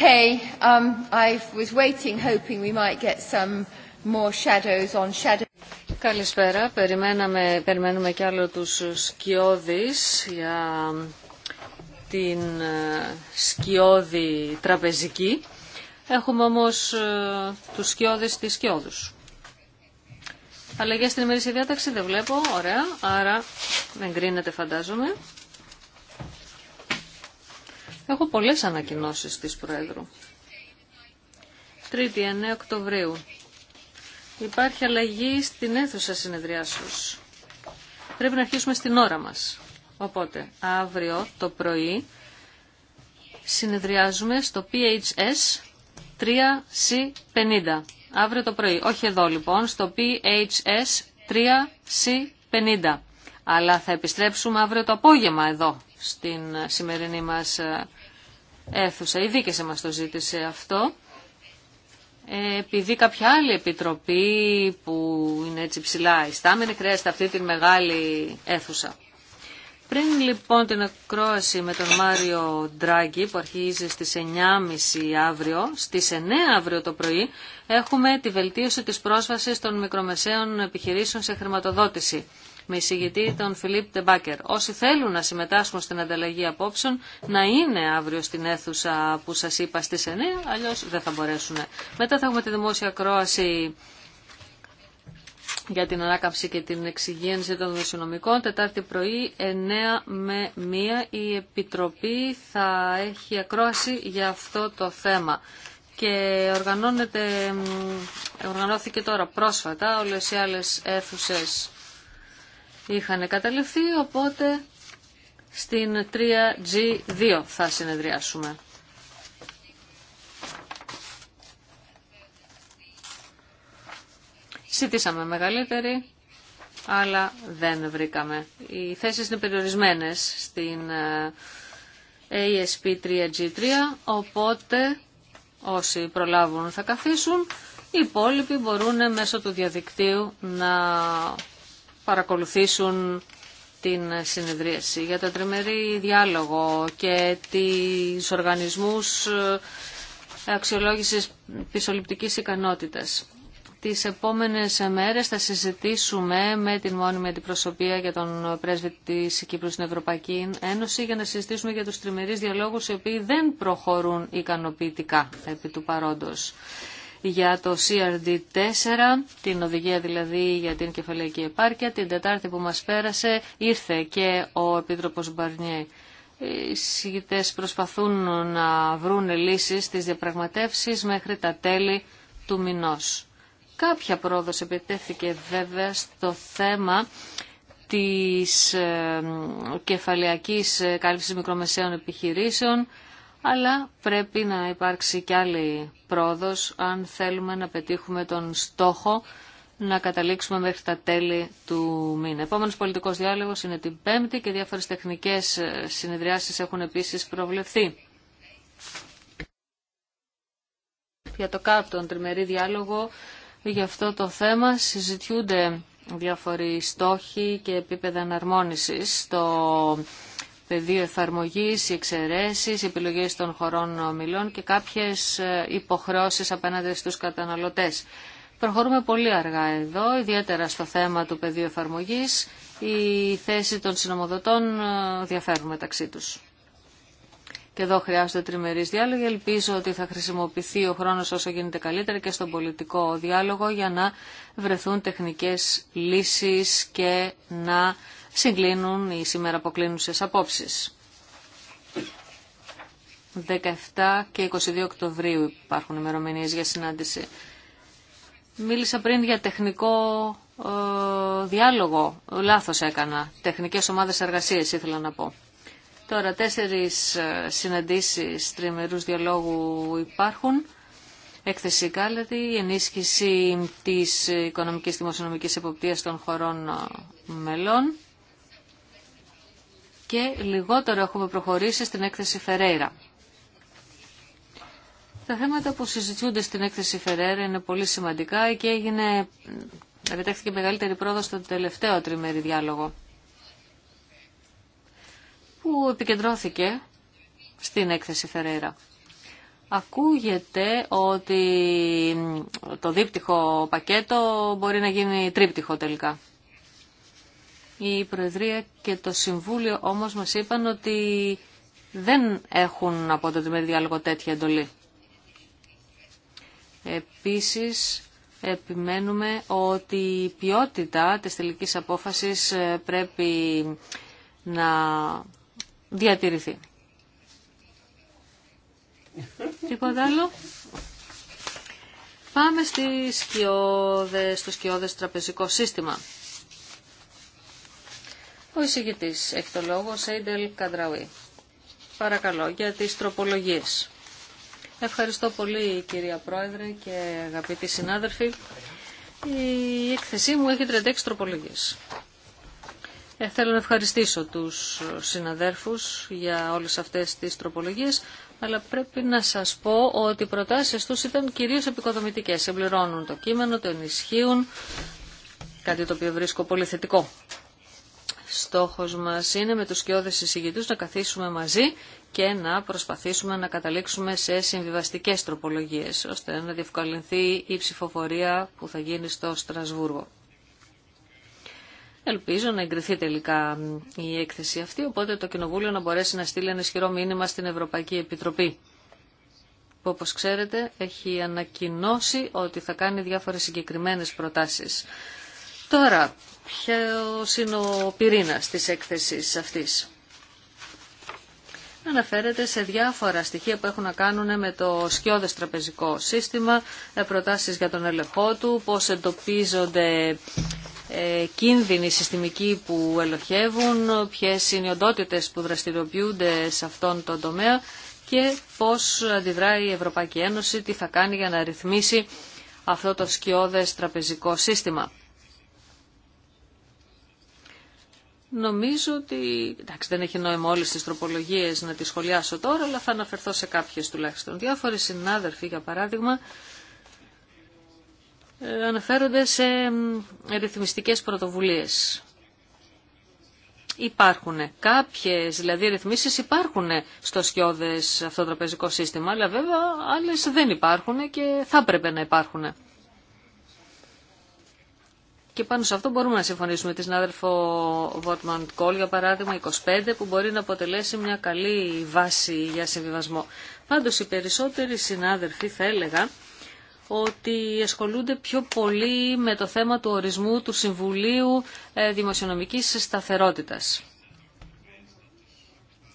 Um, I waiting, hoping we more shadows on Καλησπέρα. Περιμέναμε, περιμένουμε κι άλλο τους σκιώδεις για um, την uh, σκιώδη τραπεζική. Έχουμε όμως uh, τους σκιώδεις της σκιώδους. Αλλαγές στην ημερήσια διάταξη δεν βλέπω. Ωραία. Άρα εγκρίνεται φαντάζομαι. Έχω πολλές ανακοινώσεις της προεδρου Τρίτη 3η 9 Οκτωβρίου. Υπάρχει αλλαγή στην αίθουσα συνεδριάσεως. Πρέπει να αρχίσουμε στην ώρα μας. Οπότε, αύριο το πρωί συνεδριάζουμε στο PHS 3C50. Αύριο το πρωί. Όχι εδώ λοιπόν, στο PHS 3C50. Αλλά θα επιστρέψουμε αύριο το απόγευμα εδώ, στην σημερινή μας ε, αίθουσα. Η Δίκαιση μας το ζήτησε αυτό. Ε, επειδή κάποια άλλη επιτροπή που είναι έτσι ψηλά ιστάμενη χρειάζεται αυτή τη μεγάλη αίθουσα. Πριν λοιπόν την ακρόαση με τον Μάριο Ντράγκη που αρχίζει στις 9.30 αύριο, στις 9 αύριο το πρωί έχουμε τη βελτίωση της πρόσβασης των μικρομεσαίων επιχειρήσεων σε χρηματοδότηση με εισηγητή τον Φιλίπ Τεμπάκερ. Όσοι θέλουν να συμμετάσχουν στην ανταλλαγή απόψεων, να είναι αύριο στην αίθουσα που σας είπα στις 9, αλλιώς δεν θα μπορέσουν. Μετά θα έχουμε τη δημόσια κρόαση για την ανάκαμψη και την εξυγίανση των δημοσιονομικών. Τετάρτη πρωί, 9 με 1, η Επιτροπή θα έχει ακρόαση για αυτό το θέμα. Και οργανώνεται, οργανώθηκε τώρα πρόσφατα όλες οι άλλες αίθουσες είχαν καταληφθεί, οπότε στην 3G2 θα συνεδριάσουμε. Σήτησαμε μεγαλύτερη, αλλά δεν βρήκαμε. Οι θέσεις είναι περιορισμένες στην ASP ε, 3G3, οπότε όσοι προλάβουν θα καθίσουν, οι υπόλοιποι μπορούν μέσω του διαδικτύου να παρακολουθήσουν την συνεδρίαση για το τριμερή διάλογο και τις οργανισμούς ε, αξιολόγησης πισολυπτική ικανότητας. Τις επόμενες μέρες θα συζητήσουμε με την μόνιμη αντιπροσωπεία για τον πρέσβη της Κύπρου στην Ευρωπαϊκή Ένωση για να συζητήσουμε για τους τριμερείς διαλόγους οι οποίοι δεν προχωρούν ικανοποιητικά επί του παρόντος για το CRD4, την οδηγία δηλαδή για την κεφαλαϊκή επάρκεια. Την Τετάρτη που μας πέρασε ήρθε και ο Επίτροπος Μπαρνιέ. Οι προσπαθούν να βρουν λύσεις στις διαπραγματεύσεις μέχρι τα τέλη του μηνός. Κάποια πρόοδος επιτέθηκε βέβαια στο θέμα της ε, κεφαλαιακής ε, κάλυψης μικρομεσαίων επιχειρήσεων αλλά πρέπει να υπάρξει κι άλλη πρόοδος αν θέλουμε να πετύχουμε τον στόχο να καταλήξουμε μέχρι τα τέλη του μήνα. Επόμενος πολιτικός διάλογος είναι την Πέμπτη και διάφορες τεχνικές ε, συνεδριάσεις έχουν επίσης προβλεφθεί. Για το κάτω, τον τριμερή διάλογο, για αυτό το θέμα συζητιούνται διάφοροι στόχοι και επίπεδα εναρμόνισης στο πεδίο εφαρμογής, οι εξαιρέσεις, οι επιλογές των χωρών ομιλών και κάποιες ε, υποχρεώσεις απέναντι στους καταναλωτές. Προχωρούμε πολύ αργά εδώ, ιδιαίτερα στο θέμα του πεδίου εφαρμογής. Η θέση των συνομοδοτών ε, διαφέρουν μεταξύ τους. Και εδώ χρειάζονται τριμερείς διάλογοι. Ελπίζω ότι θα χρησιμοποιηθεί ο χρόνος όσο γίνεται καλύτερα και στον πολιτικό διάλογο για να βρεθούν τεχνικές λύσεις και να συγκλίνουν οι σήμερα αποκλίνουσες απόψεις. 17 και 22 Οκτωβρίου υπάρχουν ημερομηνίες για συνάντηση. Μίλησα πριν για τεχνικό ε, διάλογο. Λάθος έκανα. Τεχνικές ομάδες εργασίες ήθελα να πω. Τώρα τέσσερις ε, συναντήσεις τριμερούς διαλόγου υπάρχουν. Έκθεση κάλετη, ενίσχυση της οικονομικής δημοσιονομικής εποπτείας των χωρών ε, μελών και λιγότερο έχουμε προχωρήσει στην έκθεση Φερέιρα. Τα θέματα που συζητούνται στην έκθεση Φερέιρα είναι πολύ σημαντικά και έγινε, επιτέχθηκε μεγαλύτερη πρόοδο στο τελευταίο τριμερή διάλογο που επικεντρώθηκε στην έκθεση Φερέιρα. Ακούγεται ότι το δίπτυχο πακέτο μπορεί να γίνει τρίπτυχο τελικά. Η Προεδρία και το Συμβούλιο όμως μας είπαν ότι δεν έχουν από το τριμερή διάλογο τέτοια εντολή. Επίσης, επιμένουμε ότι η ποιότητα της τελικής απόφασης ε, πρέπει να διατηρηθεί. Τίποτα άλλο. Πάμε στις σκιώδες, στο σκιώδες τραπεζικό σύστημα. Ο εισηγητής έχει το λόγο, Σέιντελ Καντραουή. Παρακαλώ, για τις τροπολογίες. Ευχαριστώ πολύ κυρία Πρόεδρε και αγαπητοί συνάδελφοι. Η έκθεσή μου έχει 36 τροπολογίες. Ε, θέλω να ευχαριστήσω τους συναδέρφους για όλες αυτές τις τροπολογίες, αλλά πρέπει να σας πω ότι οι προτάσεις τους ήταν κυρίως επικοδομητικές. Εμπληρώνουν το κείμενο, το ενισχύουν, κάτι το οποίο βρίσκω πολύ θετικό. Στόχος μας είναι με τους σκιώδες εισηγητούς να καθίσουμε μαζί και να προσπαθήσουμε να καταλήξουμε σε συμβιβαστικές τροπολογίες, ώστε να διευκολυνθεί η ψηφοφορία που θα γίνει στο Στρασβούργο. Ελπίζω να εγκριθεί τελικά η έκθεση αυτή, οπότε το Κοινοβούλιο να μπορέσει να στείλει ένα ισχυρό μήνυμα στην Ευρωπαϊκή Επιτροπή, που όπως ξέρετε έχει ανακοινώσει ότι θα κάνει διάφορες συγκεκριμένες προτάσεις. Τώρα, ποιος είναι ο πυρήνας της έκθεσης αυτής. Αναφέρεται σε διάφορα στοιχεία που έχουν να κάνουν με το σκιώδες τραπεζικό σύστημα, ε, προτάσεις για τον ελεγχό του, πώς εντοπίζονται ε, κίνδυνοι συστημικοί που ελοχεύουν, ποιες είναι οι οντότητες που δραστηριοποιούνται σε αυτόν τον τομέα και πώς αντιδράει η Ευρωπαϊκή Ένωση, τι θα κάνει για να ρυθμίσει αυτό το σκιώδες τραπεζικό σύστημα. Νομίζω ότι, εντάξει δεν έχει νόημα όλες τις τροπολογίες να τις σχολιάσω τώρα, αλλά θα αναφερθώ σε κάποιες τουλάχιστον. Διάφοροι συνάδελφοι, για παράδειγμα, ε, αναφέρονται σε ρυθμιστικές πρωτοβουλίες. Υπάρχουν κάποιες, δηλαδή ρυθμίσεις υπάρχουν στο σκιώδες αυτό το τραπεζικό σύστημα, αλλά βέβαια άλλες δεν υπάρχουν και θα πρέπει να υπάρχουν. Και πάνω σε αυτό μπορούμε να συμφωνήσουμε με τη συνάδελφο Βόρτμαν Κόλ, για παράδειγμα 25, που μπορεί να αποτελέσει μια καλή βάση για συμβιβασμό. Πάντω οι περισσότεροι συνάδελφοι θα έλεγα ότι ασχολούνται πιο πολύ με το θέμα του ορισμού του Συμβουλίου ε, Δημοσιονομικής Σταθερότητας.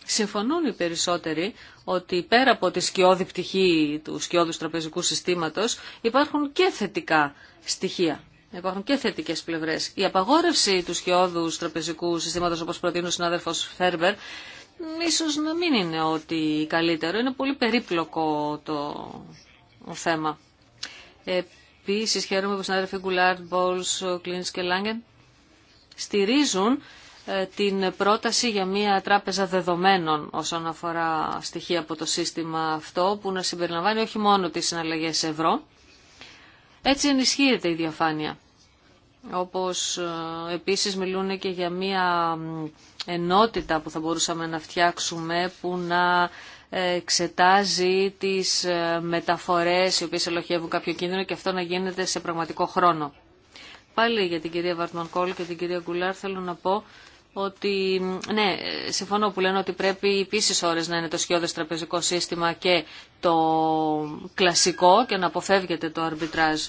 Συμφωνούν οι περισσότεροι ότι πέρα από τη σκιώδη πτυχή του σκιώδους τραπεζικού συστήματος υπάρχουν και θετικά στοιχεία. Υπάρχουν και θετικέ πλευρέ. Η απαγόρευση του σχεώδου τραπεζικού συστήματο, όπω προτείνει ο συνάδελφο Φέρμπερ, ίσω να μην είναι ότι καλύτερο. Είναι πολύ περίπλοκο το θέμα. Επίση, χαίρομαι που οι συνάδελφοι Γκουλάρτ, Μπόλ, Κλίν και Λάγκεν στηρίζουν ε, την πρόταση για μια τράπεζα δεδομένων όσον αφορά στοιχεία από το σύστημα αυτό που να συμπεριλαμβάνει όχι μόνο τις συναλλαγές ευρώ έτσι ενισχύεται η διαφάνεια. Όπως ε, επίσης μιλούν και για μία ενότητα που θα μπορούσαμε να φτιάξουμε που να ε, εξετάζει τις ε, μεταφορές οι οποίες ελοχεύουν κάποιο κίνδυνο και αυτό να γίνεται σε πραγματικό χρόνο. Πάλι για την κυρία Βαρτμανκόλ και την κυρία Γκουλάρ θέλω να πω ότι, ναι, συμφωνώ που λένε ότι πρέπει επίση ώρες να είναι το σχεδόν τραπεζικό σύστημα και το κλασικό και να αποφεύγεται το αρμπιτράζ.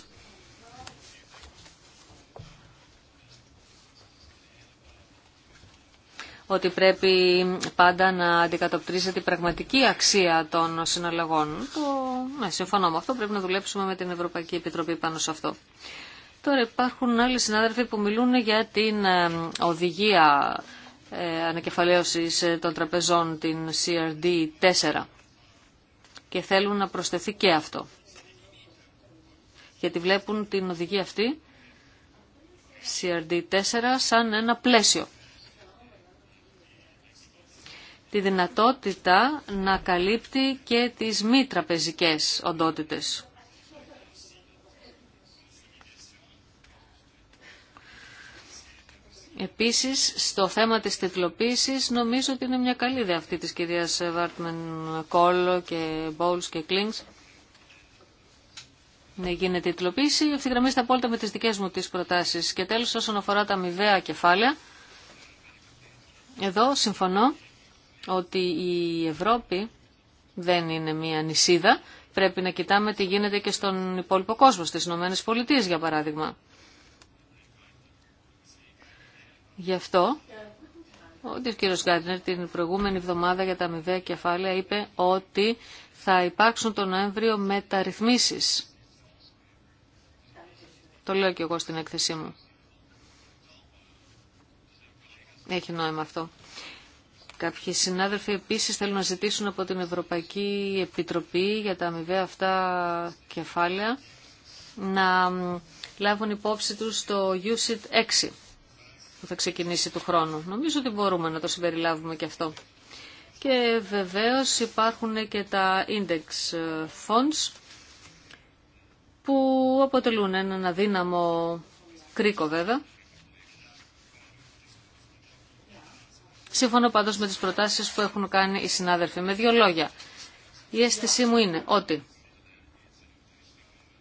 ότι πρέπει πάντα να αντικατοπτρίζεται η πραγματική αξία των συναλλαγών. Το... Ναι, συμφωνώ με αυτό, πρέπει να δουλέψουμε με την Ευρωπαϊκή Επιτροπή πάνω σε αυτό. Τώρα υπάρχουν άλλοι συνάδελφοι που μιλούν για την ε, οδηγία ε, ανακεφαλαίωσης ε, των τραπεζών, την CRD4 και θέλουν να προσθεθεί και αυτό. Γιατί βλέπουν την οδηγία αυτή, CRD4, σαν ένα πλαίσιο. Τη δυνατότητα να καλύπτει και τις μη τραπεζικές οντότητες Επίσης, στο θέμα της τιτλοποίησης, νομίζω ότι είναι μια καλή ιδέα αυτή της κυρίας Βάρτμεν Κόλλο και Μπόλς και Κλίνγκς. Να γίνεται τυπλοποίηση. ευθυγραμμίζεται απόλυτα με τις δικές μου τις προτάσεις. Και τέλος, όσον αφορά τα αμοιβαία κεφάλαια, εδώ συμφωνώ ότι η Ευρώπη δεν είναι μια νησίδα. Πρέπει να κοιτάμε τι γίνεται και στον υπόλοιπο κόσμο, στις Ηνωμένες Πολιτείες, για παράδειγμα. Γι' αυτό ο κ. Γκάρνερ την προηγούμενη εβδομάδα για τα αμοιβαία κεφάλαια είπε ότι θα υπάρξουν τον Νοέμβριο μεταρρυθμίσεις. Το λέω και εγώ στην έκθεσή μου. Έχει νόημα αυτό. Κάποιοι συνάδελφοι επίσης θέλουν να ζητήσουν από την Ευρωπαϊκή Επιτροπή για τα αμοιβαία αυτά κεφάλαια να λάβουν υπόψη τους το USIT 6 που θα ξεκινήσει του χρόνου. Νομίζω ότι μπορούμε να το συμπεριλάβουμε και αυτό. Και βεβαίως υπάρχουν και τα index ε, funds που αποτελούν έναν αδύναμο κρίκο βέβαια. Σύμφωνα πάντως με τις προτάσεις που έχουν κάνει οι συνάδελφοι. Με δύο λόγια. Η αίσθησή μου είναι ότι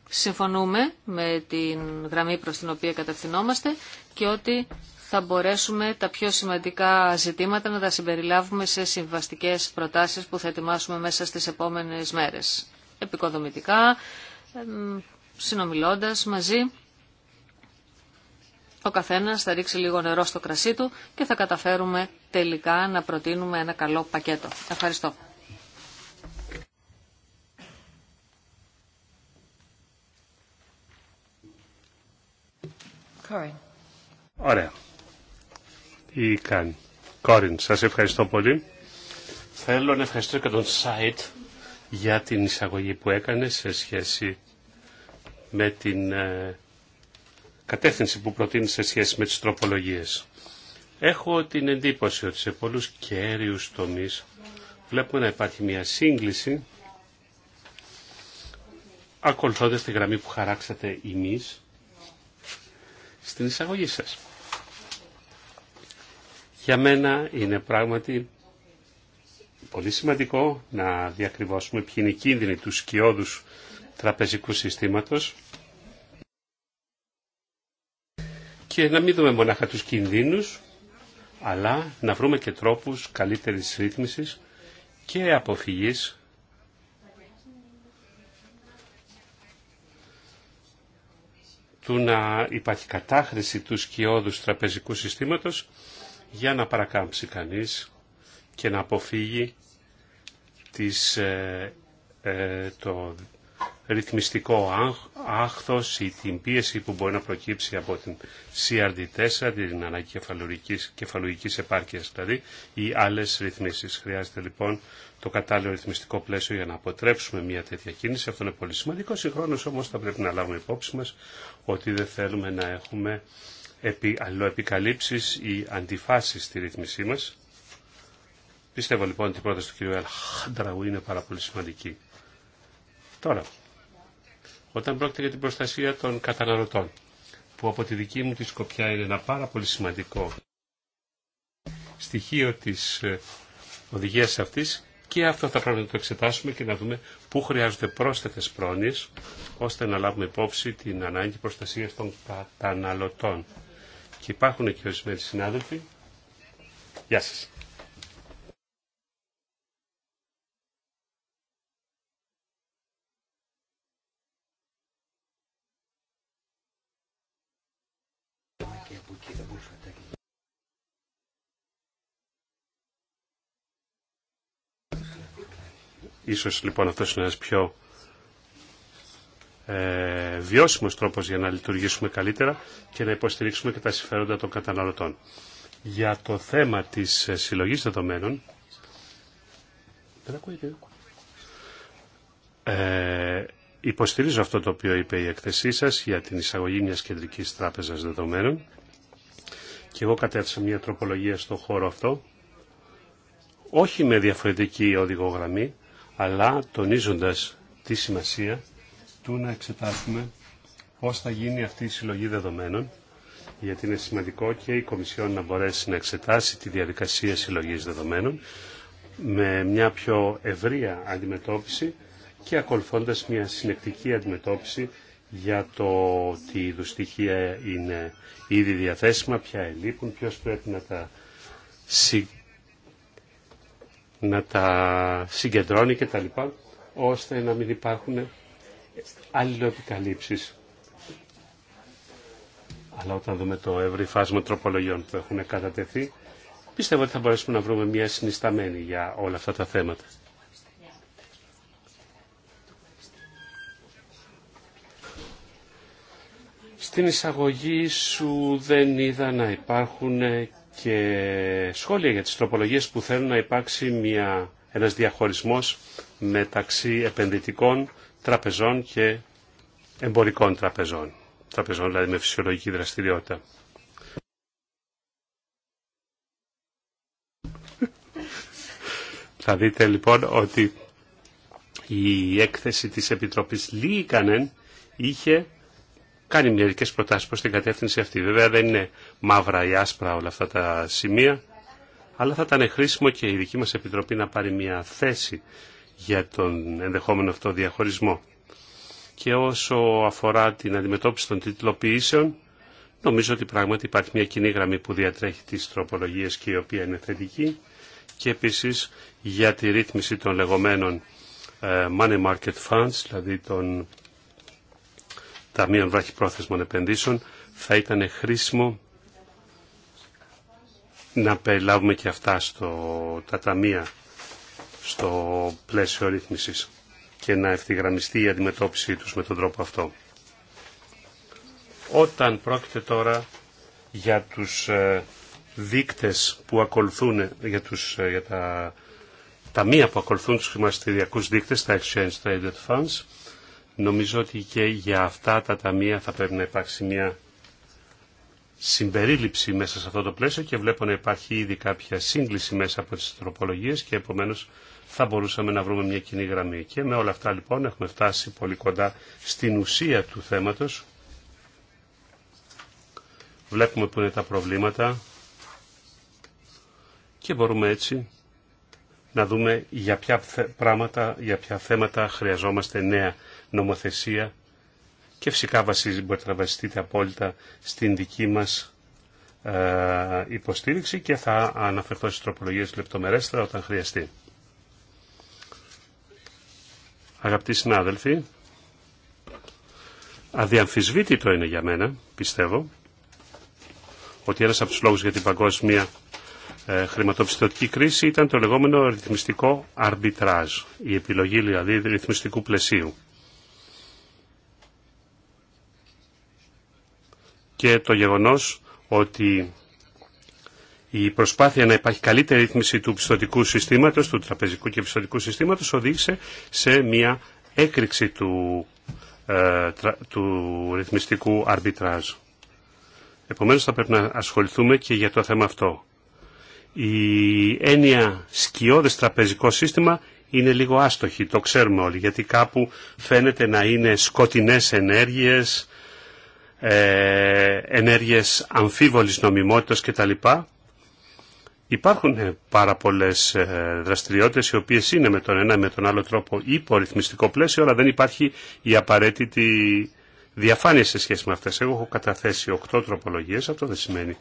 συμφωνούμε με την γραμμή προς την οποία κατευθυνόμαστε και ότι θα μπορέσουμε τα πιο σημαντικά ζητήματα να τα συμπεριλάβουμε σε συμβαστικές προτάσεις που θα ετοιμάσουμε μέσα στις επόμενες μέρες. Επικοδομητικά, συνομιλώντας μαζί, ο καθένας θα ρίξει λίγο νερό στο κρασί του και θα καταφέρουμε τελικά να προτείνουμε ένα καλό πακέτο. Ευχαριστώ. Ωραία σας ευχαριστώ πολύ. Θέλω να ευχαριστώ και τον Σάιτ για την εισαγωγή που έκανε σε σχέση με την ε, κατεύθυνση που προτείνει σε σχέση με τις τροπολογίες. Έχω την εντύπωση ότι σε πολλούς κέριους τομείς βλέπουμε να υπάρχει μια σύγκληση ακολουθώντας τη γραμμή που χαράξατε εμείς στην εισαγωγή σας. Για μένα είναι πράγματι πολύ σημαντικό να διακριβώσουμε ποιοι είναι οι κίνδυνοι του σκιώδους τραπεζικού συστήματος και να μην δούμε μονάχα τους κινδύνους, αλλά να βρούμε και τρόπους καλύτερης ρύθμισης και αποφυγής του να υπάρχει κατάχρηση του σκιώδους τραπεζικού συστήματος για να παρακάμψει κανείς και να αποφύγει τις, ε, ε το ρυθμιστικό άχθος ή την πίεση που μπορεί να προκύψει από την CRD4, την ανακεφαλουργική κεφαλουργικής επάρκειας δηλαδή, ή άλλες ρυθμίσεις. Χρειάζεται λοιπόν το κατάλληλο ρυθμιστικό πλαίσιο για να αποτρέψουμε μια τέτοια κίνηση. Αυτό είναι πολύ σημαντικό. Συγχρόνως όμως θα πρέπει να λάβουμε υπόψη μας ότι δεν θέλουμε να έχουμε επι, αλληλοεπικαλύψεις ή αντιφάσεις στη ρύθμισή μας. Πιστεύω λοιπόν ότι η πρόταση του κ. Αλχάντραου είναι πάρα πολύ σημαντική. Τώρα, όταν πρόκειται για την προστασία των καταναλωτών, που από τη δική μου τη σκοπιά είναι ένα πάρα πολύ σημαντικό στοιχείο της ε, οδηγίας αυτής και αυτό θα πρέπει να το εξετάσουμε και να δούμε πού χρειάζονται πρόσθετες πρόνοιες ώστε να λάβουμε υπόψη την ανάγκη προστασίας των καταναλωτών. Και υπάρχουν και ορισμένοι συνάδελφοι. Γεια σας. Ίσως λοιπόν αυτός είναι ένας πιο ε, βιώσιμος τρόπος για να λειτουργήσουμε καλύτερα και να υποστηρίξουμε και τα συμφέροντα των καταναλωτών. Για το θέμα της ε, συλλογής δεδομένων, ε, υποστηρίζω αυτό το οποίο είπε η εκθεσή σας για την εισαγωγή μιας κεντρικής τράπεζας δεδομένων και εγώ κατέθεσα μια τροπολογία στο χώρο αυτό, όχι με διαφορετική οδηγογραμμή, αλλά τονίζοντας τη σημασία του να εξετάσουμε πώς θα γίνει αυτή η συλλογή δεδομένων, γιατί είναι σημαντικό και η Κομισιόν να μπορέσει να εξετάσει τη διαδικασία συλλογής δεδομένων με μια πιο ευρεία αντιμετώπιση και ακολουθώντας μια συνεκτική αντιμετώπιση για το ότι είδου στοιχεία είναι ήδη διαθέσιμα, ποια ελείπουν, ποιος πρέπει να τα, συ... να τα συγκεντρώνει κτλ. ώστε να μην υπάρχουν αλληλοεπικαλύψεις. Αλλά όταν δούμε το εύρυ φάσμα τροπολογιών που έχουν κατατεθεί, πιστεύω ότι θα μπορέσουμε να βρούμε μια συνισταμένη για όλα αυτά τα θέματα. Στην εισαγωγή σου δεν είδα να υπάρχουν και σχόλια για τις τροπολογίες που θέλουν να υπάρξει μια, ένας διαχωρισμός μεταξύ επενδυτικών τραπεζών και εμπορικών τραπεζών. Τραπεζών δηλαδή με φυσιολογική δραστηριότητα. Θα δείτε λοιπόν ότι η έκθεση της Επιτροπής Λίγκανεν είχε κάνει μερικέ προτάσεις προς την κατεύθυνση αυτή. Βέβαια δεν είναι μαύρα ή άσπρα όλα αυτά τα σημεία, αλλά θα ήταν χρήσιμο και η δική μας Επιτροπή να πάρει μια θέση για τον ενδεχόμενο αυτό διαχωρισμό. Και όσο αφορά την αντιμετώπιση των τίτλοποιήσεων, νομίζω ότι πράγματι υπάρχει μια κοινή γραμμή που διατρέχει τις τροπολογίες και η οποία είναι θετική και επίσης για τη ρύθμιση των λεγόμενων ε, money market funds, δηλαδή των ταμείων πρόθεσμων επενδύσεων, θα ήταν χρήσιμο να περιλάβουμε και αυτά στο τα ταμεία στο πλαίσιο ρύθμισης και να ευθυγραμμιστεί η αντιμετώπιση τους με τον τρόπο αυτό. Όταν πρόκειται τώρα για τους ε, δίκτες που ακολουθούν, για, τους, ε, για τα ταμεία που ακολουθούν τους χρηματιστηριακούς δείκτες, τα Exchange Traded Funds, νομίζω ότι και για αυτά τα ταμεία θα πρέπει να υπάρξει μια συμπερίληψη μέσα σε αυτό το πλαίσιο και βλέπω να υπάρχει ήδη κάποια σύγκληση μέσα από τις τροπολογίες και επομένως θα μπορούσαμε να βρούμε μια κοινή γραμμή. Και με όλα αυτά λοιπόν έχουμε φτάσει πολύ κοντά στην ουσία του θέματος. Βλέπουμε που είναι τα προβλήματα και μπορούμε έτσι να δούμε για ποια, πράγματα, για ποια θέματα χρειαζόμαστε νέα νομοθεσία και φυσικά βασίζει, μπορείτε να βασιστείτε απόλυτα στην δική μας ε, υποστήριξη και θα αναφερθώ στις τροπολογίες λεπτομερέστερα όταν χρειαστεί. Αγαπητοί συνάδελφοι, αδιαμφισβήτητο είναι για μένα, πιστεύω, ότι ένας από τους λόγους για την παγκόσμια ε, χρηματοπιστωτική κρίση ήταν το λεγόμενο ρυθμιστικό αρμπιτράζ, η επιλογή δηλαδή ρυθμιστικού πλαισίου. και το γεγονός ότι η προσπάθεια να υπάρχει καλύτερη ρύθμιση του πιστοτικού συστήματος, του τραπεζικού και πιστοτικού συστήματος, οδήγησε σε μια έκρηξη του, ε, του ρυθμιστικού αρμπιτράζ. Επομένως θα πρέπει να ασχοληθούμε και για το θέμα αυτό. Η έννοια σκιώδες τραπεζικό σύστημα είναι λίγο άστοχη, το ξέρουμε όλοι, γιατί κάπου φαίνεται να είναι σκοτεινές ενέργειες, ε, ενέργειες αμφίβολης νομιμότητας κτλ. Υπάρχουν ε, πάρα πολλές ε, δραστηριότητες οι οποίες είναι με τον ένα ή με τον άλλο τρόπο υπορυθμιστικό πλαίσιο, αλλά δεν υπάρχει η απαραίτητη διαφάνεια σε σχέση με αυτές. Εγώ έχω καταθέσει οκτώ τροπολογίες, αυτό δεν σημαίνει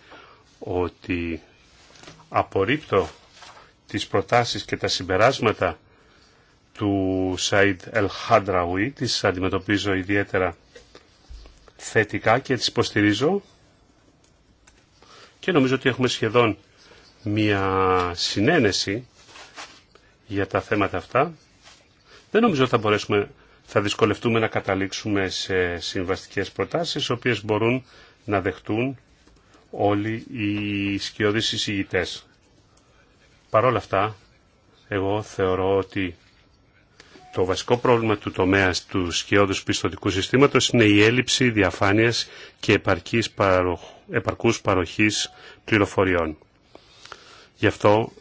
ότι απορρίπτω τις προτάσεις και τα συμπεράσματα του Σαϊντ Ελχάντραουι, τις αντιμετωπίζω ιδιαίτερα θετικά και τις υποστηρίζω και νομίζω ότι έχουμε σχεδόν μια συνένεση για τα θέματα αυτά. Δεν νομίζω ότι θα μπορέσουμε, θα δυσκολευτούμε να καταλήξουμε σε συμβαστικές προτάσεις, οι οποίες μπορούν να δεχτούν όλοι οι σκιώδεις εισηγητές. Παρ' όλα αυτά, εγώ θεωρώ ότι το βασικό πρόβλημα του τομέα του σκιώδους πιστοτικού συστήματος είναι η έλλειψη διαφάνειας και επαρκής παροχή επαρκούς παροχής πληροφοριών. Γι' αυτό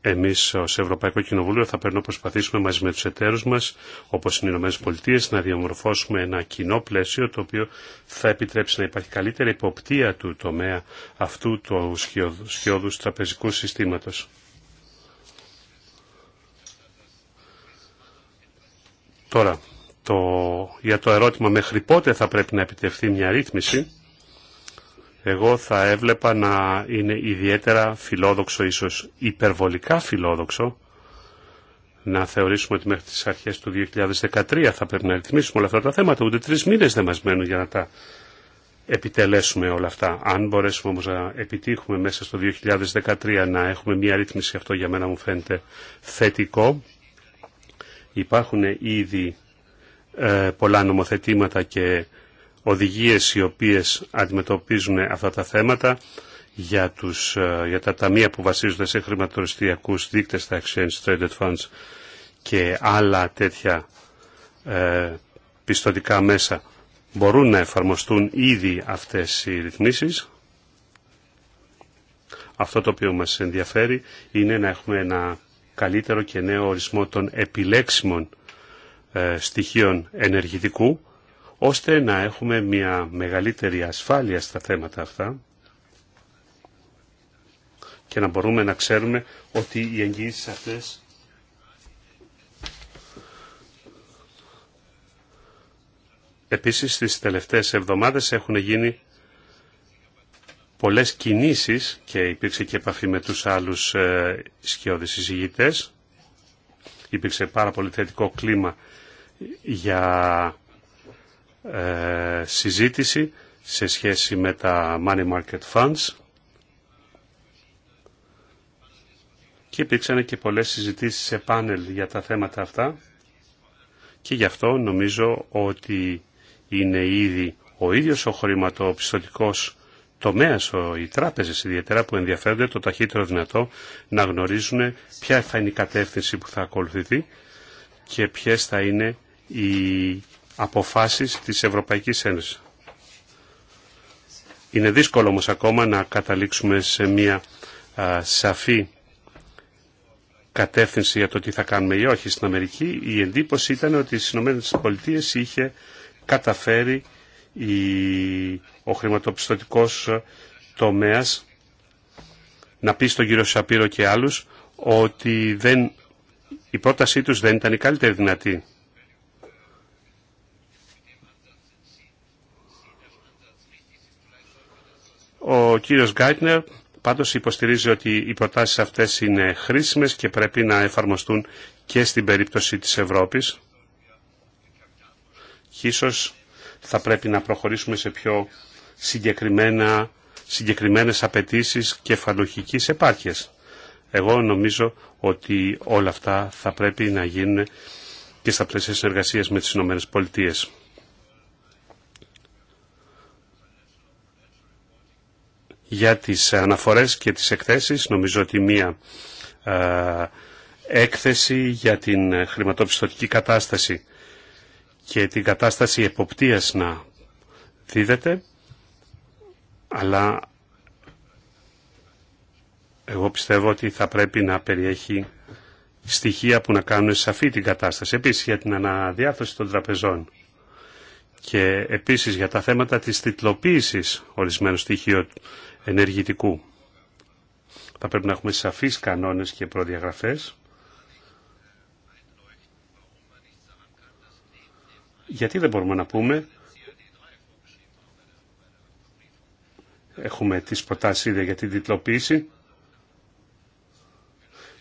εμείς ως Ευρωπαϊκό Κοινοβούλιο θα πρέπει να προσπαθήσουμε μαζί με τους εταίρους μας, όπως είναι οι ΗΠΑ, να διαμορφώσουμε ένα κοινό πλαίσιο το οποίο θα επιτρέψει να υπάρχει καλύτερη υποπτία του τομέα αυτού του σκιώδους τραπεζικού συστήματος. Τώρα, το, για το ερώτημα μέχρι πότε θα πρέπει να επιτευχθεί μια ρύθμιση, εγώ θα έβλεπα να είναι ιδιαίτερα φιλόδοξο, ίσως υπερβολικά φιλόδοξο, να θεωρήσουμε ότι μέχρι τις αρχές του 2013 θα πρέπει να ρυθμίσουμε όλα αυτά τα θέματα. Ούτε τρεις μήνες δεν μας μένουν για να τα επιτελέσουμε όλα αυτά. Αν μπορέσουμε όμως να επιτύχουμε μέσα στο 2013 να έχουμε μια ρύθμιση, αυτό για μένα μου φαίνεται θετικό. Υπάρχουν ήδη ε, πολλά νομοθετήματα και οδηγίες οι οποίες αντιμετωπίζουν αυτά τα θέματα για, τους, ε, για τα ταμεία που βασίζονται σε χρηματοριστιακούς δείκτες, τα exchange traded funds και άλλα τέτοια ε, πιστοτικά μέσα μπορούν να εφαρμοστούν ήδη αυτές οι ρυθμίσεις. Αυτό το οποίο μας ενδιαφέρει είναι να έχουμε ένα καλύτερο και νέο ορισμό των επιλέξιμων ε, στοιχείων ενεργητικού, ώστε να έχουμε μια μεγαλύτερη ασφάλεια στα θέματα αυτά και να μπορούμε να ξέρουμε ότι οι εγγύησεις αυτές Επίσης, στις τελευταίες εβδομάδες έχουν γίνει πολλές κινήσεις και υπήρξε και επαφή με τους άλλους ε, σκιώδεις Υπήρξε πάρα πολύ θετικό κλίμα για ε, συζήτηση σε σχέση με τα money market funds και υπήρξαν και πολλές συζητήσεις σε πάνελ για τα θέματα αυτά και γι' αυτό νομίζω ότι είναι ήδη ο ίδιος ο χρηματοπιστωτικός τομέα, οι τράπεζες ιδιαίτερα που ενδιαφέρονται το ταχύτερο δυνατό να γνωρίζουν ποια θα είναι η κατεύθυνση που θα ακολουθηθεί και ποιε θα είναι οι αποφάσεις της Ευρωπαϊκής Ένωση. Είναι δύσκολο όμω ακόμα να καταλήξουμε σε μια σαφή κατεύθυνση για το τι θα κάνουμε ή όχι στην Αμερική. Η εντύπωση ήταν ότι οι ΗΠΑ είχε καταφέρει ο χρηματοπιστωτικός τομέας να πει στον κύριο Σαπύρο και άλλους ότι δεν, η πρότασή τους δεν ήταν η καλύτερη δυνατή. Ο κύριος Γκάιτνερ πάντως υποστηρίζει ότι οι προτάσεις αυτές είναι χρήσιμες και πρέπει να εφαρμοστούν και στην περίπτωση της Ευρώπης. Και θα πρέπει να προχωρήσουμε σε πιο συγκεκριμένα, συγκεκριμένες και κεφαλοχικής επάρκειας. Εγώ νομίζω ότι όλα αυτά θα πρέπει να γίνουν και στα πλαίσια συνεργασία με τις Ηνωμένες Πολιτείες. Για τις αναφορές και τις εκθέσεις, νομίζω ότι μία ε, έκθεση για την χρηματοπιστωτική κατάσταση και την κατάσταση εποπτείας να δίδεται, αλλά εγώ πιστεύω ότι θα πρέπει να περιέχει στοιχεία που να κάνουν σαφή την κατάσταση. Επίσης για την αναδιάρθρωση των τραπεζών και επίσης για τα θέματα της τιτλοποίησης ορισμένου στοιχείου ενεργητικού. Θα πρέπει να έχουμε σαφείς κανόνες και προδιαγραφές γιατί δεν μπορούμε να πούμε έχουμε τις προτάσεις ήδη για την τιτλοποίηση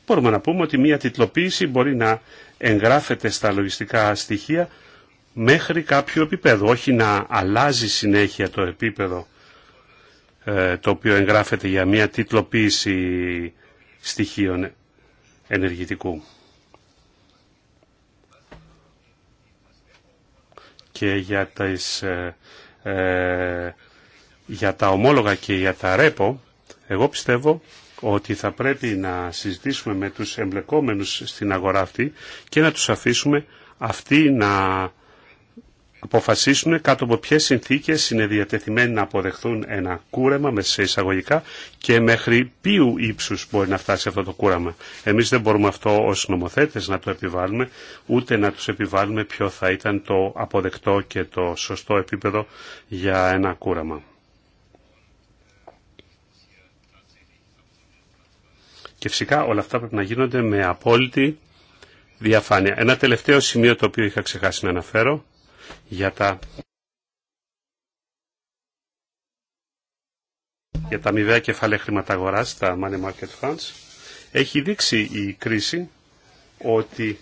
μπορούμε να πούμε ότι μια τιτλοποίηση μπορεί να εγγράφεται στα λογιστικά στοιχεία μέχρι κάποιο επίπεδο, όχι να αλλάζει συνέχεια το επίπεδο ε, το οποίο εγγράφεται για μια τιτλοποίηση στοιχείων ενεργητικού. και για, ε, ε, για τα ομόλογα και για τα ρέπο, εγώ πιστεύω ότι θα πρέπει να συζητήσουμε με τους εμπλεκόμενους στην αγορά αυτή και να τους αφήσουμε αυτοί να αποφασίσουν κάτω από ποιε συνθήκες είναι διατεθειμένοι να αποδεχθούν ένα κούρεμα με σε εισαγωγικά και μέχρι ποιου ύψου μπορεί να φτάσει αυτό το κούρεμα. Εμείς δεν μπορούμε αυτό ως νομοθέτες να το επιβάλλουμε, ούτε να του επιβάλλουμε ποιο θα ήταν το αποδεκτό και το σωστό επίπεδο για ένα κούρεμα. Και φυσικά όλα αυτά πρέπει να γίνονται με απόλυτη διαφάνεια. Ένα τελευταίο σημείο το οποίο είχα ξεχάσει να αναφέρω για τα, για τα μηδέα κεφάλαια χρηματαγοράς, τα money market funds, έχει δείξει η κρίση ότι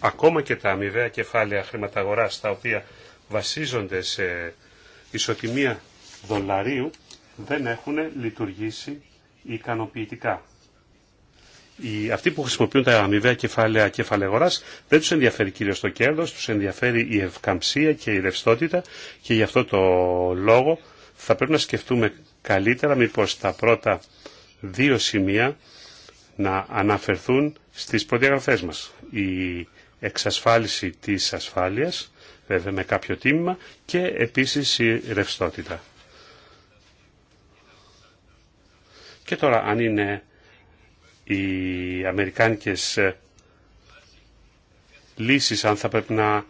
ακόμα και τα αμοιβαία κεφάλαια χρηματαγοράς τα οποία βασίζονται σε ισοτιμία δολαρίου δεν έχουν λειτουργήσει ικανοποιητικά οι, αυτοί που χρησιμοποιούν τα αμοιβαία κεφάλαια κεφαλαίου δεν του ενδιαφέρει κυρίω το κέρδο, του ενδιαφέρει η ευκαμψία και η ρευστότητα και γι' αυτό το λόγο θα πρέπει να σκεφτούμε καλύτερα μήπω τα πρώτα δύο σημεία να αναφερθούν στις προδιαγραφές μας. Η εξασφάλιση της ασφάλειας, βέβαια με κάποιο τίμημα, και επίσης η ρευστότητα. Και τώρα, αν είναι οι αμερικάνικες ε, λύσεις, αν θα πρέπει να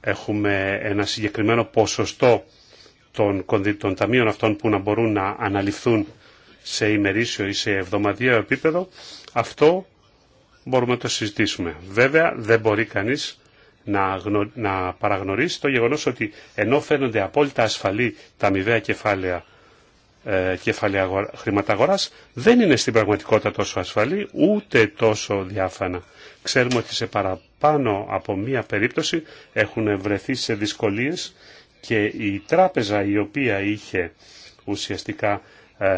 έχουμε ένα συγκεκριμένο ποσοστό των, των ταμείων αυτών που να μπορούν να αναλυφθούν σε ημερήσιο ή σε εβδομαδιαίο επίπεδο, αυτό μπορούμε να το συζητήσουμε. Βέβαια δεν μπορεί κανείς να, να παραγνωρίσει το γεγονός ότι ενώ φαίνονται απόλυτα ασφαλή τα μηδέα κεφάλαια ε, κεφάλαια χρήματα δεν είναι στην πραγματικότητα τόσο ασφαλή ούτε τόσο διάφανα. Ξέρουμε ότι σε παραπάνω από μία περίπτωση έχουν βρεθεί σε δυσκολίες και η τράπεζα η οποία είχε ουσιαστικά ε,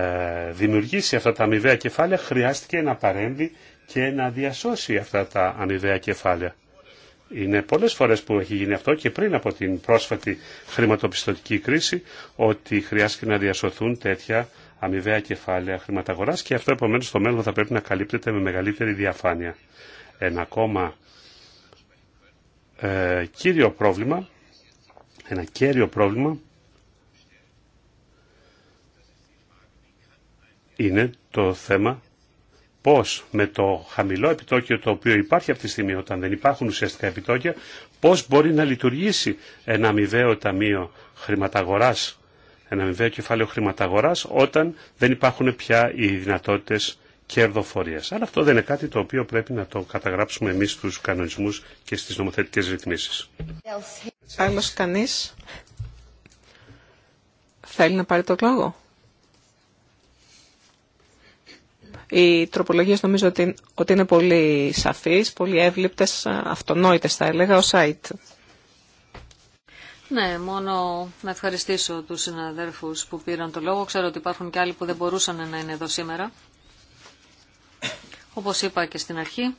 δημιουργήσει αυτά τα αμοιβαία κεφάλαια χρειάστηκε να παρέμβει και να διασώσει αυτά τα αμοιβαία κεφάλαια. Είναι πολλές φορές που έχει γίνει αυτό και πριν από την πρόσφατη χρηματοπιστωτική κρίση ότι χρειάστηκε να διασωθούν τέτοια αμοιβαία κεφάλαια χρηματαγοράς και αυτό επομένως στο μέλλον θα πρέπει να καλύπτεται με μεγαλύτερη διαφάνεια. Ένα ακόμα ε, κύριο πρόβλημα, ένα κέριο πρόβλημα είναι το θέμα πώς με το χαμηλό επιτόκιο το οποίο υπάρχει αυτή τη στιγμή όταν δεν υπάρχουν ουσιαστικά επιτόκια, πώς μπορεί να λειτουργήσει ένα αμοιβαίο ταμείο χρηματαγοράς, ένα αμοιβαίο κεφάλαιο χρηματαγοράς όταν δεν υπάρχουν πια οι δυνατότητες κερδοφορίας. Αλλά αυτό δεν είναι κάτι το οποίο πρέπει να το καταγράψουμε εμείς στους κανονισμούς και στις νομοθετικές ρυθμίσεις. Άλλος κανείς θέλει να πάρει το λόγο. Οι τροπολογίε νομίζω ότι είναι πολύ σαφεί, πολύ εύληπτε, αυτονόητε θα έλεγα, ο site. Ναι, μόνο να ευχαριστήσω τους συναδέρφους που πήραν το λόγο. Ξέρω ότι υπάρχουν και άλλοι που δεν μπορούσαν να είναι εδώ σήμερα. Όπως είπα και στην αρχή,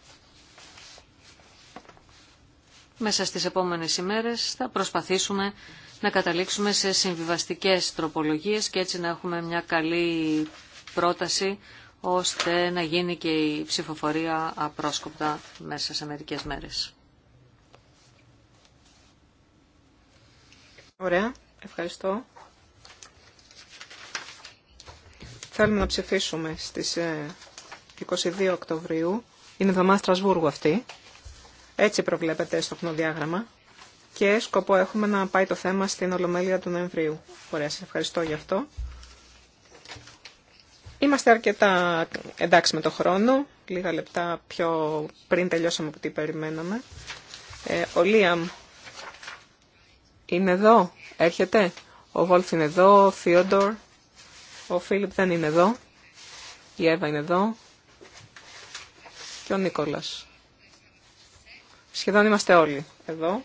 μέσα στις επόμενες ημέρες θα προσπαθήσουμε να καταλήξουμε σε συμβιβαστικές τροπολογίες και έτσι να έχουμε μια καλή πρόταση ώστε να γίνει και η ψηφοφορία απρόσκοπτα μέσα σε μερικές μέρες. Ωραία, ευχαριστώ. Θέλουμε να ψηφίσουμε στις 22 ε, Οκτωβρίου. Είναι εβδομάδα Στρασβούργου αυτή. Έτσι προβλέπεται στο χνοδιάγραμμα. Και σκοπό έχουμε να πάει το θέμα στην Ολομέλεια του Νοεμβρίου. Ωραία, σας ευχαριστώ γι' αυτό. Είμαστε αρκετά εντάξει με το χρόνο, λίγα λεπτά πιο πριν τελειώσαμε από τι περιμέναμε. Ε, ο Λίαμ είναι εδώ, έρχεται. Ο Βόλφ είναι εδώ, ο Θείοντορ, ο Φίλιπ δεν είναι εδώ, η Εύα είναι εδώ και ο Νίκολας. Σχεδόν είμαστε όλοι εδώ.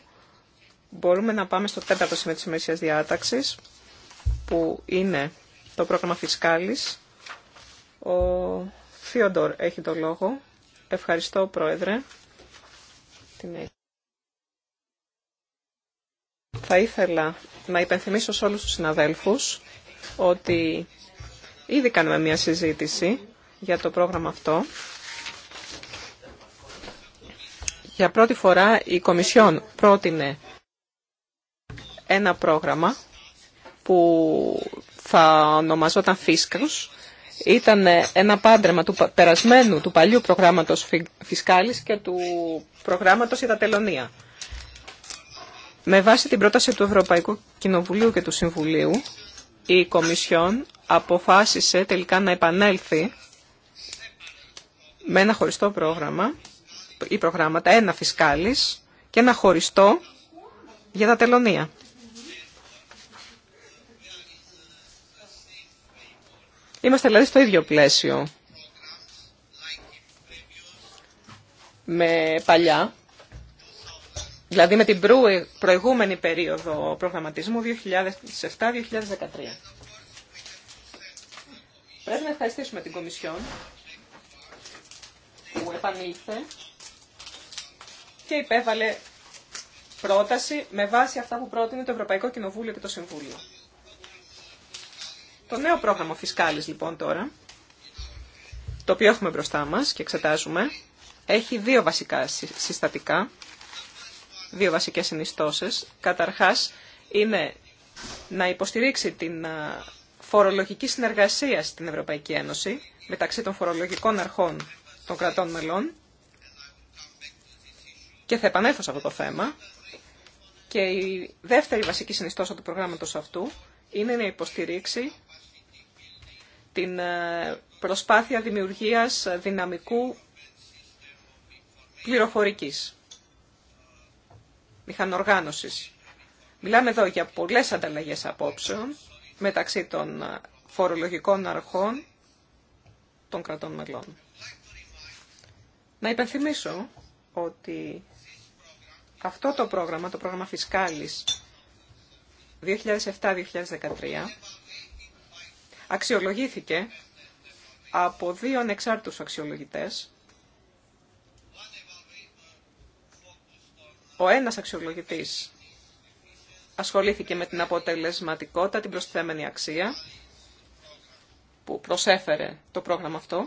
Μπορούμε να πάμε στο τέταρτο σημείο της ημερησίας διάταξης, που είναι το πρόγραμμα φυσκάλης. Ο Φιοντορ έχει το λόγο. Ευχαριστώ, Πρόεδρε. Θα ήθελα να υπενθυμίσω σε όλους τους συναδέλφους ότι ήδη κάνουμε μια συζήτηση για το πρόγραμμα αυτό. Για πρώτη φορά η Κομισιόν πρότεινε ένα πρόγραμμα που θα ονομαζόταν Φίσκρους ήταν ένα πάντρεμα του περασμένου, του παλιού προγράμματος φισκάλης και του προγράμματος για τα τελωνία. Με βάση την πρόταση του Ευρωπαϊκού Κοινοβουλίου και του Συμβουλίου, η Κομισιόν αποφάσισε τελικά να επανέλθει με ένα χωριστό πρόγραμμα ή προγράμματα, ένα φισκάλης και ένα χωριστό για τα τελωνία. Είμαστε δηλαδή στο ίδιο πλαίσιο με παλιά, δηλαδή με την προηγούμενη περίοδο προγραμματισμού 2007-2013. Πρέπει να ευχαριστήσουμε την Κομισιόν που επανήλθε και υπέβαλε πρόταση με βάση αυτά που πρότεινε το Ευρωπαϊκό Κοινοβούλιο και το Συμβούλιο. Το νέο πρόγραμμα φυσκάλης λοιπόν τώρα, το οποίο έχουμε μπροστά μας και εξετάζουμε, έχει δύο βασικά συστατικά, δύο βασικές συνιστώσεις. Καταρχάς είναι να υποστηρίξει την φορολογική συνεργασία στην Ευρωπαϊκή Ένωση μεταξύ των φορολογικών αρχών των κρατών μελών και θα επανέλθω σε αυτό το θέμα. Και η δεύτερη βασική συνιστόσα του προγράμματος αυτού είναι να υποστηρίξει την ε, προσπάθεια δημιουργίας δυναμικού πληροφορικής, μηχανοργάνωσης. Μιλάμε εδώ για πολλές ανταλλαγές απόψεων μεταξύ των ε, φορολογικών αρχών των κρατών μελών. Να υπενθυμίσω ότι αυτό το πρόγραμμα, το πρόγραμμα Φισκάλης 2007-2013, αξιολογήθηκε από δύο ανεξάρτητους αξιολογητές. Ο ένας αξιολογητής ασχολήθηκε με την αποτελεσματικότητα, την προσθέμενη αξία που προσέφερε το πρόγραμμα αυτό.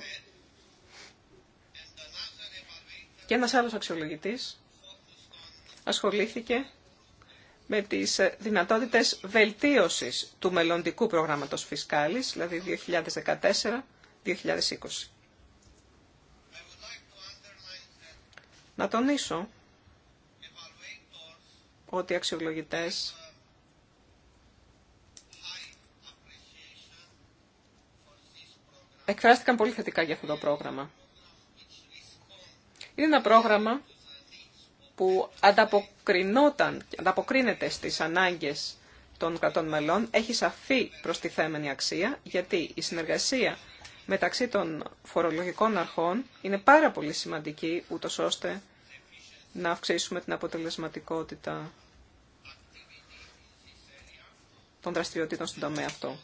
Και ένας άλλος αξιολογητής ασχολήθηκε με τις δυνατότητες βελτίωσης του μελλοντικού προγράμματος φυσκάλης, δηλαδή 2014-2020. Να τονίσω ότι οι αξιολογητές εκφράστηκαν πολύ θετικά για αυτό το πρόγραμμα. Είναι ένα πρόγραμμα που ανταποκρινόταν, ανταποκρίνεται στις ανάγκες των κρατών μελών έχει σαφή προστιθέμενη αξία γιατί η συνεργασία μεταξύ των φορολογικών αρχών είναι πάρα πολύ σημαντική ούτως ώστε να αυξήσουμε την αποτελεσματικότητα των δραστηριοτήτων στον τομέα αυτό.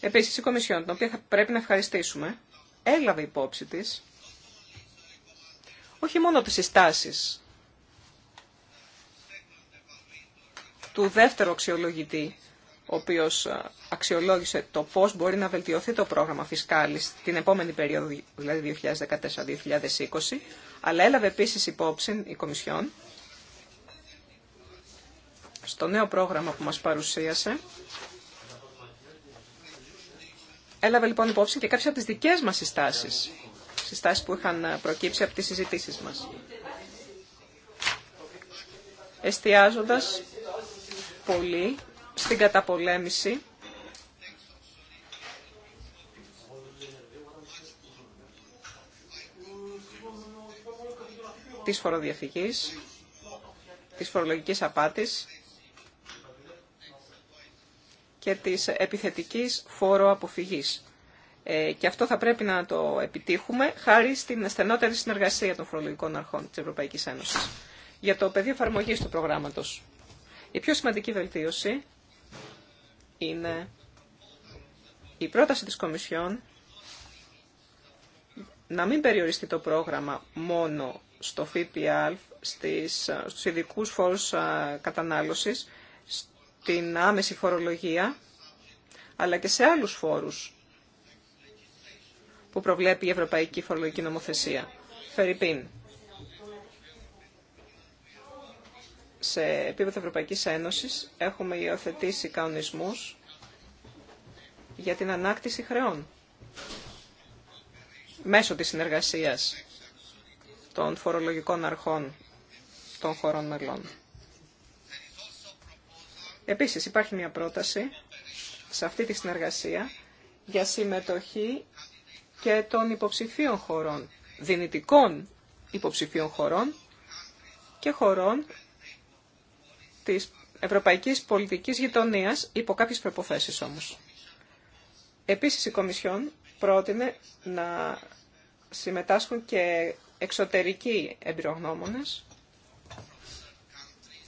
Επίσης, η Κομισιόν, την οποία πρέπει να ευχαριστήσουμε, έλαβε υπόψη της όχι μόνο τις συστάσεις του δεύτερου αξιολογητή, ο οποίος αξιολόγησε το πώς μπορεί να βελτιωθεί το πρόγραμμα φυσκάλης την επόμενη περίοδο, δηλαδή 2014-2020, αλλά έλαβε επίσης υπόψη η Κομισιόν στο νέο πρόγραμμα που μας παρουσίασε. Έλαβε λοιπόν υπόψη και κάποιες από τις δικές μας συστάσεις συστάσεις που είχαν ε, προκύψει από τις συζητήσεις μας. Εστιάζοντας πολύ στην καταπολέμηση της φοροδιαφυγής, της φορολογικής απάτης και της επιθετικής φόρο αποφυγής. Ε, και αυτό θα πρέπει να το επιτύχουμε χάρη στην στενότερη συνεργασία των φορολογικών αρχών της Ευρωπαϊκής Ένωσης. Για το πεδίο εφαρμογή του προγράμματος. Η πιο σημαντική βελτίωση είναι η πρόταση της Κομισιόν να μην περιοριστεί το πρόγραμμα μόνο στο ΦΠΑ, στις, στους ειδικού φόρους κατανάλωσης, στην άμεση φορολογία, αλλά και σε άλλους φόρους που προβλέπει η Ευρωπαϊκή Φορολογική Νομοθεσία. Φερρυπίν. Σε επίπεδο Ευρωπαϊκής Ένωσης έχουμε υιοθετήσει κανονισμούς για την ανάκτηση χρεών μέσω της συνεργασίας των φορολογικών αρχών των χωρών μελών. Επίσης υπάρχει μια πρόταση σε αυτή τη συνεργασία για συμμετοχή και των υποψηφίων χωρών, δυνητικών υποψηφίων χωρών και χωρών της ευρωπαϊκής πολιτικής γειτονίας υπό κάποιες προποθέσεις όμως. Επίσης η Κομισιόν πρότεινε να συμμετάσχουν και εξωτερικοί εμπειρογνώμονες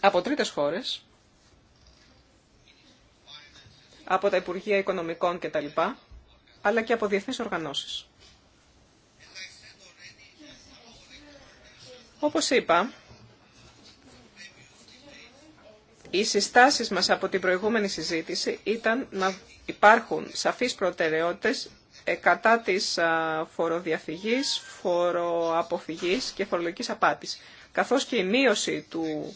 από τρίτες χώρες, από τα Υπουργεία Οικονομικών κτλ αλλά και από διεθνείς οργανώσεις. Όπως είπα, οι συστάσεις μας από την προηγούμενη συζήτηση ήταν να υπάρχουν σαφείς προτεραιότητες ε, κατά της φοροδιαφυγής, φοροαποφυγής και φορολογικής απάτης, καθώς και η μείωση του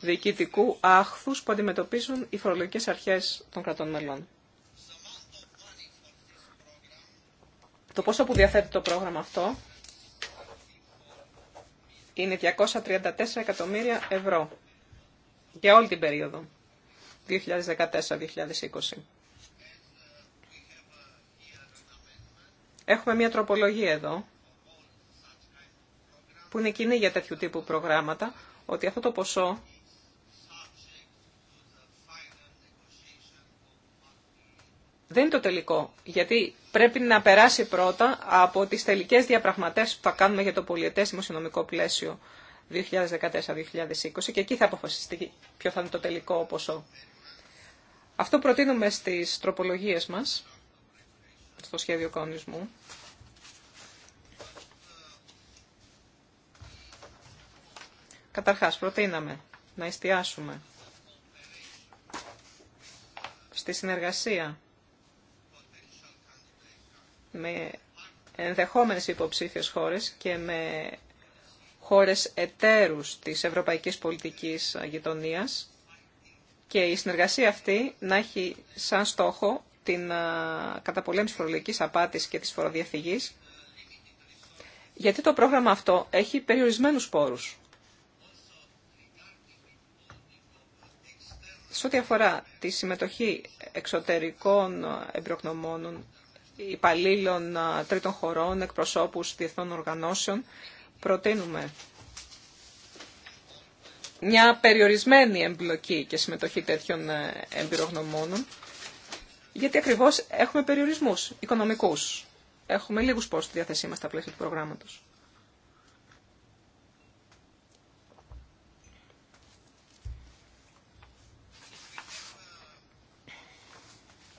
διοικητικού άχθους που αντιμετωπίζουν οι φορολογικές αρχές των κρατών μελών. Το πόσο που διαθέτει το πρόγραμμα αυτό είναι 234 εκατομμύρια ευρώ για όλη την περίοδο 2014-2020. Έχουμε μια τροπολογία εδώ, που είναι κοινή για τέτοιου τύπου προγράμματα, ότι αυτό το ποσό δεν είναι το τελικό, γιατί πρέπει να περάσει πρώτα από τις τελικές διαπραγματεύσεις που θα κάνουμε για το πολιτευσιμο οικονομικο οικονομικό πλαίσιο 2014-2020 και εκεί θα αποφασιστεί ποιο θα είναι το τελικό ποσό. Αυτό προτείνουμε στις τροπολογίες μας, στο σχέδιο κανονισμού. Καταρχάς, προτείναμε να εστιάσουμε στη συνεργασία με ενδεχόμενες υποψήφιες χώρες και με χώρες εταίρους της ευρωπαϊκής πολιτικής γειτονίας και η συνεργασία αυτή να έχει σαν στόχο την καταπολέμηση φορολογικής απάτης και της φοροδιαφυγής, γιατί το πρόγραμμα αυτό έχει περιορισμένους πόρους. Σε ό,τι αφορά τη συμμετοχή εξωτερικών εμπειρογνωμόνων υπαλλήλων τρίτων χωρών, εκπροσώπους διεθνών οργανώσεων, προτείνουμε μια περιορισμένη εμπλοκή και συμμετοχή τέτοιων ε, εμπειρογνωμόνων, γιατί ακριβώς έχουμε περιορισμούς οικονομικούς. Έχουμε λίγους πόρους στη διάθεσή μας στα πλαίσια του προγράμματος.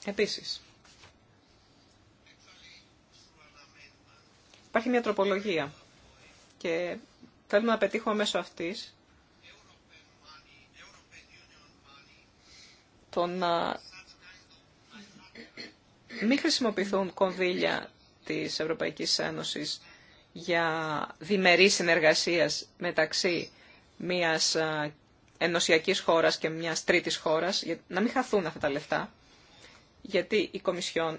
Επίσης, Υπάρχει μια τροπολογία και θέλουμε να πετύχω μέσω αυτής το να μην χρησιμοποιηθούν κονδύλια της Ευρωπαϊκής Ένωσης για διμερή συνεργασία μεταξύ μιας ενωσιακής χώρας και μιας τρίτης χώρας, να μην χαθούν αυτά τα λεφτά, γιατί η Κομισιόν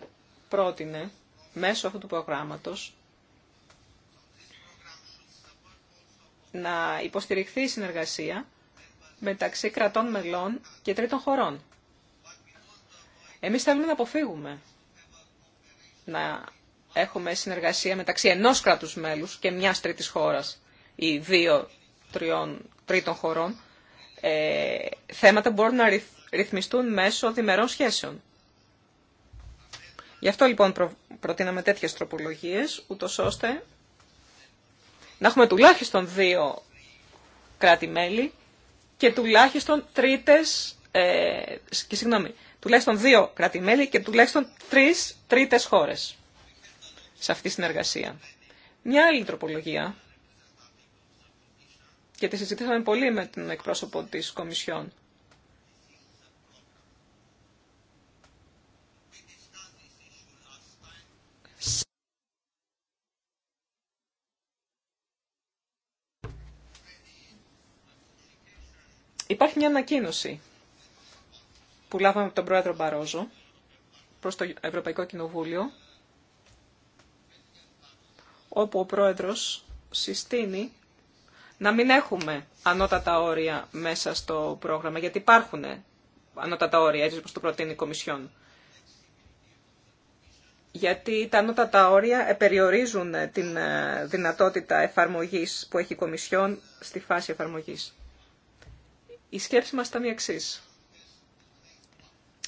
πρότεινε μέσω αυτού του προγράμματος να υποστηριχθεί η συνεργασία μεταξύ κρατών μελών και τρίτων χωρών. Εμείς θέλουμε να αποφύγουμε να έχουμε συνεργασία μεταξύ ενός κράτους μέλους και μιας τρίτης χώρας ή δύο τριών, τρίτων χωρών, ε, θέματα μπορούν να ρυθμιστούν μέσω διμερών σχέσεων. Γι' αυτό λοιπόν προ, προτείναμε τέτοιες τροπολογίες, ούτω ώστε να έχουμε τουλάχιστον δύο κράτη-μέλη και τουλάχιστον τρίτες, ε, και τουλαχιστον τουλάχιστον δύο και τουλάχιστον τρεις τρίτες χώρες σε αυτή τη συνεργασία. Μια άλλη τροπολογία, Και τη συζητήσαμε πολύ με τον εκπρόσωπο της Κομισιόν, Υπάρχει μια ανακοίνωση που λάβαμε από τον πρόεδρο Μπαρόζο προς το Ευρωπαϊκό Κοινοβούλιο, όπου ο πρόεδρος συστήνει να μην έχουμε ανώτατα όρια μέσα στο πρόγραμμα, γιατί υπάρχουν ανώτατα όρια, έτσι όπως το προτείνει η Κομισιόν. Γιατί τα ανώτατα όρια περιορίζουν την ε, δυνατότητα εφαρμογής που έχει η Κομισιόν στη φάση εφαρμογής. Η σκέψη μας ήταν η εξή.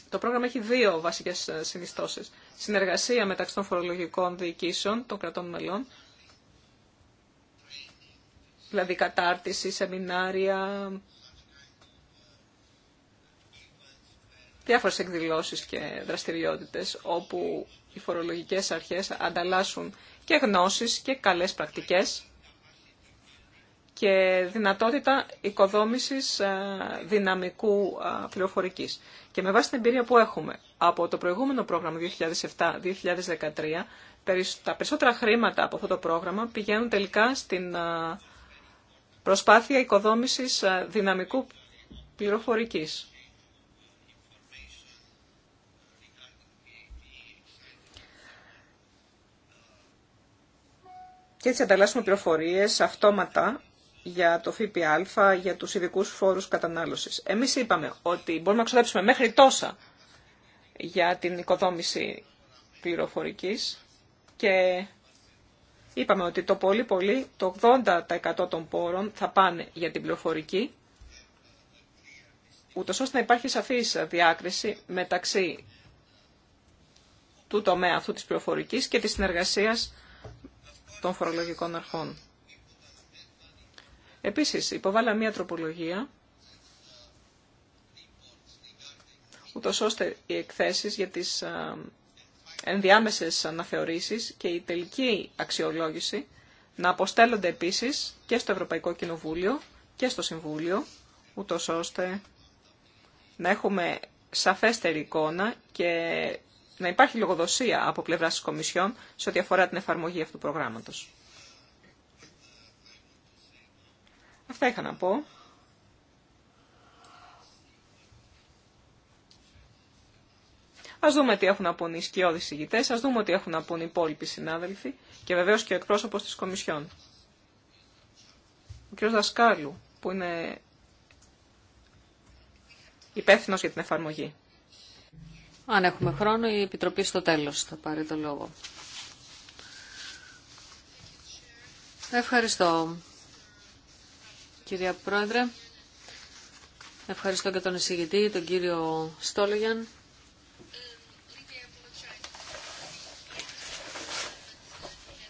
Το πρόγραμμα έχει δύο βασικές ε, συνιστώσεις. Συνεργασία μεταξύ των φορολογικών διοικήσεων των κρατών μελών, δηλαδή κατάρτιση, σεμινάρια, διάφορες εκδηλώσεις και δραστηριότητες όπου οι φορολογικές αρχές ανταλλάσσουν και γνώσεις και καλές πρακτικές και δυνατότητα οικοδόμησης ε, δυναμικού ε, πληροφορικής. Και με βάση την εμπειρία που έχουμε από το προηγούμενο πρόγραμμα 2007-2013, τα περισσότερα χρήματα από αυτό το πρόγραμμα πηγαίνουν τελικά στην ε, προσπάθεια οικοδόμησης δυναμικού πληροφορικής. Και έτσι ανταλλάσσουμε πληροφορίες αυτόματα για το ΦΠΑ, για τους ειδικού φόρους κατανάλωσης. Εμείς είπαμε ότι μπορούμε να ξοδέψουμε μέχρι τόσα για την οικοδόμηση πληροφορικής και είπαμε ότι το πολύ πολύ το 80% των πόρων θα πάνε για την πληροφορική ούτως ώστε να υπάρχει σαφής διάκριση μεταξύ του τομέα αυτού της πληροφορικής και της συνεργασίας των φορολογικών αρχών. Επίσης, υποβάλα μία τροπολογία, ούτως ώστε οι εκθέσεις για τις ενδιάμεσες αναθεωρήσεις και η τελική αξιολόγηση να αποστέλλονται επίσης και στο Ευρωπαϊκό Κοινοβούλιο και στο Συμβούλιο, ούτως ώστε να έχουμε σαφέστερη εικόνα και να υπάρχει λογοδοσία από πλευράς της Κομισιόν σε ό,τι αφορά την εφαρμογή αυτού του προγράμματος. Αυτά είχα να πω. Α δούμε τι έχουν να πούν οι σκιώδει ηγητέ, α δούμε τι έχουν να πούν οι υπόλοιποι συνάδελφοι και βεβαίω και ο εκπρόσωπο τη Κομισιόν. Ο κ. Δασκάλου, που είναι υπεύθυνο για την εφαρμογή. Αν έχουμε χρόνο, η Επιτροπή στο τέλο θα πάρει το λόγο. Ευχαριστώ, κυρία Πρόεδρε. Ευχαριστώ και τον εισηγητή, τον κύριο Στόλογιαν.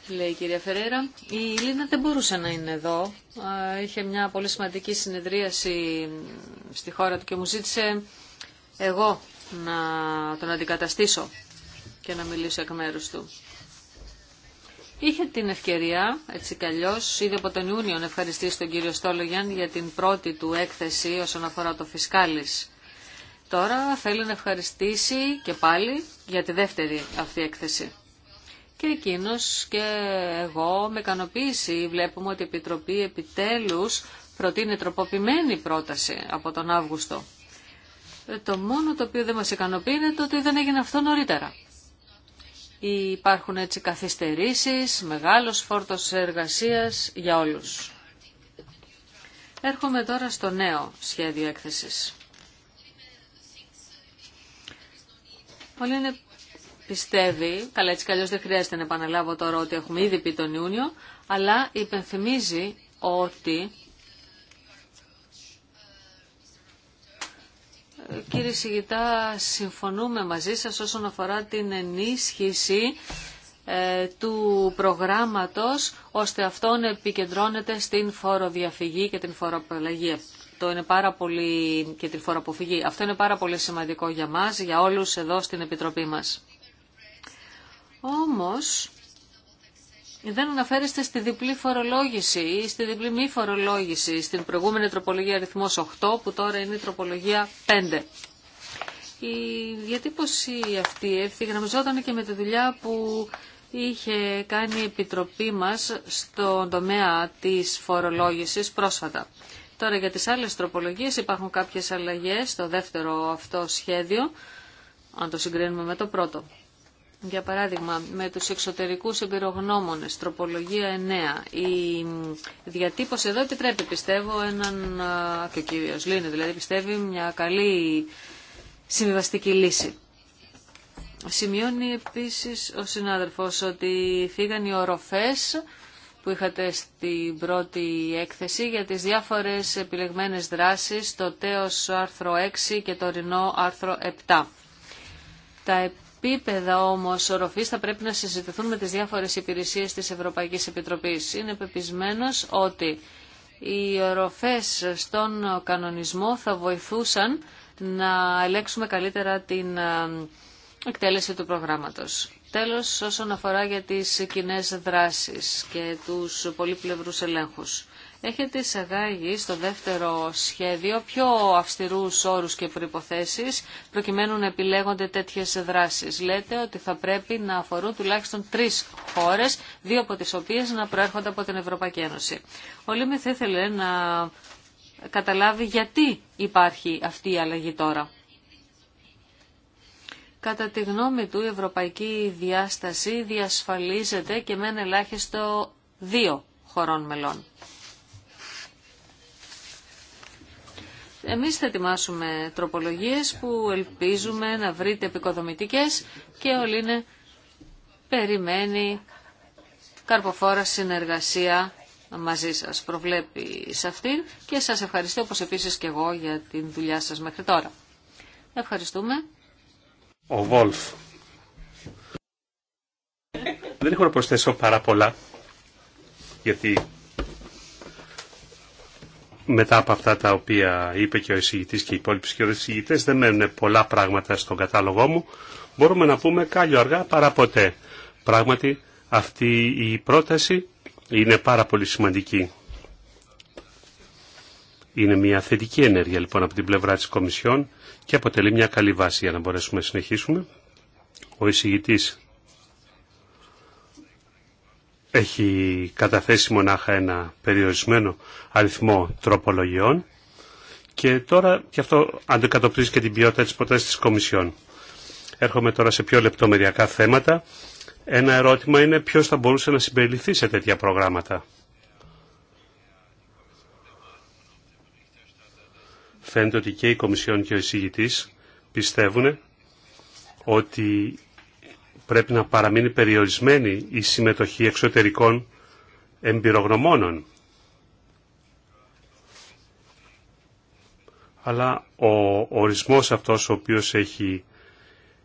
Λέει η κυρία Φερέρα. Η Λίνα δεν μπορούσε να είναι εδώ. Είχε μια πολύ σημαντική συνεδρίαση στη χώρα του και μου ζήτησε εγώ να τον αντικαταστήσω και να μιλήσω εκ μέρους του. Είχε την ευκαιρία, έτσι αλλιώ, ήδη από τον Ιούνιο να ευχαριστήσει τον κύριο Στόλογιαν για την πρώτη του έκθεση όσον αφορά το φισκάλις. Τώρα θέλει να ευχαριστήσει και πάλι για τη δεύτερη αυτή έκθεση. Και εκείνος και εγώ με ικανοποίηση βλέπουμε ότι η Επιτροπή επιτέλους προτείνει τροποποιημένη πρόταση από τον Αύγουστο. Ε, το μόνο το οποίο δεν μας ικανοποιεί είναι το ότι δεν έγινε αυτό νωρίτερα. Υπάρχουν έτσι καθυστερήσεις, μεγάλος φόρτος εργασίας για όλους. Έρχομαι τώρα στο νέο σχέδιο έκθεσης. Πολλοί είναι πιστεύει, καλά έτσι καλώς δεν χρειάζεται να επαναλάβω τώρα ότι έχουμε ήδη πει τον Ιούνιο, αλλά υπενθυμίζει ότι Κύριε Σιγητά, συμφωνούμε μαζί σας όσον αφορά την ενίσχυση ε, του προγράμματος, ώστε αυτό να επικεντρώνεται στην φοροδιαφυγή και την φοροαποφυγή. Το είναι πάρα πολύ και την φοροαποφυγή. Αυτό είναι πάρα πολύ σημαντικό για μας, για όλους εδώ στην Επιτροπή μας. Όμως, δεν αναφέρεστε στη διπλή φορολόγηση ή στη διπλή μη φορολόγηση, στην προηγούμενη τροπολογία αριθμός 8 που τώρα είναι η τροπολογία 5. Η διατύπωση αυτή ευθυγραμμιζόταν και με τη δουλειά που είχε κάνει η Επιτροπή μας στον τομέα της φορολόγησης πρόσφατα. Τώρα για τις άλλες τροπολογίες υπάρχουν κάποιες αλλαγές στο δεύτερο αυτό σχέδιο, αν το συγκρίνουμε με το πρώτο. Για παράδειγμα, με τους εξωτερικούς εμπειρογνώμονες, τροπολογία 9, η διατύπωση εδώ επιτρέπει, πιστεύω, έναν, και ο κύριος Λίνε, δηλαδή πιστεύει, μια καλή συμβιβαστική λύση. Σημειώνει επίσης ο συνάδελφος ότι φύγαν οι οροφές που είχατε στην πρώτη έκθεση για τις διάφορες επιλεγμένες δράσεις, το τέος άρθρο 6 και το ρινό άρθρο 7. Τα επίπεδα όμως οροφής θα πρέπει να συζητηθούν με τις διάφορες υπηρεσίες της Ευρωπαϊκής Επιτροπής. Είναι πεπισμένος ότι οι οροφές στον κανονισμό θα βοηθούσαν να ελέγξουμε καλύτερα την ε, εκτέλεση του προγράμματος. Τέλος, όσον αφορά για τις κοινέ δράσεις και τους πολύπλευρους ελέγχους έχετε εισαγάγει στο δεύτερο σχέδιο πιο αυστηρούς όρους και προϋποθέσεις προκειμένου να επιλέγονται τέτοιες δράσεις. Λέτε ότι θα πρέπει να αφορούν τουλάχιστον τρεις χώρες, δύο από τις οποίες να προέρχονται από την Ευρωπαϊκή Ένωση. Ο Λίμι θα ήθελε να καταλάβει γιατί υπάρχει αυτή η αλλαγή τώρα. Κατά τη γνώμη του, η ευρωπαϊκή διάσταση διασφαλίζεται και με ένα ελάχιστο δύο χωρών μελών. Εμείς θα ετοιμάσουμε τροπολογίες που ελπίζουμε να βρείτε επικοδομητικές και όλοι είναι περιμένει καρποφόρα συνεργασία μαζί σας. Προβλέπει σε αυτήν και σας ευχαριστώ όπως επίσης και εγώ για την δουλειά σας μέχρι τώρα. Ευχαριστούμε. Ο Βόλφ. Δεν έχω να προσθέσω πάρα πολλά γιατί μετά από αυτά τα οποία είπε και ο εισηγητής και οι υπόλοιποι εισηγητές δεν μένουν πολλά πράγματα στον κατάλογό μου. Μπορούμε να πούμε κάλλιο αργά παρά ποτέ. Πράγματι αυτή η πρόταση είναι πάρα πολύ σημαντική. Είναι μια θετική ενέργεια λοιπόν από την πλευρά της Κομισιόν και αποτελεί μια καλή βάση για να μπορέσουμε να συνεχίσουμε. Ο εισηγητής έχει καταθέσει μονάχα ένα περιορισμένο αριθμό τροπολογιών και τώρα και αυτό αντικατοπτρίζει και την ποιότητα της προτάσης της Κομισιόν. Έρχομαι τώρα σε πιο λεπτομεριακά θέματα. Ένα ερώτημα είναι ποιος θα μπορούσε να συμπεριληφθεί σε τέτοια προγράμματα. Φαίνεται ότι και η Κομισιόν και ο εισηγητής πιστεύουν ότι πρέπει να παραμείνει περιορισμένη η συμμετοχή εξωτερικών εμπειρογνωμόνων. Αλλά ο ορισμός αυτός ο οποίος έχει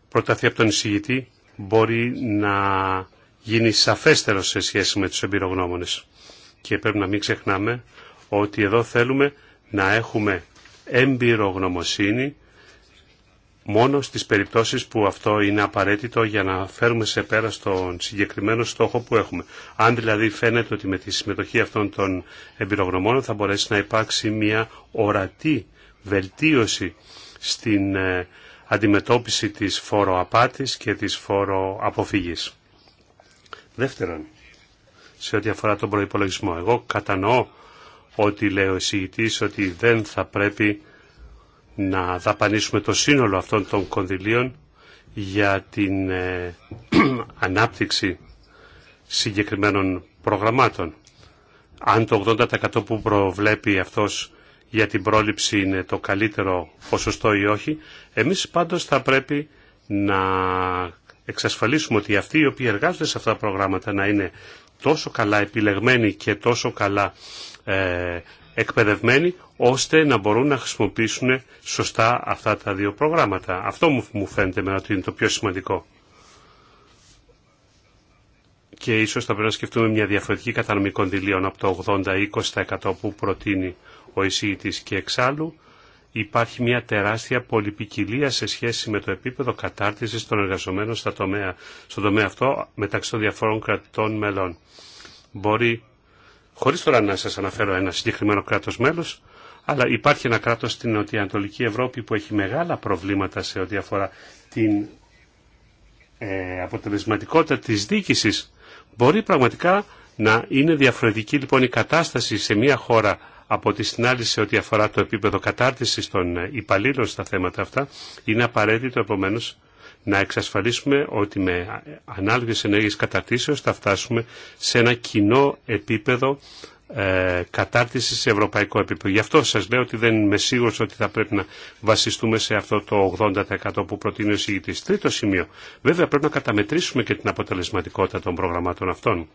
προταθεί από τον εισηγητή μπορεί να γίνει σαφέστερος σε σχέση με τους εμπειρογνώμονες. Και πρέπει να μην ξεχνάμε ότι εδώ θέλουμε να έχουμε εμπειρογνωμοσύνη μόνο στις περιπτώσεις που αυτό είναι απαραίτητο για να φέρουμε σε πέρα στον συγκεκριμένο στόχο που έχουμε. Αν δηλαδή φαίνεται ότι με τη συμμετοχή αυτών των εμπειρογνωμών θα μπορέσει να υπάρξει μια ορατή βελτίωση στην ε, αντιμετώπιση της φοροαπάτης και της φοροαποφυγής. Δεύτερον, σε ό,τι αφορά τον προϋπολογισμό, εγώ κατανοώ ότι λέει ο εισηγητής ότι δεν θα πρέπει να δαπανίσουμε το σύνολο αυτών των κονδυλίων για την ε, ανάπτυξη συγκεκριμένων προγραμμάτων. Αν το 80% που προβλέπει αυτός για την πρόληψη είναι το καλύτερο ποσοστό ή όχι, εμείς πάντως θα πρέπει να εξασφαλίσουμε ότι αυτοί οι οποίοι εργάζονται σε αυτά τα προγράμματα να είναι τόσο καλά επιλεγμένοι και τόσο καλά ε, εκπαιδευμένοι ώστε να μπορούν να χρησιμοποιήσουν σωστά αυτά τα δύο προγράμματα. Αυτό μου φαίνεται εμένα ότι είναι το πιο σημαντικό. Και ίσως θα πρέπει να σκεφτούμε μια διαφορετική κατανομή κονδυλίων από το 80-20% που προτείνει ο εισηγητής και εξάλλου υπάρχει μια τεράστια πολυπικιλία σε σχέση με το επίπεδο κατάρτισης των εργαζομένων στα τομέα, στον τομέα αυτό μεταξύ των διαφορών κρατών μελών. Μπορεί χωρίς τώρα να σας αναφέρω ένα συγκεκριμένο κράτος μέλος, αλλά υπάρχει ένα κράτος στην Νοτιοανατολική Ευρώπη που έχει μεγάλα προβλήματα σε ό,τι αφορά την ε, αποτελεσματικότητα της δίκησης. Μπορεί πραγματικά να είναι διαφορετική λοιπόν η κατάσταση σε μια χώρα από τη στην σε ό,τι αφορά το επίπεδο κατάρτισης των ε, υπαλλήλων στα θέματα αυτά. Είναι απαραίτητο επομένως να εξασφαλίσουμε ότι με ανάλογες ενέργειες καταρτήσεως θα φτάσουμε σε ένα κοινό επίπεδο ε, κατάρτιση σε ευρωπαϊκό επίπεδο. Γι' αυτό σας λέω ότι δεν είμαι σίγουρος ότι θα πρέπει να βασιστούμε σε αυτό το 80% που προτείνει ο συγητής. Τρίτο σημείο. Βέβαια πρέπει να καταμετρήσουμε και την αποτελεσματικότητα των προγραμμάτων αυτών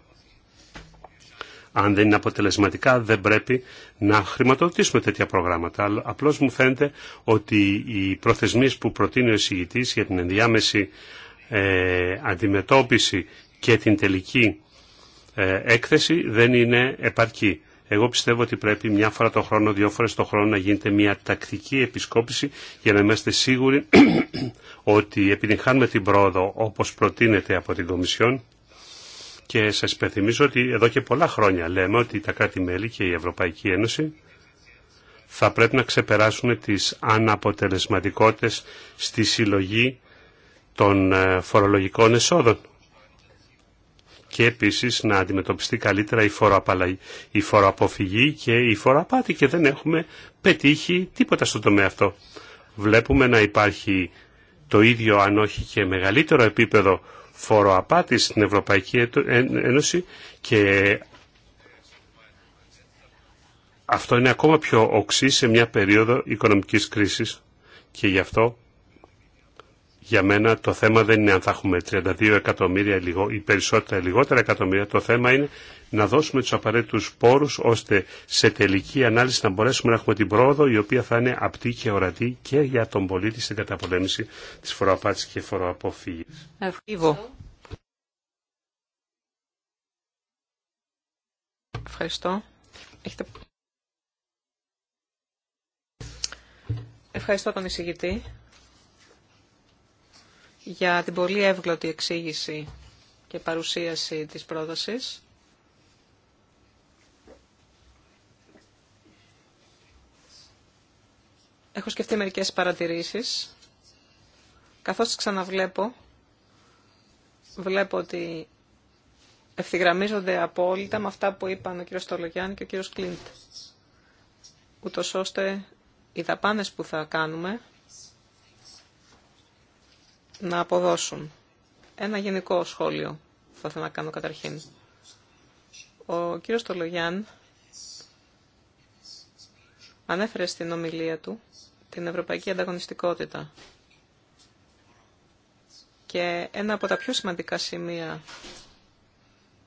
αν δεν είναι αποτελεσματικά δεν πρέπει να χρηματοδοτήσουμε τέτοια προγράμματα. Αλλά απλώς μου φαίνεται ότι οι προθεσμίες που προτείνει ο εισηγητής για την ενδιάμεση ε, αντιμετώπιση και την τελική ε, έκθεση δεν είναι επαρκή. Εγώ πιστεύω ότι πρέπει μια φορά το χρόνο, δύο φορές το χρόνο να γίνεται μια τακτική επισκόπηση για να είμαστε σίγουροι ότι επιτυγχάνουμε την πρόοδο όπως προτείνεται από την Κομισιόν και σας υπενθυμίζω ότι εδώ και πολλά χρόνια λέμε ότι τα κράτη-μέλη και η Ευρωπαϊκή Ένωση θα πρέπει να ξεπεράσουν τις αναποτελεσματικότητες στη συλλογή των ε, φορολογικών εσόδων. Και επίσης να αντιμετωπιστεί καλύτερα η, η φοροαποφυγή και η φοροαπάτη και δεν έχουμε πετύχει τίποτα στον τομέα αυτό. Βλέπουμε να υπάρχει το ίδιο αν όχι και μεγαλύτερο επίπεδο φοροαπάτη στην Ευρωπαϊκή ε, Ένωση και αυτό είναι ακόμα πιο οξύ σε μια περίοδο οικονομικής κρίσης και γι' αυτό για μένα το θέμα δεν είναι αν θα έχουμε 32 εκατομμύρια ή περισσότερα ή λιγότερα εκατομμύρια. Το θέμα είναι να δώσουμε τους απαραίτητους πόρους ώστε σε τελική ανάλυση να μπορέσουμε να έχουμε την πρόοδο η οποία θα είναι απτή και ορατή και για τον πολίτη στην καταπολέμηση της φοροαπάτησης και φοροαποφύγης. Ευχαριστώ. Ευχαριστώ. Ευχαριστώ τον εισηγητή για την πολύ εύγλωτη εξήγηση και παρουσίαση της πρότασης. Έχω σκεφτεί μερικές παρατηρήσεις. Καθώς τις ξαναβλέπω, βλέπω ότι ευθυγραμμίζονται απόλυτα με αυτά που είπαν ο κύριος Στολογιάν και ο κύριος Κλίντ. Ούτως ώστε οι δαπάνες που θα κάνουμε να αποδώσουν. Ένα γενικό σχόλιο θα ήθελα να κάνω καταρχήν. Ο κύριος Τολογιάν ανέφερε στην ομιλία του την ευρωπαϊκή ανταγωνιστικότητα. Και ένα από τα πιο σημαντικά σημεία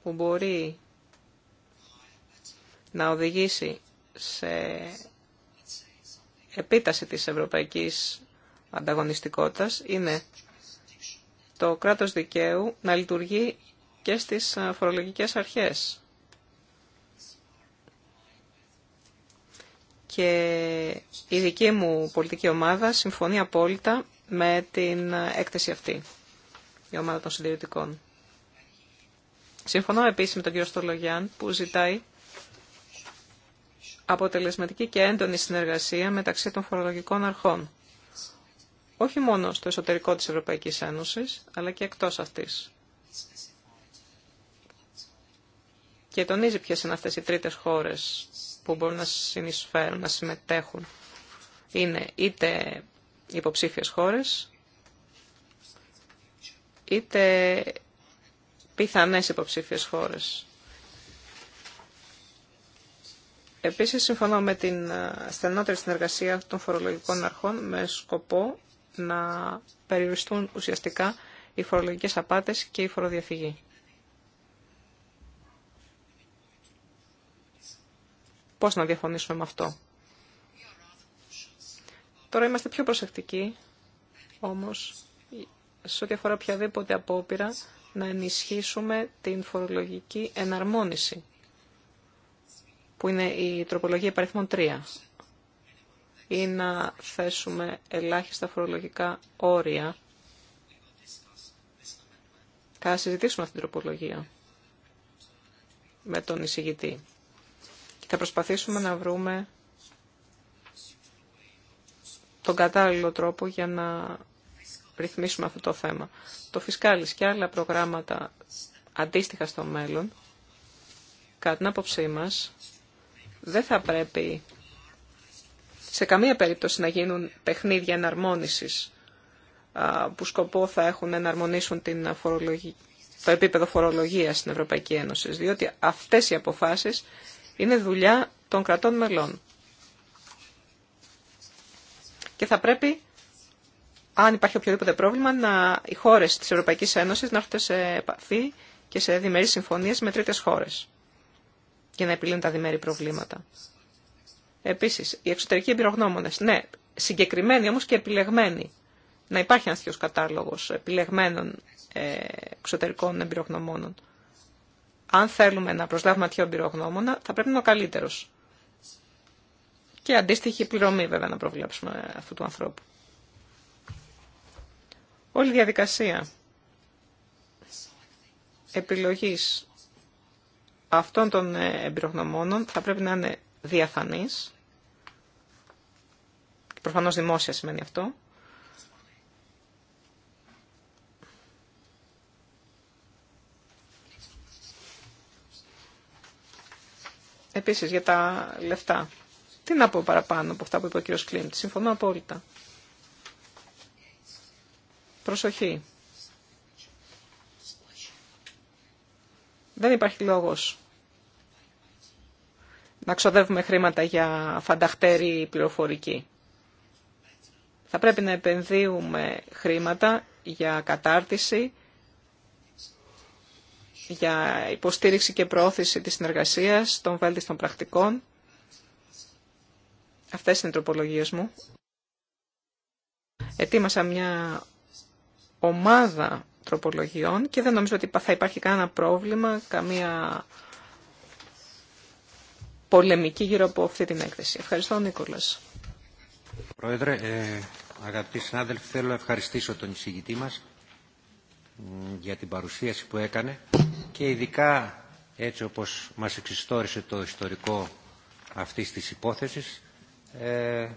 που μπορεί να οδηγήσει σε επίταση της ευρωπαϊκής ανταγωνιστικότητας είναι το κράτος δικαίου να λειτουργεί και στις φορολογικές αρχές και η δική μου πολιτική ομάδα συμφωνεί απόλυτα με την έκθεση αυτή, η ομάδα των συντηρητικών. Συμφωνώ επίσης με τον κύριο Στολογιάν που ζητάει αποτελεσματική και έντονη συνεργασία μεταξύ των φορολογικών αρχών. Όχι μόνο στο εσωτερικό της Ευρωπαϊκής Ένωσης, αλλά και εκτός αυτής. Και τονίζει ποιες είναι αυτές οι τρίτες χώρες που μπορούν να συνεισφέρουν, να συμμετέχουν είναι είτε υποψήφιες χώρες, είτε πιθανές υποψήφιες χώρες. Επίσης, συμφωνώ με την ε, στενότερη συνεργασία των φορολογικών αρχών με σκοπό να περιοριστούν ουσιαστικά οι φορολογικές απάτες και η φοροδιαφυγή. Πώς να διαφωνήσουμε με αυτό. Τώρα είμαστε πιο προσεκτικοί, όμως, σε ό,τι αφορά οποιαδήποτε απόπειρα, να ενισχύσουμε την φορολογική εναρμόνιση, που είναι η τροπολογία υπαριθμών 3, ή να θέσουμε ελάχιστα φορολογικά όρια. Θα συζητήσουμε αυτή την τροπολογία με τον εισηγητή θα προσπαθήσουμε να βρούμε τον κατάλληλο τρόπο για να ρυθμίσουμε αυτό το θέμα. Το Φισκάλις και άλλα προγράμματα αντίστοιχα στο μέλλον, κατά την άποψή μας, δεν θα πρέπει σε καμία περίπτωση να γίνουν παιχνίδια εναρμόνισης που σκοπό θα έχουν να εναρμονίσουν την το επίπεδο φορολογίας στην Ευρωπαϊκή Ένωση, διότι αυτές οι αποφάσεις είναι δουλειά των κρατών μελών. Και θα πρέπει, αν υπάρχει οποιοδήποτε πρόβλημα, να, οι χώρες της Ευρωπαϊκής Ένωσης να έρθουν σε επαφή και σε διμερείς συμφωνίες με τρίτες χώρες για να επιλύνουν τα διμερεί προβλήματα. Επίσης, οι εξωτερικοί εμπειρογνώμονες, ναι, συγκεκριμένοι όμως και επιλεγμένοι. Να υπάρχει ένα κατάλογος επιλεγμένων ε, εξωτερικών εμπειρογνωμόνων αν θέλουμε να προσλάβουμε αρχαίο εμπειρογνώμονα, θα πρέπει να είναι ο καλύτερο. Και αντίστοιχη πληρωμή, βέβαια, να προβλέψουμε αυτού του ανθρώπου. Όλη η διαδικασία επιλογής αυτών των ε, εμπειρογνωμόνων θα πρέπει να είναι διαφανής. Προφανώς δημόσια σημαίνει αυτό. Επίση, για τα λεφτά. Τι να πω παραπάνω από αυτά που είπε ο κύριος Κλίντ. Συμφωνώ απόλυτα. Προσοχή. Δεν υπάρχει λόγος να ξοδεύουμε χρήματα για φανταχτέρη πληροφορική. Θα πρέπει να επενδύουμε χρήματα για κατάρτιση, για υποστήριξη και προώθηση της συνεργασίας, των βέλτιστων πρακτικών. Αυτές είναι οι τροπολογίες μου. Ετοίμασα μια ομάδα τροπολογιών και δεν νομίζω ότι θα υπάρχει κανένα πρόβλημα, καμία πολεμική γύρω από αυτή την έκθεση. Ευχαριστώ, Νίκολας. Πρόεδρε, ε, αγαπητοί συνάδελφοι, θέλω να ευχαριστήσω τον εισηγητή μας για την παρουσίαση που έκανε και ειδικά έτσι όπως μας εξιστόρισε το ιστορικό αυτής της υπόθεσης ε,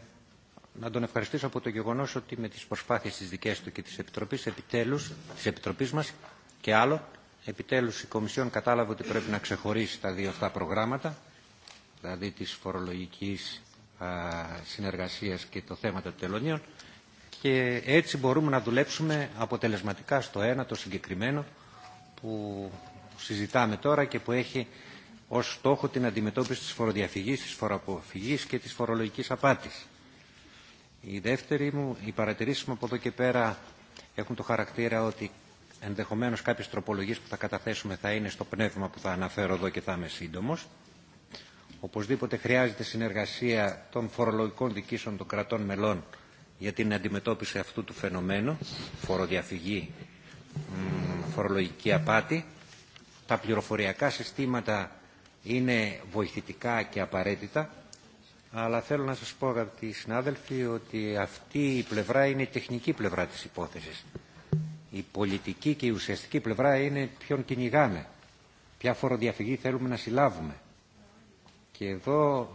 να τον ευχαριστήσω από το γεγονός ότι με τις προσπάθειες της δικές του και της Επιτροπής, επιτέλους, της Επιτροπής μας και άλλο, επιτέλους η Κομισιόν κατάλαβε ότι πρέπει να ξεχωρίσει τα δύο αυτά προγράμματα, δηλαδή της φορολογικής α, συνεργασίας και το θέμα των τελωνίων και έτσι μπορούμε να δουλέψουμε αποτελεσματικά στο ένα το συγκεκριμένο που συζητάμε τώρα και που έχει ως στόχο την αντιμετώπιση της φοροδιαφυγής, της φοροαποφυγής και της φορολογικής απάτης. Η δεύτερη μου, οι παρατηρήσεις μου από εδώ και πέρα έχουν το χαρακτήρα ότι ενδεχομένως κάποιες τροπολογίες που θα καταθέσουμε θα είναι στο πνεύμα που θα αναφέρω εδώ και θα είμαι σύντομο. Οπωσδήποτε χρειάζεται συνεργασία των φορολογικών δικήσεων των κρατών μελών για την αντιμετώπιση αυτού του φαινομένου, φοροδιαφυγή, φορολογική απάτη τα πληροφοριακά συστήματα είναι βοηθητικά και απαραίτητα, αλλά θέλω να σας πω αγαπητοί συνάδελφοι ότι αυτή η πλευρά είναι η τεχνική πλευρά της υπόθεσης. Η πολιτική και η ουσιαστική πλευρά είναι ποιον κυνηγάμε, ποια φοροδιαφυγή θέλουμε να συλλάβουμε. Και εδώ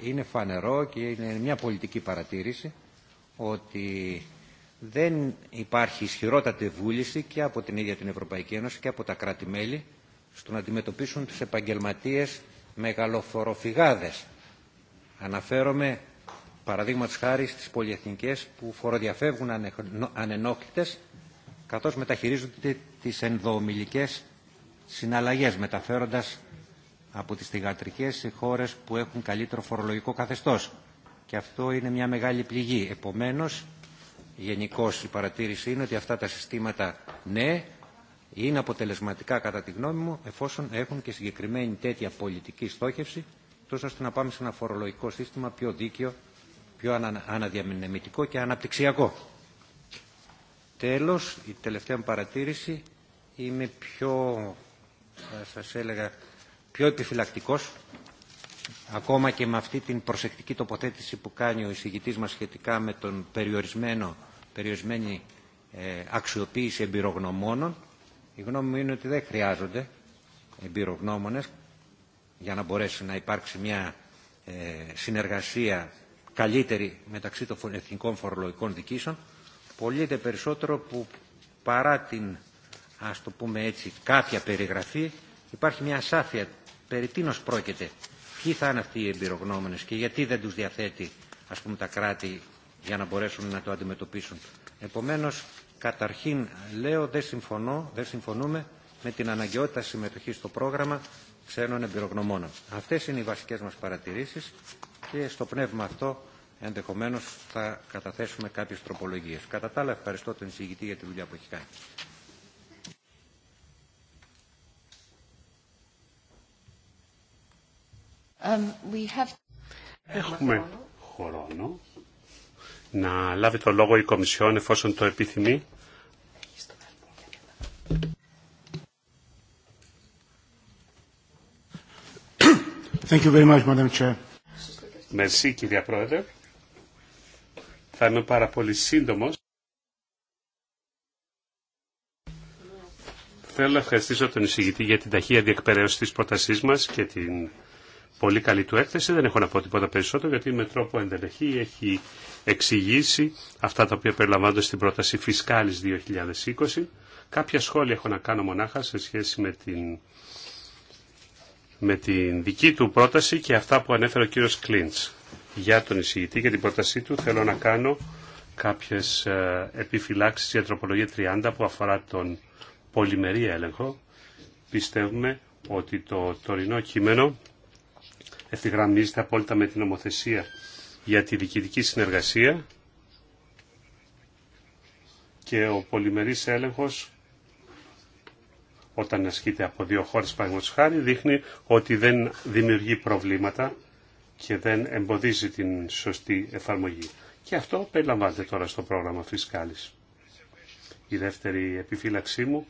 είναι φανερό και είναι μια πολιτική παρατήρηση ότι δεν υπάρχει ισχυρότατη βούληση και από την ίδια την Ευρωπαϊκή Ένωση και από τα κράτη-μέλη στο να αντιμετωπίσουν τους επαγγελματίες μεγαλοφοροφυγάδες. Αναφέρομαι της χάρη στις πολυεθνικές που φοροδιαφεύγουν ανενόχλητες καθώς μεταχειρίζονται τις ενδοομιλικές συναλλαγές μεταφέροντας από τις θηγατρικές σε χώρες που έχουν καλύτερο φορολογικό καθεστώς. Και αυτό είναι μια μεγάλη πληγή. Επομένως, γενικώ η παρατήρηση είναι ότι αυτά τα συστήματα ναι είναι αποτελεσματικά κατά τη γνώμη μου εφόσον έχουν και συγκεκριμένη τέτοια πολιτική στόχευση τόσο ώστε να πάμε σε ένα φορολογικό σύστημα πιο δίκαιο, πιο αναδιαμενεμητικό και αναπτυξιακό. Τέλος, η τελευταία μου παρατήρηση είμαι πιο, ε, θα σας έλεγα, πιο επιφυλακτικός ακόμα και με αυτή την προσεκτική τοποθέτηση που κάνει ο εισηγητής μας σχετικά με τον περιορισμένο, περιορισμένη ε, αξιοποίηση εμπειρογνωμόνων, η γνώμη μου είναι ότι δεν χρειάζονται εμπειρογνώμονες για να μπορέσει να υπάρξει μια ε, συνεργασία καλύτερη μεταξύ των εθνικών φορολογικών δικήσεων, πολύ δε περισσότερο που παρά την, ας το πούμε έτσι, κάποια περιγραφή, υπάρχει μια σάφια περί τίνος πρόκειται ποιοι θα είναι αυτοί οι εμπειρογνώμονε και γιατί δεν του διαθέτει ας πούμε, τα κράτη για να μπορέσουν να το αντιμετωπίσουν. Επομένω, καταρχήν λέω δεν συμφωνώ, δεν συμφωνούμε με την αναγκαιότητα συμμετοχή στο πρόγραμμα ξένων εμπειρογνωμόνων. Αυτέ είναι οι βασικέ μα παρατηρήσει και στο πνεύμα αυτό ενδεχομένω θα καταθέσουμε κάποιε τροπολογίε. Κατά τα άλλα ευχαριστώ τον εισηγητή για τη δουλειά που έχει κάνει. Um, Έχουμε χρόνο να λάβει το λόγο η Κομισιόν εφόσον το επιθυμεί. Thank you very much, Madam Chair. Μερσή, κυρία Πρόεδρε. Θα είμαι πάρα πολύ σύντομος. Θέλω να ευχαριστήσω τον εισηγητή για την ταχεία διεκπαιρέωση της πρότασής μας και την πολύ καλή του έκθεση. Δεν έχω να πω τίποτα περισσότερο γιατί με τρόπο εντελεχή έχει εξηγήσει αυτά τα οποία περιλαμβάνονται στην πρόταση Φισκάλης 2020. Κάποια σχόλια έχω να κάνω μονάχα σε σχέση με την, με την δική του πρόταση και αυτά που ανέφερε ο κύριος Κλίντς. Για τον εισηγητή και την πρότασή του θέλω να κάνω κάποιες ε, επιφυλάξεις για τροπολογία 30 που αφορά τον πολυμερή έλεγχο. Πιστεύουμε ότι το τωρινό κείμενο ευθυγραμμίζεται απόλυτα με την νομοθεσία για τη διοικητική συνεργασία και ο πολυμερής έλεγχος όταν ασκείται από δύο χώρες παραγωγής χάρη δείχνει ότι δεν δημιουργεί προβλήματα και δεν εμποδίζει την σωστή εφαρμογή. Και αυτό περιλαμβάνεται τώρα στο πρόγραμμα φυσκάλης. Η δεύτερη επιφύλαξή μου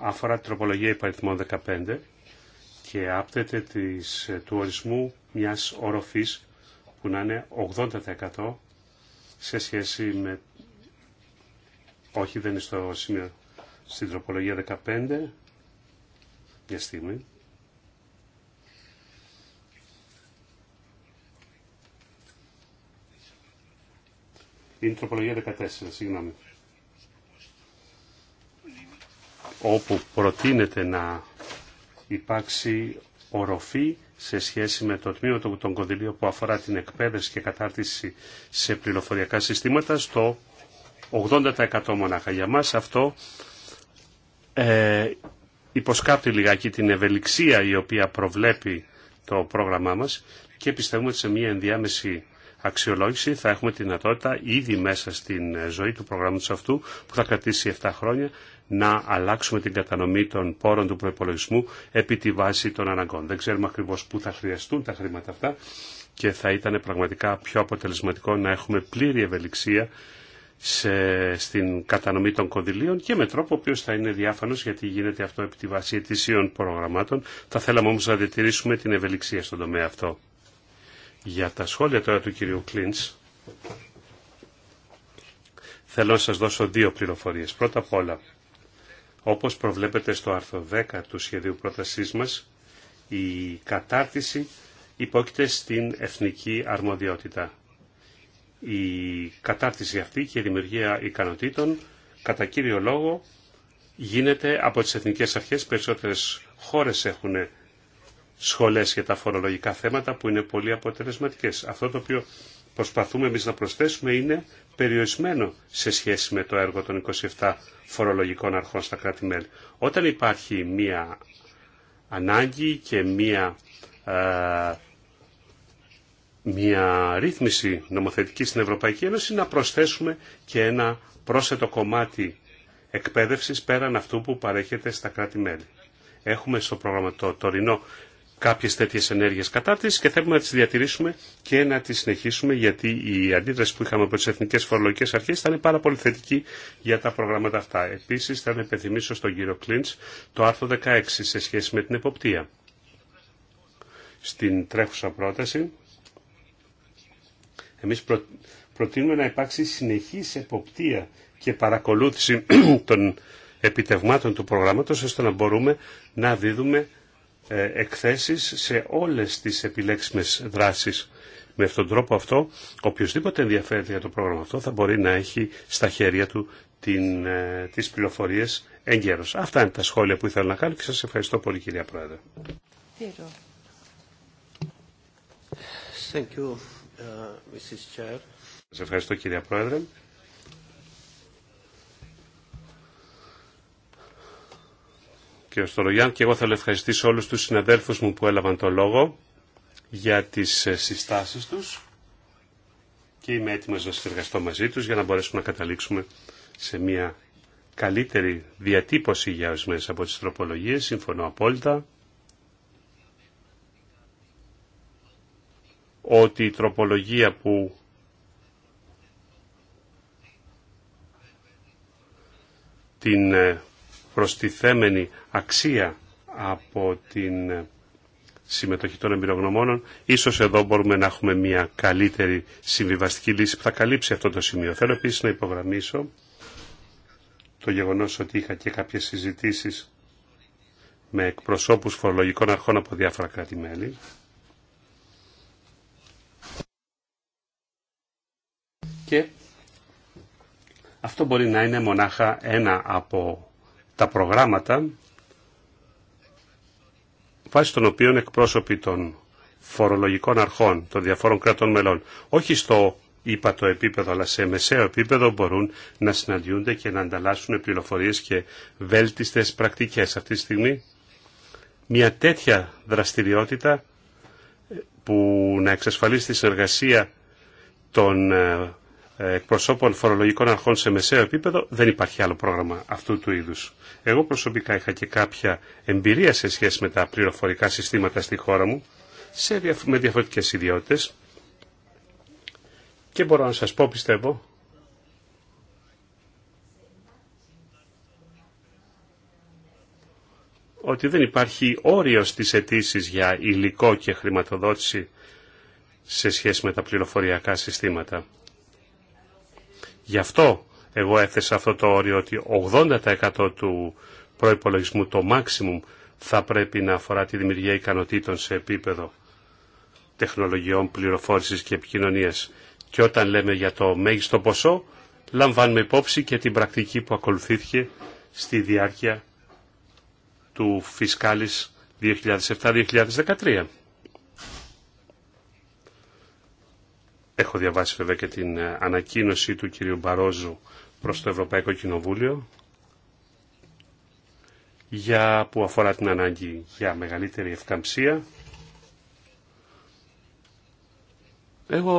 αφορά την τροπολογία υπαριθμών 15 και άπτεται της, του ορισμού μιας οροφής που να είναι 80% σε σχέση με... Όχι, δεν είναι στο σημείο. Στην τροπολογία 15, μια στιγμή. Είναι τροπολογία 14, συγγνώμη. Όπου προτείνεται να υπάρξει οροφή σε σχέση με το τμήμα των κονδυλίων που αφορά την εκπαίδευση και κατάρτιση σε πληροφοριακά συστήματα στο 80% μονάχα. Για μας αυτό ε, υποσκάπτει λιγάκι την ευελιξία η οποία προβλέπει το πρόγραμμά μας και πιστεύουμε ότι σε μια ενδιάμεση αξιολόγηση θα έχουμε τη δυνατότητα ήδη μέσα στην ε, ζωή του προγράμματος αυτού που θα κρατήσει 7 χρόνια να αλλάξουμε την κατανομή των πόρων του προπολογισμού επί τη βάση των αναγκών. Δεν ξέρουμε ακριβώς πού θα χρειαστούν τα χρήματα αυτά και θα ήταν πραγματικά πιο αποτελεσματικό να έχουμε πλήρη ευελιξία σε, στην κατανομή των κονδυλίων και με τρόπο ο οποίο θα είναι διάφανο γιατί γίνεται αυτό επί τη βάση ετησίων προγραμμάτων. Θα θέλαμε όμω να διατηρήσουμε την ευελιξία στον τομέα αυτό. Για τα σχόλια τώρα του κυρίου Κλίντ, θέλω να σα δώσω δύο πληροφορίε. Πρώτα απ' όλα, όπως προβλέπεται στο άρθρο 10 του σχεδίου πρότασής μας, η κατάρτιση υπόκειται στην εθνική αρμοδιότητα. Η κατάρτιση αυτή και η δημιουργία ικανοτήτων κατά κύριο λόγο γίνεται από τις εθνικές αρχές. Περισσότερες χώρες έχουν σχολές για τα φορολογικά θέματα που είναι πολύ αποτελεσματικές. Αυτό το οποίο προσπαθούμε εμείς να προσθέσουμε είναι περιορισμένο σε σχέση με το έργο των 27 φορολογικών αρχών στα κράτη-μέλη. Όταν υπάρχει μία ανάγκη και μία, ε, μία ρύθμιση νομοθετική στην Ευρωπαϊκή Ένωση να προσθέσουμε και ένα πρόσθετο κομμάτι εκπαίδευσης πέραν αυτού που παρέχεται στα κράτη-μέλη. Έχουμε στο πρόγραμμα το τωρινό κάποιες τέτοιες ενέργειες κατά και θέλουμε να τις διατηρήσουμε και να τις συνεχίσουμε γιατί η αντίδραση που είχαμε από τις Εθνικές Φορολογικές Αρχές ήταν πάρα πολύ θετική για τα προγράμματα αυτά. Επίσης θα υπενθυμίσω στον κύριο Κλίντς το άρθρο 16 σε σχέση με την εποπτεία. Στην τρέχουσα πρόταση εμείς προ... προτείνουμε να υπάρξει συνεχής εποπτεία και παρακολούθηση των επιτευμάτων του προγράμματος ώστε να μπορούμε να δίδουμε ε, εκθέσεις σε όλες τις επιλέξιμες δράσεις. Με αυτόν τον τρόπο αυτό, οποιοδήποτε ενδιαφέρεται για το πρόγραμμα αυτό θα μπορεί να έχει στα χέρια του την, ε, τις πληροφορίες εγκαίρως. Αυτά είναι τα σχόλια που ήθελα να κάνω και σας ευχαριστώ πολύ κυρία Πρόεδρε. Uh, σας ευχαριστώ κυρία Πρόεδρε. κύριο Στολογιάν και εγώ θέλω να ευχαριστήσω όλους τους συναδέλφους μου που έλαβαν το λόγο για τις ε, συστάσεις τους και είμαι έτοιμος να συνεργαστώ μαζί τους για να μπορέσουμε να καταλήξουμε σε μια καλύτερη διατύπωση για ορισμένε από τις τροπολογίες, συμφωνώ απόλυτα. ότι η τροπολογία που την ε, προστιθέμενη αξία από την συμμετοχή των εμπειρογνωμόνων. Ίσως εδώ μπορούμε να έχουμε μια καλύτερη συμβιβαστική λύση που θα καλύψει αυτό το σημείο. Θέλω επίσης να υπογραμμίσω το γεγονός ότι είχα και κάποιες συζητήσεις με εκπροσώπους φορολογικών αρχών από διάφορα κράτη-μέλη. Και αυτό μπορεί να είναι μονάχα ένα από τα προγράμματα βάσει των οποίων εκπρόσωποι των φορολογικών αρχών των διαφόρων κρατών μελών, όχι στο το επίπεδο αλλά σε μεσαίο επίπεδο μπορούν να συναντιούνται και να ανταλλάσσουν πληροφορίες και βέλτιστες πρακτικές. Αυτή τη στιγμή μια τέτοια δραστηριότητα ε, που να εξασφαλίσει τη συνεργασία των ε, εκπροσώπων φορολογικών αρχών σε μεσαίο επίπεδο, δεν υπάρχει άλλο πρόγραμμα αυτού του είδους. Εγώ προσωπικά είχα και κάποια εμπειρία σε σχέση με τα πληροφορικά συστήματα στη χώρα μου, σε, με διαφορετικές ιδιότητες και μπορώ να σας πω, πιστεύω, ότι δεν υπάρχει όριο στις αιτήσει για υλικό και χρηματοδότηση σε σχέση με τα πληροφοριακά συστήματα. Γι' αυτό εγώ έθεσα αυτό το όριο ότι 80% του προϋπολογισμού, το maximum, θα πρέπει να αφορά τη δημιουργία ικανοτήτων σε επίπεδο τεχνολογιών, πληροφόρησης και επικοινωνίας. Και όταν λέμε για το μέγιστο ποσό, λαμβάνουμε υπόψη και την πρακτική που ακολουθήθηκε στη διάρκεια του φισκάλης 2007-2013. Έχω διαβάσει βέβαια και την ε, ανακοίνωση του κυρίου Μπαρόζου προς το Ευρωπαϊκό Κοινοβούλιο για, που αφορά την ανάγκη για μεγαλύτερη ευκαμψία. Εγώ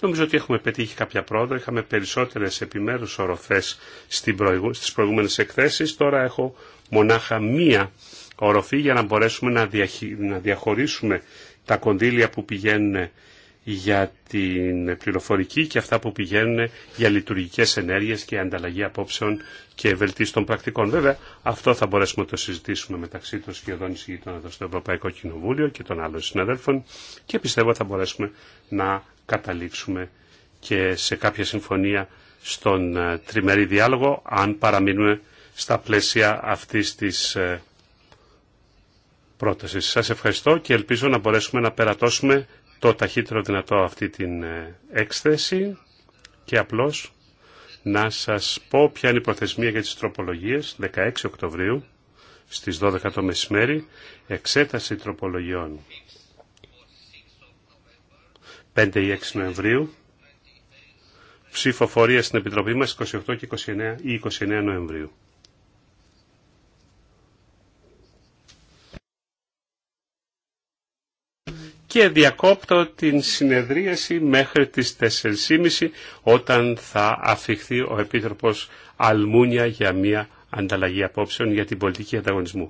νομίζω ότι έχουμε πετύχει κάποια πρόοδο. Είχαμε περισσότερες επιμέρους οροφές στις προηγούμενες εκθέσεις. Τώρα έχω μονάχα μία οροφή για να μπορέσουμε να, να διαχωρίσουμε τα κονδύλια που πηγαίνουν για την πληροφορική και αυτά που πηγαίνουν για λειτουργικές ενέργειες και ανταλλαγή απόψεων και των πρακτικών. Βέβαια, αυτό θα μπορέσουμε να το συζητήσουμε μεταξύ των σχεδόν εισηγητών εδώ στο Ευρωπαϊκό Κοινοβούλιο και των άλλων συναδέλφων και πιστεύω θα μπορέσουμε να καταλήξουμε και σε κάποια συμφωνία στον ε, τριμερή διάλογο αν παραμείνουμε στα πλαίσια αυτής της ε, πρότασης. Σας ευχαριστώ και ελπίζω να μπορέσουμε να περατώσουμε το ταχύτερο δυνατό αυτή την ε, έκθεση και απλώς να σας πω ποια είναι η προθεσμία για τις τροπολογίες 16 Οκτωβρίου στις 12 το μεσημέρι εξέταση τροπολογιών 5 ή 6 Νοεμβρίου ψηφοφορία στην Επιτροπή μας 28 και 29 ή 29 Νοεμβρίου. και διακόπτω την συνεδρίαση μέχρι τις 4.30 όταν θα αφηχθεί ο Επίτροπος Αλμούνια για μια ανταλλαγή απόψεων για την πολιτική ανταγωνισμού.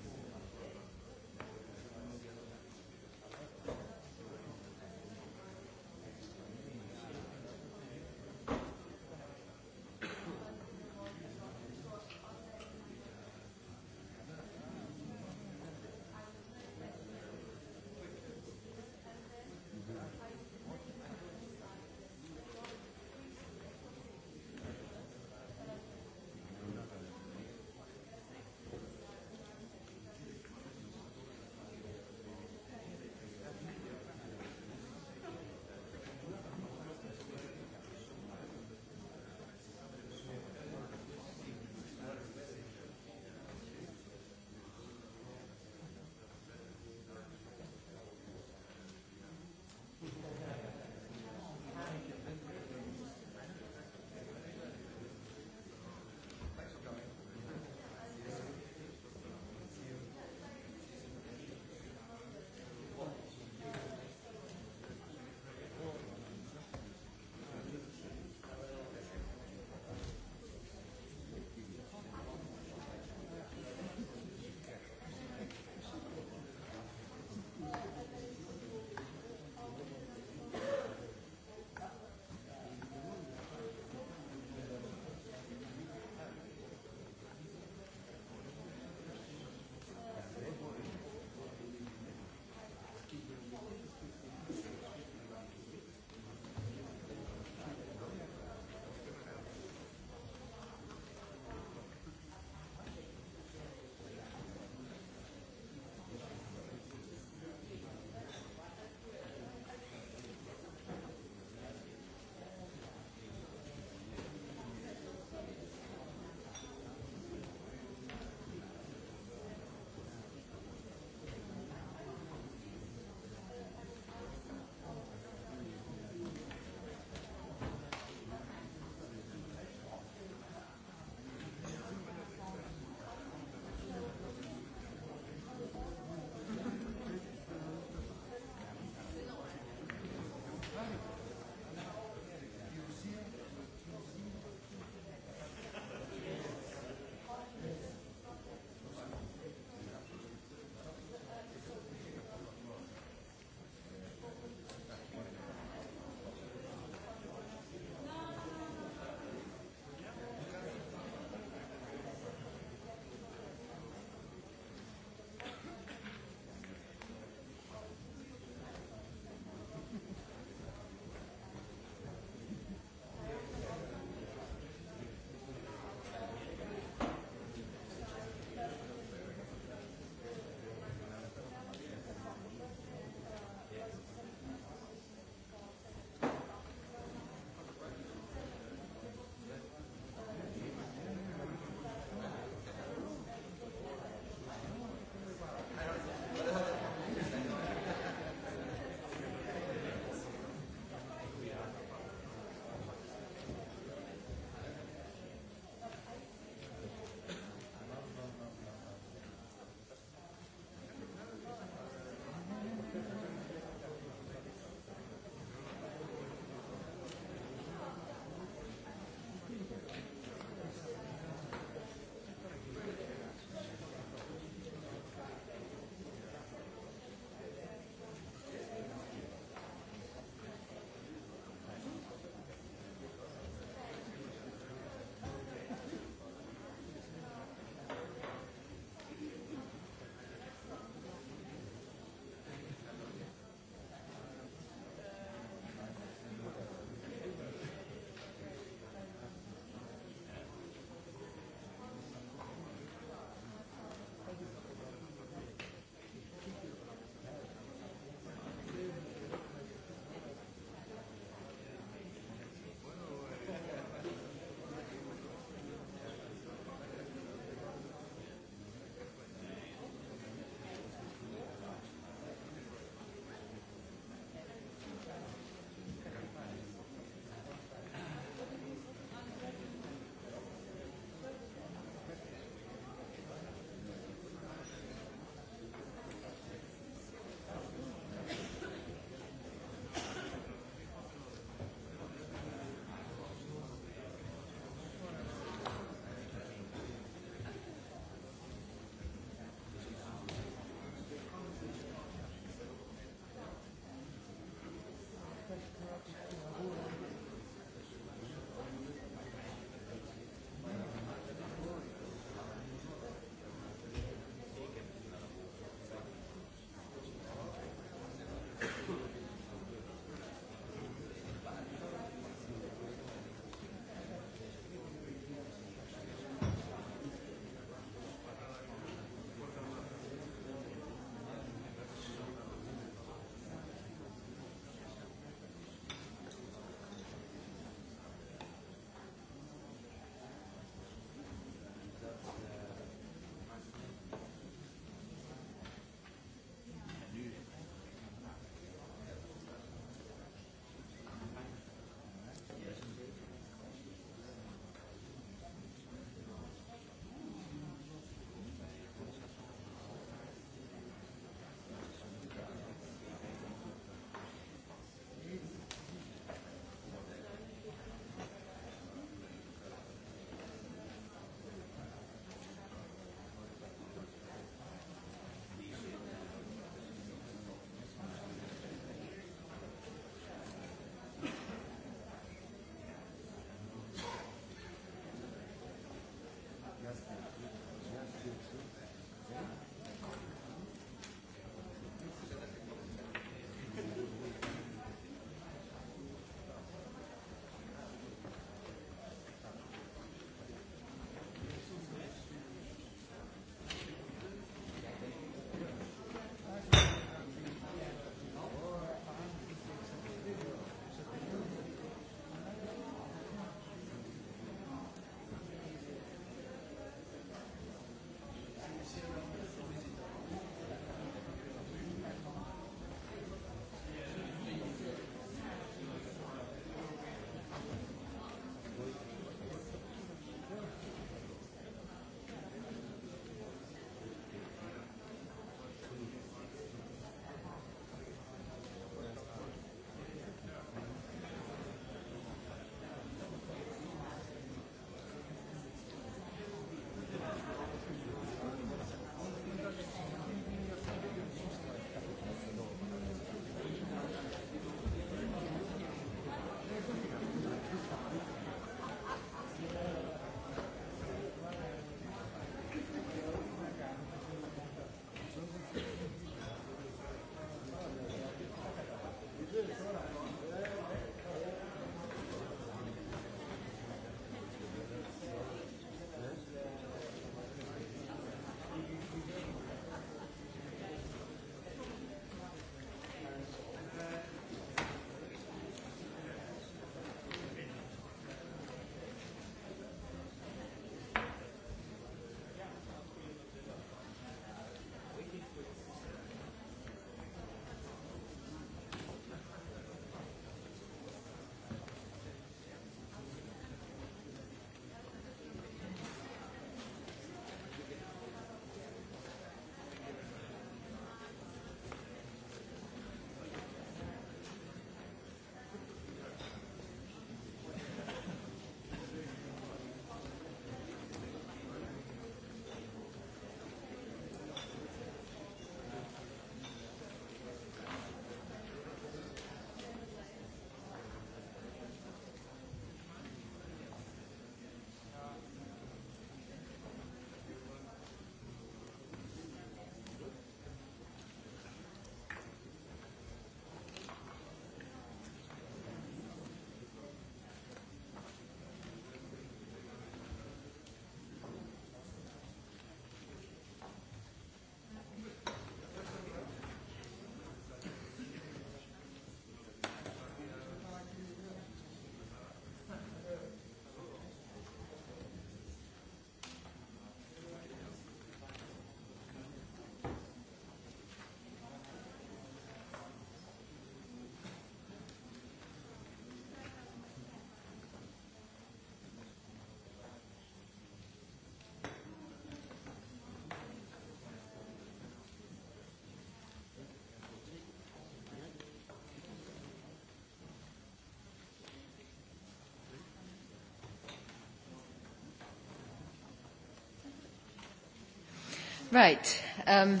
Right. Um,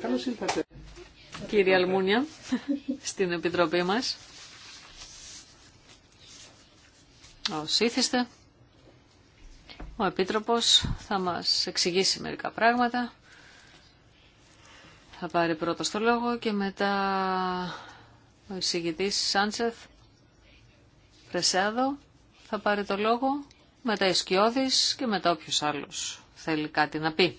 Καλώς ήρθατε. Κύριε Αλμούνια, στην Επιτροπή μας. Ως ήθιστε, ο Επίτροπος θα μας εξηγήσει μερικά πράγματα. Θα πάρει πρώτος το λόγο και μετά ο εισηγητής Σάντσεφ πρεσάδο θα πάρει το λόγο μετά η Σκιώδης και μετά όποιος άλλος θέλει κάτι να πει.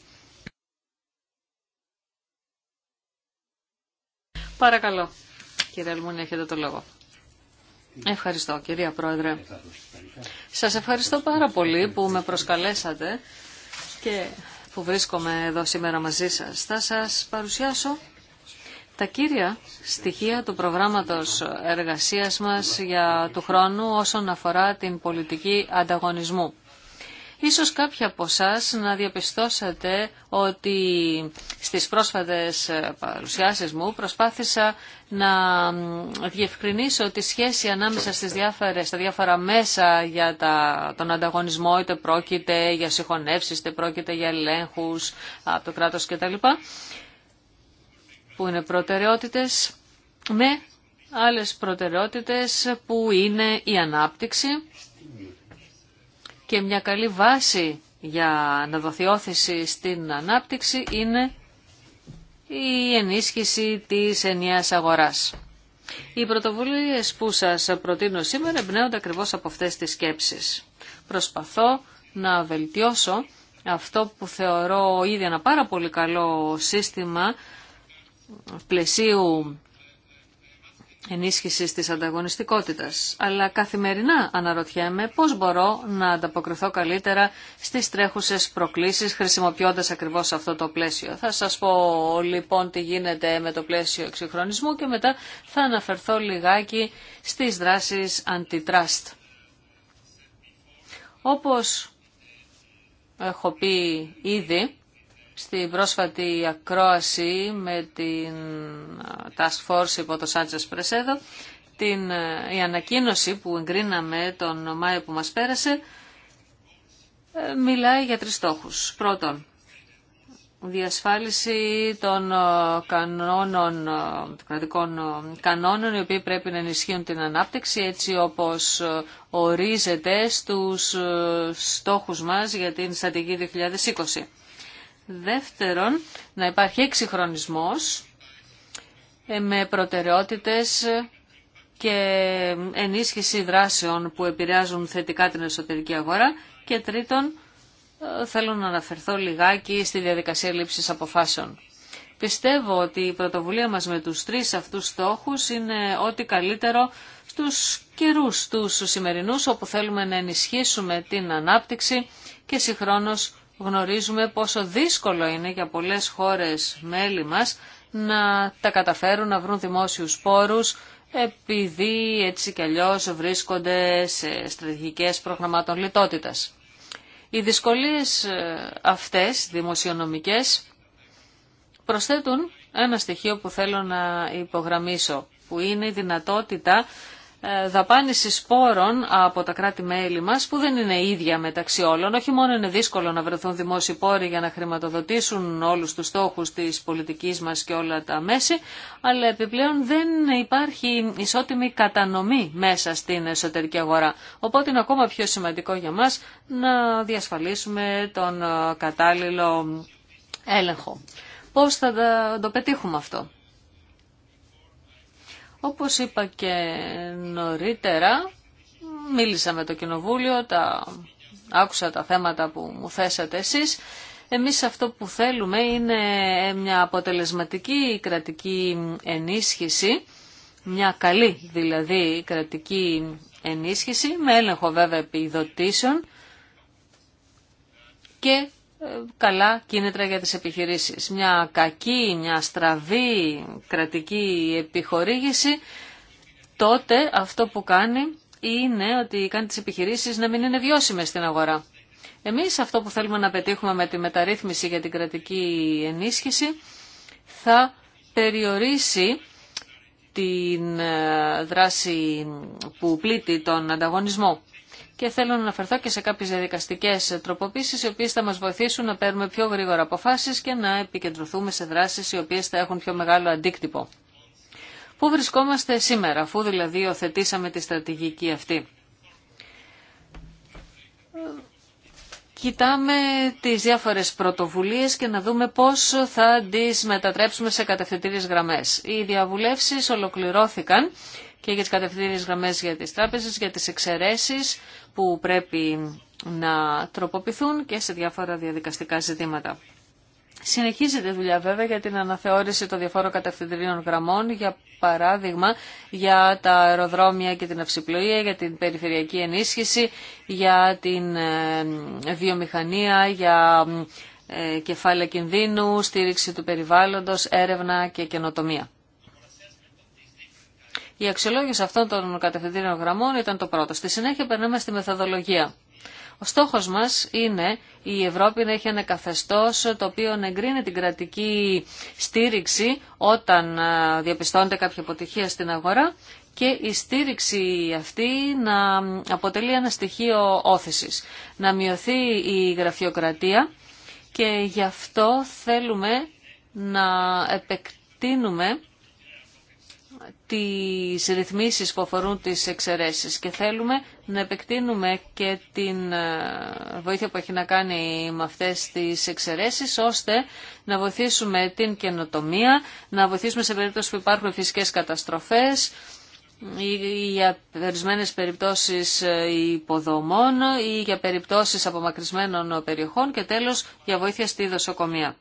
Παρακαλώ, κύριε Αλμούνη, έχετε το λόγο. Ευχαριστώ, κυρία Πρόεδρε. Σας ευχαριστώ πάρα πολύ που με προσκαλέσατε και που βρίσκομαι εδώ σήμερα μαζί σας. Θα σας παρουσιάσω τα κύρια στοιχεία του προγράμματος εργασίας μας για του χρόνου όσον αφορά την πολιτική ανταγωνισμού. Ίσως κάποια από εσά να διαπιστώσατε ότι στις πρόσφατες παρουσιάσεις μου προσπάθησα να διευκρινίσω τη σχέση ανάμεσα στις διάφορες, στα διάφορα μέσα για τα, τον ανταγωνισμό, είτε πρόκειται για συγχωνεύσεις, είτε πρόκειται για ελέγχου από το κράτος κτλ που είναι προτεραιότητες με άλλες προτεραιότητες που είναι η ανάπτυξη και μια καλή βάση για να δοθεί όθηση στην ανάπτυξη είναι η ενίσχυση της ενιαίας αγοράς. Οι πρωτοβουλίες που σας προτείνω σήμερα εμπνέονται ακριβώς από αυτές τις σκέψεις. Προσπαθώ να βελτιώσω αυτό που θεωρώ ήδη ένα πάρα πολύ καλό σύστημα πλαισίου ενίσχυσης της ανταγωνιστικότητας. Αλλά καθημερινά αναρωτιέμαι πώς μπορώ να ανταποκριθώ καλύτερα στις τρέχουσες προκλήσεις χρησιμοποιώντας ακριβώς αυτό το πλαίσιο. Θα σας πω λοιπόν τι γίνεται με το πλαίσιο εξυγχρονισμού και μετά θα αναφερθώ λιγάκι στις δράσεις αντιτράστ. Όπως έχω πει ήδη, στην πρόσφατη ακρόαση με την Task Force υπό το Σάντσες Πρεσέδο, την, η ανακοίνωση που εγκρίναμε τον Μάιο που μας πέρασε, ε, μιλάει για τρεις στόχους. Πρώτον, διασφάλιση των κανόνων, κρατικών κανόνων, οι οποίοι πρέπει να ενισχύουν την ανάπτυξη, έτσι όπως ορίζεται στους στόχους μας για την στρατηγική 2020. Δεύτερον, να υπάρχει εξυγχρονισμός ε, με προτεραιότητες και ενίσχυση δράσεων που επηρεάζουν θετικά την εσωτερική αγορά. Και τρίτον, ε, θέλω να αναφερθώ λιγάκι στη διαδικασία λήψης αποφάσεων. Πιστεύω ότι η πρωτοβουλία μας με τους τρεις αυτούς στόχους είναι ό,τι καλύτερο στους καιρούς τους σημερινούς όπου θέλουμε να ενισχύσουμε την ανάπτυξη και συγχρόνως γνωρίζουμε πόσο δύσκολο είναι για πολλές χώρες μέλη μας να τα καταφέρουν να βρουν δημόσιους πόρους επειδή έτσι κι αλλιώς βρίσκονται σε στρατηγικές προγραμμάτων λιτότητας. Οι δυσκολίες ε, αυτές, δημοσιονομικές, προσθέτουν ένα στοιχείο που θέλω να υπογραμμίσω, που είναι η δυνατότητα ε, δαπάνηση σπόρων από τα κράτη-μέλη μας που δεν είναι ίδια μεταξύ όλων. Όχι μόνο είναι δύσκολο να βρεθούν δημόσιοι πόροι για να χρηματοδοτήσουν όλους τους στόχους της πολιτικής μας και όλα τα μέση, αλλά επιπλέον δεν υπάρχει ισότιμη κατανομή μέσα στην εσωτερική αγορά. Οπότε είναι ακόμα πιο σημαντικό για μας να διασφαλίσουμε τον κατάλληλο έλεγχο. Πώς θα το πετύχουμε αυτό. Όπως είπα και νωρίτερα, μίλησα με το Κοινοβούλιο, τα... άκουσα τα θέματα που μου θέσατε εσείς. Εμείς αυτό που θέλουμε είναι μια αποτελεσματική κρατική ενίσχυση, μια καλή δηλαδή κρατική ενίσχυση, με έλεγχο βέβαια επιδοτήσεων και καλά κίνητρα για τις επιχειρήσεις. Μια κακή, μια στραβή κρατική επιχορήγηση, τότε αυτό που κάνει είναι ότι κάνει τις επιχειρήσεις να μην είναι βιώσιμες στην αγορά. Εμείς αυτό που θέλουμε να πετύχουμε με τη μεταρρύθμιση για την κρατική ενίσχυση θα περιορίσει την ε, δράση που πλήττει τον ανταγωνισμό και θέλω να αναφερθώ και σε κάποιες διαδικαστικές τροποποίησεις οι οποίες θα μας βοηθήσουν να παίρνουμε πιο γρήγορα αποφάσεις και να επικεντρωθούμε σε δράσεις οι οποίες θα έχουν πιο μεγάλο αντίκτυπο. Πού βρισκόμαστε σήμερα, αφού δηλαδή οθετήσαμε τη στρατηγική αυτή. Κοιτάμε τις διάφορες πρωτοβουλίες και να δούμε πώς θα τις μετατρέψουμε σε κατευθυντήριες γραμμές. Οι διαβουλεύσεις ολοκληρώθηκαν και για τις κατευθύνες γραμμές για τις τράπεζες, για τις εξαιρέσεις που πρέπει να τροποποιηθούν και σε διάφορα διαδικαστικά ζητήματα. Συνεχίζεται δουλειά βέβαια για την αναθεώρηση των διαφόρων κατευθυντηρίων γραμμών, για παράδειγμα για τα αεροδρόμια και την αυσιπλοεία, για την περιφερειακή ενίσχυση, για την ε, βιομηχανία, για ε, κεφάλαια κινδύνου, στήριξη του περιβάλλοντος, έρευνα και καινοτομία. Η αξιολόγηση αυτών των κατευθυντήριων γραμμών ήταν το πρώτο. Στη συνέχεια περνάμε στη μεθοδολογία. Ο στόχος μας είναι η Ευρώπη να έχει ένα καθεστώς το οποίο να εγκρίνει την κρατική στήριξη όταν διαπιστώνεται κάποια αποτυχία στην αγορά και η στήριξη αυτή να αποτελεί ένα στοιχείο όθησης. Να μειωθεί η γραφειοκρατία και γι' αυτό θέλουμε να επεκτείνουμε τις ρυθμίσεις που αφορούν τις εξαιρέσεις και θέλουμε να επεκτείνουμε και την ε, βοήθεια που έχει να κάνει με αυτές τις εξαιρέσεις ώστε να βοηθήσουμε την καινοτομία, να βοηθήσουμε σε περίπτωση που υπάρχουν φυσικές καταστροφές ή για ορισμένε περιπτώσεις ε, υποδομών ή για περιπτώσεις απομακρυσμένων περιοχών και τέλος για βοήθεια στη δοσοκομεία.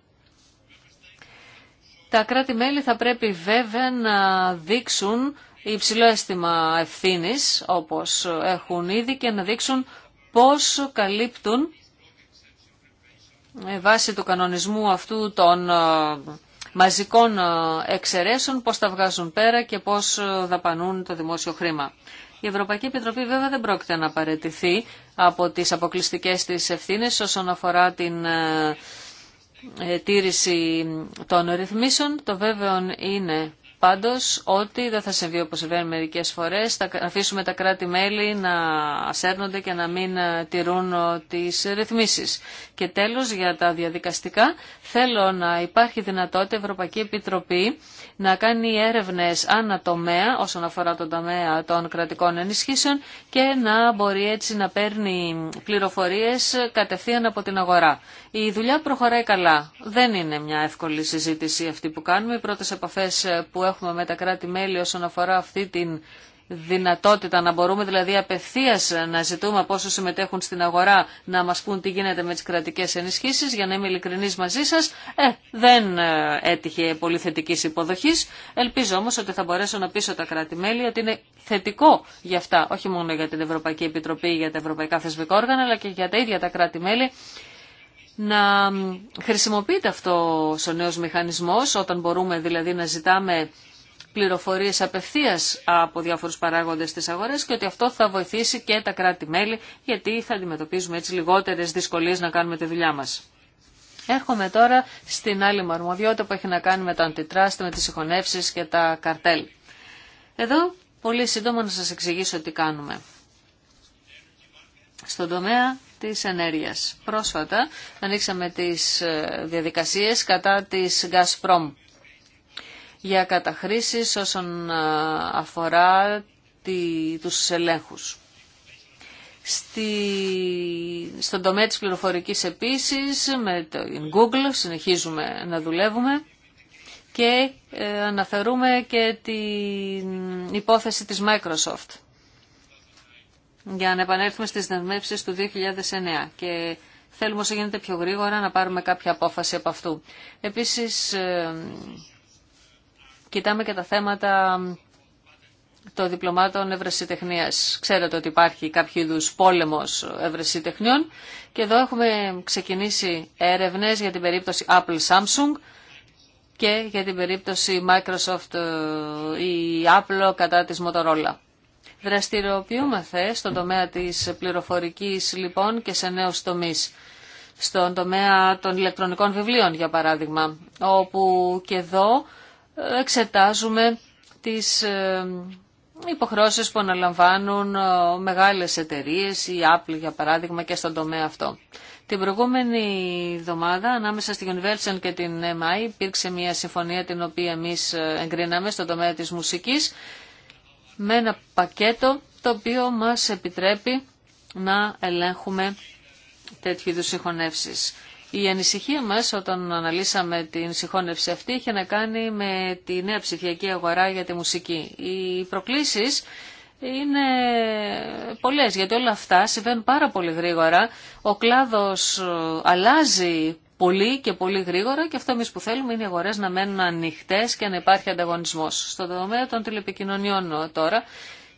Τα κράτη-μέλη θα πρέπει βέβαια να δείξουν υψηλό αίσθημα ευθύνης, όπως έχουν ήδη, και να δείξουν πώς καλύπτουν ε, βάσει του κανονισμού αυτού των ε, μαζικών ε, εξαιρέσεων, πώς τα βγάζουν πέρα και πώς δαπανούν το δημόσιο χρήμα. Η Ευρωπαϊκή Επιτροπή βέβαια δεν πρόκειται να παραιτηθεί από τις αποκλειστικές της ευθύνες όσον αφορά την ε, τήρηση των ρυθμίσεων. Το βέβαιο είναι πάντως ότι δεν θα συμβεί όπως συμβαίνει μερικές φορές. Θα αφήσουμε τα κράτη-μέλη να σέρνονται και να μην ε, τηρούν ε, τις ρυθμίσεις. Και τέλος για τα διαδικαστικά θέλω να υπάρχει δυνατότητα η Ευρωπαϊκή Επιτροπή να κάνει έρευνες ανατομέα όσον αφορά τον τομέα των κρατικών ενισχύσεων και να μπορεί έτσι να παίρνει πληροφορίες κατευθείαν από την αγορά. Η δουλειά προχωράει καλά. Δεν είναι μια εύκολη συζήτηση αυτή που κάνουμε. Οι πρώτες επαφές που έχουμε με τα κράτη-μέλη όσον αφορά αυτή την δυνατότητα να μπορούμε δηλαδή απευθείας να ζητούμε από όσους συμμετέχουν στην αγορά να μας πούν τι γίνεται με τις κρατικές ενισχύσεις για να είμαι ειλικρινής μαζί σας ε, δεν ε, έτυχε πολύ θετικής υποδοχής ελπίζω όμως ότι θα μπορέσω να πείσω τα κράτη-μέλη ότι είναι θετικό για αυτά όχι μόνο για την Ευρωπαϊκή Επιτροπή για τα Ευρωπαϊκά Θεσμικά Όργανα αλλά και για τα ίδια τα κράτη-μέλη να χρησιμοποιείται αυτό ο νέος μηχανισμός όταν μπορούμε δηλαδή να ζητάμε πληροφορίες απευθείας από διάφορους παράγοντες της αγορές και ότι αυτό θα βοηθήσει και τα κράτη-μέλη γιατί θα αντιμετωπίζουμε έτσι λιγότερες δυσκολίες να κάνουμε τη δουλειά μας. Έρχομαι τώρα στην άλλη μου που έχει να κάνει με το αντιτράστη, με τις συγχωνεύσεις και τα καρτέλ. Εδώ πολύ σύντομα να σας εξηγήσω τι κάνουμε. Στον τομέα της ενέργειας. Πρόσφατα ανοίξαμε τις ε, διαδικασίες κατά της Gazprom για καταχρήσεις όσον αφορά τη, τους ελέγχους. Στη, στον τομέα της πληροφορικής επίσης, με το Google συνεχίζουμε να δουλεύουμε και ε, αναφερούμε και την υπόθεση της Microsoft για να επανέλθουμε στις δεσμεύσεις του 2009 και θέλουμε όσο γίνεται πιο γρήγορα να πάρουμε κάποια απόφαση από αυτού. Επίσης ε, κοιτάμε και τα θέματα των διπλωμάτων ευρεσιτεχνίας. Ξέρετε ότι υπάρχει κάποιο είδου πόλεμος ευρεσιτεχνιών και εδώ έχουμε ξεκινήσει έρευνες για την περίπτωση Apple Samsung και για την περίπτωση Microsoft ε, ή Apple κατά της Motorola. Δραστηριοποιούμαστε στον τομέα της πληροφορικής λοιπόν και σε νέους τομείς. Στον τομέα των ηλεκτρονικών βιβλίων για παράδειγμα, όπου και εδώ εξετάζουμε τις ε, υποχρώσεις που αναλαμβάνουν ε, μεγάλες εταιρείες, η Apple για παράδειγμα και στον τομέα αυτό. Την προηγούμενη εβδομάδα ανάμεσα στην Universal και την MI υπήρξε μια συμφωνία την οποία εμείς ε, εγκρίναμε στον τομέα της μουσικής με ένα πακέτο το οποίο μας επιτρέπει να ελέγχουμε τέτοιου είδους συγχωνεύσεις. Η ανησυχία μας όταν αναλύσαμε την συγχώνευση αυτή είχε να κάνει με τη νέα ψηφιακή αγορά για τη μουσική. Οι προκλήσεις είναι πολλές γιατί όλα αυτά συμβαίνουν πάρα πολύ γρήγορα. Ο κλάδος ε, αλλάζει πολύ και πολύ γρήγορα και αυτό εμεί που θέλουμε είναι οι αγορέ να μένουν ανοιχτέ και να υπάρχει ανταγωνισμό. Στο τομέα των τηλεπικοινωνιών τώρα,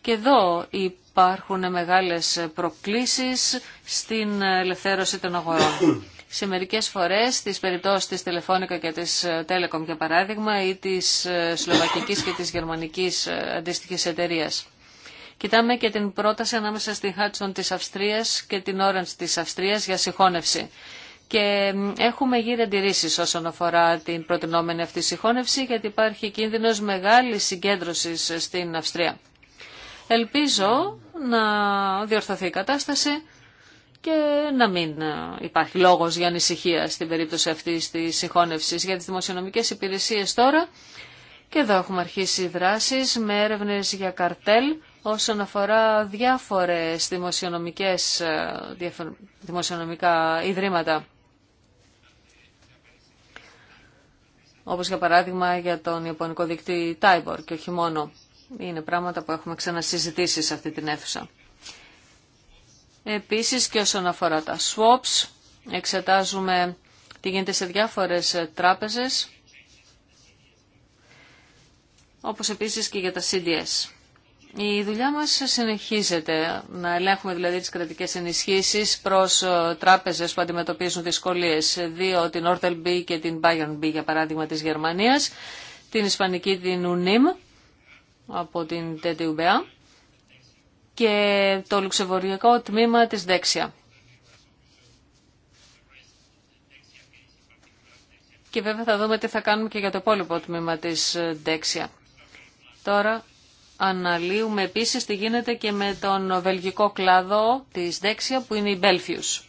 και εδώ υπάρχουν μεγάλες προκλήσεις στην ελευθέρωση των αγορών σε μερικές φορές τις περιπτώσεις της Τελεφώνικα και της Τέλεκομ για παράδειγμα ή της ε, Σλοβακικής και της Γερμανικής ε, αντίστοιχης εταιρεία. Κοιτάμε και την πρόταση ανάμεσα στη Χάτσον της Αυστρίας και την Orange της Αυστρίας για συγχώνευση. Και έχουμε γύρει αντιρρήσει όσον αφορά την προτινόμενη αυτή συγχώνευση, γιατί υπάρχει κίνδυνο μεγάλη συγκέντρωση ε, στην Αυστρία. Ελπίζω να διορθωθεί η κατάσταση και να μην ε, υπάρχει λόγος για ανησυχία στην περίπτωση αυτή τη συγχώνευσης για τις δημοσιονομικές υπηρεσίες τώρα. Και εδώ έχουμε αρχίσει δράσεις με έρευνες για καρτέλ όσον αφορά διάφορες δημοσιονομικές, ε, δημοσιονομικά ιδρύματα. Όπως για παράδειγμα για τον Ιαπωνικό δικτύο Τάιμπορ και όχι μόνο. Είναι πράγματα που έχουμε ξανασυζητήσει σε αυτή την αίθουσα. Επίσης και όσον αφορά τα swaps, εξετάζουμε τι γίνεται σε διάφορες ε, τράπεζες, όπως επίσης και για τα CDS. Η δουλειά μας συνεχίζεται να ελέγχουμε δηλαδή τις κρατικές ενισχύσεις προς ε, τράπεζες που αντιμετωπίζουν δυσκολίες. Δύο, την Ortel B και την Bayern B για παράδειγμα της Γερμανίας, την Ισπανική την UNIM από την TTUBA και το λουξεβοριακό τμήμα της Δέξια. Και βέβαια θα δούμε τι θα κάνουμε και για το υπόλοιπο τμήμα της Δέξια. Τώρα αναλύουμε επίσης τι γίνεται και με τον βελγικό κλάδο της Δέξια που είναι η Μπέλφιους.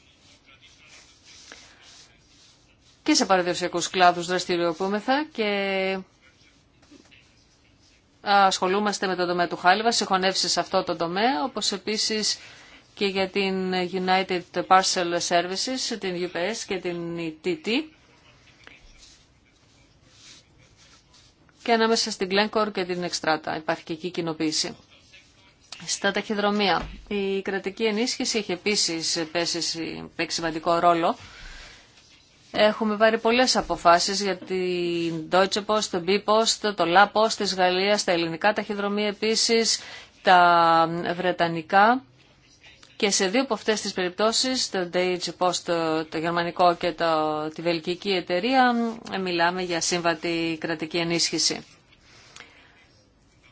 Και σε παραδοσιακούς κλάδους δραστηριοποιούμεθα και ασχολούμαστε με το τομέα του χάλιβα, συγχωνεύσει σε αυτό το τομέα, όπως επίσης και για την United Parcel Services, την UPS και την TT. Και ανάμεσα στην Glencore και την Extrata υπάρχει και εκεί κοινοποίηση. Στα ταχυδρομεία, η κρατική ενίσχυση έχει επίσης παίξει σημαντικό ρόλο Έχουμε πάρει πολλές αποφάσεις για την Deutsche Post, το B-Post, το La Post της Γαλλίας, τα ελληνικά ταχυδρομεία επίσης, τα βρετανικά. Και σε δύο από αυτές τις περιπτώσεις, το Deutsche Post, το γερμανικό και το, τη βελκική εταιρεία, μιλάμε για σύμβατη κρατική ενίσχυση.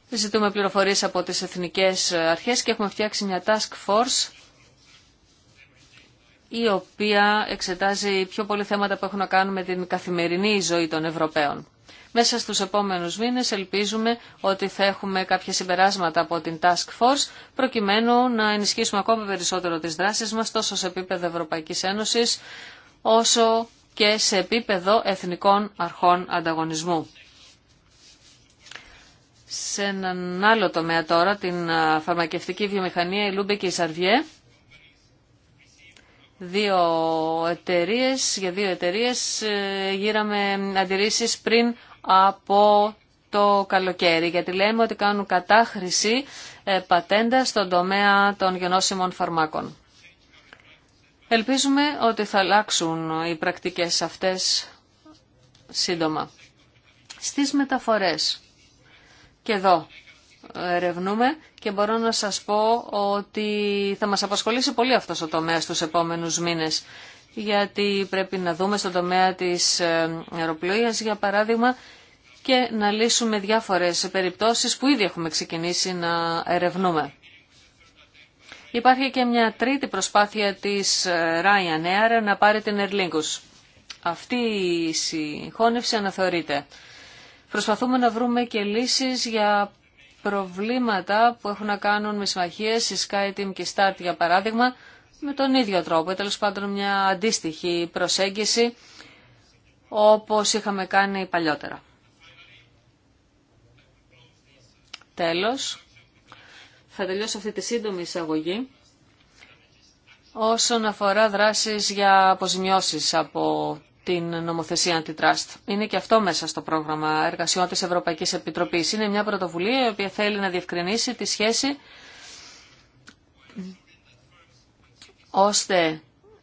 Ζητούμε πληροφορίες από τις εθνικές αρχές και έχουμε φτιάξει μια task force η οποία εξετάζει πιο πολλοί θέματα που έχουν να κάνουν με την καθημερινή ζωή των Ευρωπαίων. Μέσα στους επόμενους μήνες ελπίζουμε ότι θα έχουμε κάποια συμπεράσματα από την Task Force προκειμένου να ενισχύσουμε ακόμα περισσότερο τις δράσεις μας τόσο σε επίπεδο Ευρωπαϊκής Ένωσης όσο και σε επίπεδο εθνικών αρχών ανταγωνισμού. Σε έναν άλλο τομέα τώρα, την φαρμακευτική βιομηχανία, η Λούμπε και η Σαρβιέ, δύο για δύο εταιρείε ε, γύραμε αντιρρήσει πριν από το καλοκαίρι, γιατί λέμε ότι κάνουν κατάχρηση ε, πατέντα στον τομέα των γενώσιμων φαρμάκων. Ελπίζουμε ότι θα αλλάξουν οι πρακτικές αυτές σύντομα. Στις μεταφορές. Και εδώ ερευνούμε και μπορώ να σας πω ότι θα μας απασχολήσει πολύ αυτό ο τομέα στους επόμενους μήνες γιατί πρέπει να δούμε στον τομέα της ε, αεροπλοείας για παράδειγμα και να λύσουμε διάφορες περιπτώσεις που ήδη έχουμε ξεκινήσει να ερευνούμε. Υπάρχει και μια τρίτη προσπάθεια της ε, Ryanair να πάρει την Erlingus. Αυτή η συγχώνευση αναθεωρείται. Προσπαθούμε να βρούμε και λύσεις για προβλήματα που έχουν να κάνουν με συμμαχίε η SkyTeam και η START για παράδειγμα, με τον ίδιο τρόπο, Τέλο τέλος πάντων μια αντίστοιχη προσέγγιση όπως είχαμε κάνει παλιότερα. Τέλος, θα τελειώσω αυτή τη σύντομη εισαγωγή όσον αφορά δράσεις για αποζημιώσεις από την νομοθεσία αντιτράστ. Είναι και αυτό μέσα στο πρόγραμμα εργασιών της Ευρωπαϊκής Επιτροπής. Είναι μια πρωτοβουλία η οποία θέλει να διευκρινίσει τη σχέση ώστε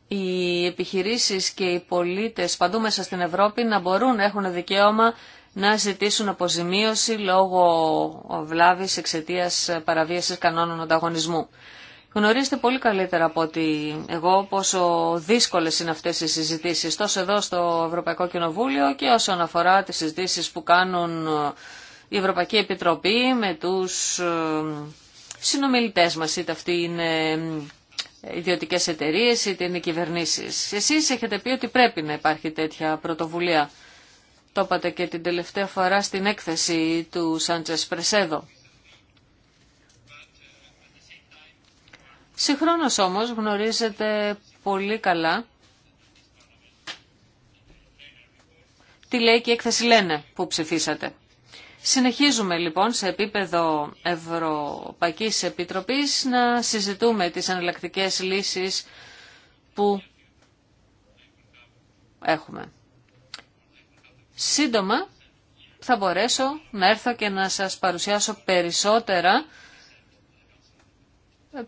οι επιχειρήσεις και οι πολίτες παντού μέσα στην Ευρώπη να μπορούν να έχουν δικαίωμα να ζητήσουν αποζημίωση λόγω βλάβης εξαιτίας παραβίασης κανόνων ανταγωνισμού. Γνωρίζετε πολύ καλύτερα από ότι εγώ πόσο δύσκολε είναι αυτέ οι συζητήσει, τόσο εδώ στο Ευρωπαϊκό Κοινοβούλιο και όσον αφορά τι συζητήσει που κάνουν ε, η Ευρωπαϊκή Επιτροπή με του ε, συνομιλητέ μα είτε αυτοί είναι ε, ιδιωτικέ εταιρείε είτε είναι κυβερνήσει. Εσεί έχετε πει ότι πρέπει να υπάρχει τέτοια πρωτοβουλία. Το είπατε και την τελευταία φορά στην έκθεση του Σάντζες Πρεσέδο. Συγχρόνως όμως γνωρίζετε πολύ καλά τι λέει και η έκθεση λένε που ψηφίσατε. Συνεχίζουμε λοιπόν σε επίπεδο Ευρωπαϊκής Επιτροπής να συζητούμε τις εναλλακτικέ λύσεις που έχουμε. Σύντομα θα μπορέσω να έρθω και να σας παρουσιάσω περισσότερα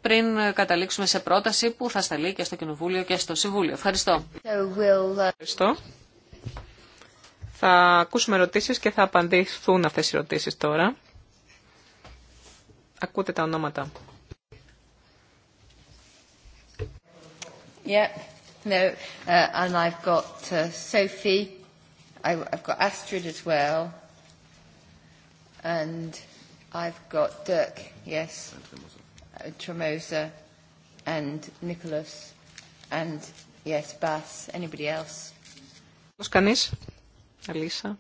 πριν καταλήξουμε σε πρόταση που θα σταλεί και στο Κοινοβούλιο και στο Συμβούλιο. Ευχαριστώ. Uh, Ευχαριστώ. Θα ακούσουμε ερωτήσεις και θα απαντηθούν αυτές οι ερωτήσεις τώρα. Ακούτε τα ονόματα. Yeah. No. Uh, and I've got uh, Sophie. I've got Astrid as well. And I've got Dirk. Yes. Tremosa and Nicholas and yes, Bass. Anybody else? Πώς κανείς, Αλίσα.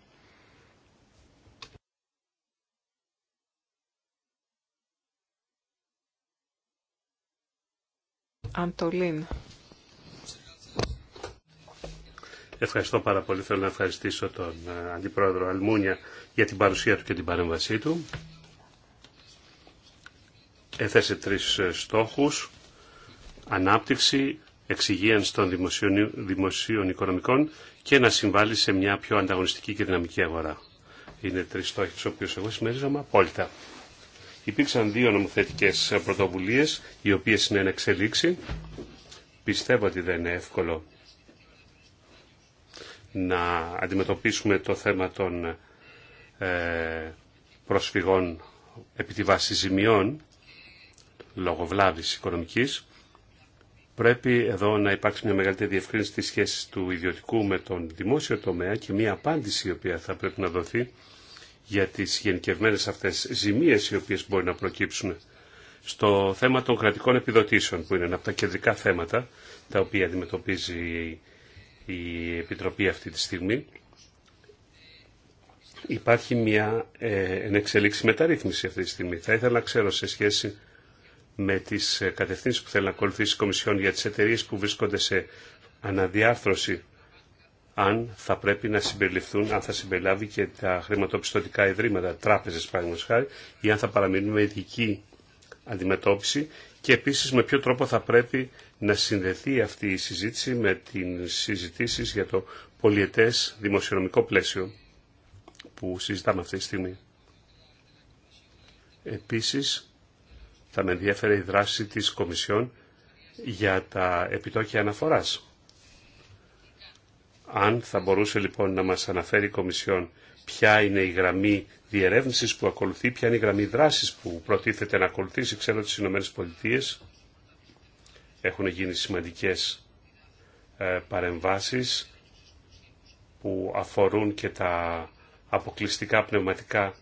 Αντολίν. Ευχαριστώ πάρα πολύ. Θέλω να ευχαριστήσω τον ε, Αντιπρόεδρο Αλμούνια για την παρουσία του και την παρέμβασή του έθεσε τρεις ε, στόχους. Ανάπτυξη, εξυγίανση των δημοσίων, οικονομικών και να συμβάλλει σε μια πιο ανταγωνιστική και δυναμική αγορά. Είναι τρεις στόχοι τους οποίους εγώ συμμερίζομαι απόλυτα. Υπήρξαν δύο νομοθετικές πρωτοβουλίες, οι οποίες είναι εν εξελίξη. Πιστεύω ότι δεν είναι εύκολο να αντιμετωπίσουμε το θέμα των ε, προσφυγών επί τη βάση ζημιών λόγω βλάβης οικονομικής. Πρέπει εδώ να υπάρξει μια μεγαλύτερη διευκρίνηση της σχέσης του ιδιωτικού με τον δημόσιο τομέα και μια απάντηση η οποία θα πρέπει να δοθεί για τις γενικευμένες αυτές ζημίες οι οποίες μπορεί να προκύψουν στο θέμα των κρατικών επιδοτήσεων που είναι ένα από τα κεντρικά θέματα τα οποία αντιμετωπίζει η Επιτροπή αυτή τη στιγμή υπάρχει μια ε, ενεξελίξη μεταρρύθμιση αυτή τη στιγμή. Θα ήθελα να ξέρω σε σχέση με τις ε, κατευθύνσεις που θέλει να ακολουθήσει η Κομισιόν για τις εταιρείε που βρίσκονται σε αναδιάρθρωση αν θα πρέπει να συμπεριληφθούν, αν θα συμπεριλάβει και τα χρηματοπιστωτικά ιδρύματα, τράπεζες παραδείγματος χάρη, ή αν θα παραμείνουμε ειδική αντιμετώπιση και επίσης με ποιο τρόπο θα πρέπει να συνδεθεί αυτή η συζήτηση με τις συζητήσεις για το πολιετές δημοσιονομικό πλαίσιο που συζητάμε αυτή τη στιγμή. Επίσης, θα με ενδιαφέρει η δράση της Κομισιόν για τα επιτόκια αναφοράς. Αν θα μπορούσε λοιπόν να μας αναφέρει η Κομισιόν ποια είναι η γραμμή διερεύνησης που ακολουθεί, ποια είναι η γραμμή δράσης που προτίθεται να ακολουθήσει. Ξέρω ότι Ηνωμένες Πολιτείες έχουν γίνει σημαντικές ε, παρεμβάσεις που αφορούν και τα αποκλειστικά πνευματικά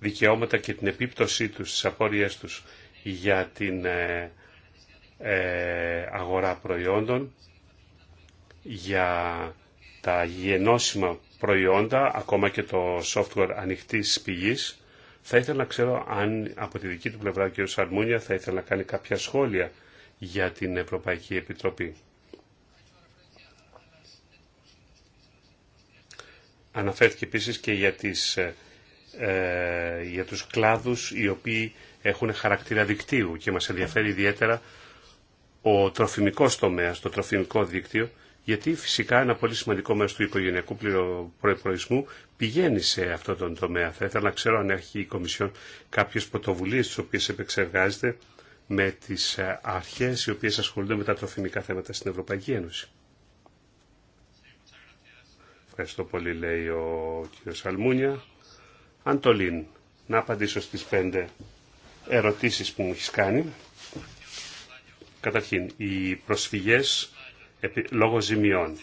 δικαιώματα και την επίπτωσή τους στις απόρριές τους για την ε, ε, αγορά προϊόντων, για τα γενώσιμα προϊόντα, ακόμα και το software ανοιχτής πηγής. Θα ήθελα να ξέρω αν από τη δική του πλευρά ο κ. Σαρμούνια θα ήθελα να κάνει κάποια σχόλια για την Ευρωπαϊκή Επιτροπή. Αναφέρθηκε επίσης και για, τις, ε, ε για τους κλάδους οι οποίοι έχουν χαρακτήρα δικτύου και μας ενδιαφέρει ιδιαίτερα ο τροφιμικός τομέας, το τροφιμικό δίκτυο, γιατί φυσικά ένα πολύ σημαντικό μέρος του οικογενειακού προϋπολογισμού πηγαίνει σε αυτόν τον τομέα. Θα ήθελα να ξέρω αν έχει η Κομισιόν κάποιες πρωτοβουλίες τις οποίες επεξεργάζεται με τις ε, αρχές οι οποίες ασχολούνται με τα τροφιμικά θέματα στην Ευρωπαϊκή Ένωση. Ευχαριστώ πολύ, λέει ο κ. Σαλμούνια. Αντολίν, να απαντήσω στις πέντε ερωτήσεις που μου έχει κάνει. Καταρχήν, οι προσφυγές λόγω ζημιών,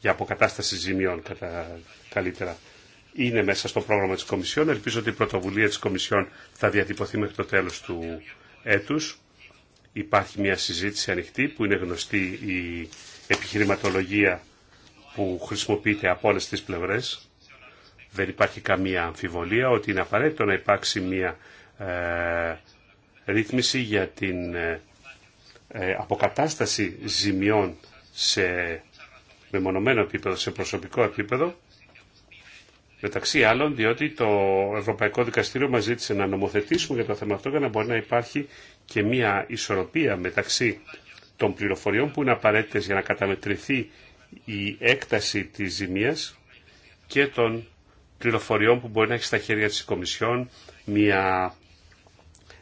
για αποκατάσταση ζημιών κατά, καλύτερα, είναι μέσα στο πρόγραμμα της Κομισιόν. Ελπίζω ότι η πρωτοβουλία της Κομισιόν θα διατυπωθεί μέχρι το τέλος του έτους. Υπάρχει μια συζήτηση ανοιχτή που είναι γνωστή η επιχειρηματολογία που χρησιμοποιείται από όλες τις πλευρές. Δεν υπάρχει καμία αμφιβολία ότι είναι απαραίτητο να υπάρξει μια ε, ρύθμιση για την ε, ε, αποκατάσταση ζημιών σε μεμονωμένο επίπεδο, σε προσωπικό επίπεδο, μεταξύ άλλων διότι το Ευρωπαϊκό Δικαστήριο μας ζήτησε να νομοθετήσουμε για το θέμα αυτό για να μπορεί να υπάρχει και μια ισορροπία μεταξύ των πληροφοριών που είναι απαραίτητες για να καταμετρηθεί η έκταση της ζημίας και των πληροφοριών που μπορεί να έχει στα χέρια της Κομισιόν μια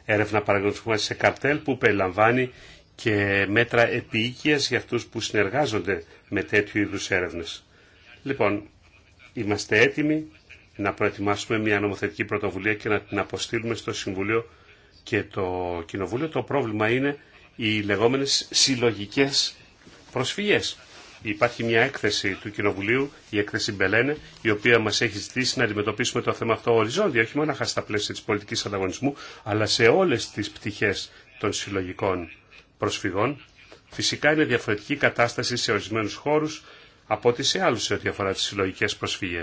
έρευνα παραγωγή σε καρτέλ που περιλαμβάνει και μέτρα επίοικειας για αυτούς που συνεργάζονται με τέτοιου είδους έρευνες. Λοιπόν, είμαστε έτοιμοι να προετοιμάσουμε μια νομοθετική πρωτοβουλία και να την αποστείλουμε στο Συμβουλίο και το Κοινοβούλιο. Το πρόβλημα είναι οι λεγόμενες συλλογικές προσφυγές. Υπάρχει μια έκθεση του Κοινοβουλίου, η έκθεση Μπελένε, η οποία μα έχει ζητήσει να αντιμετωπίσουμε το θέμα αυτό οριζόντια, όχι μόνο στα πλαίσια τη πολιτική ανταγωνισμού, αλλά σε όλε τι πτυχέ των συλλογικών προσφυγών. Φυσικά είναι διαφορετική κατάσταση σε ορισμένου χώρου από ό,τι σε άλλου σε ό,τι αφορά τι συλλογικέ προσφυγέ.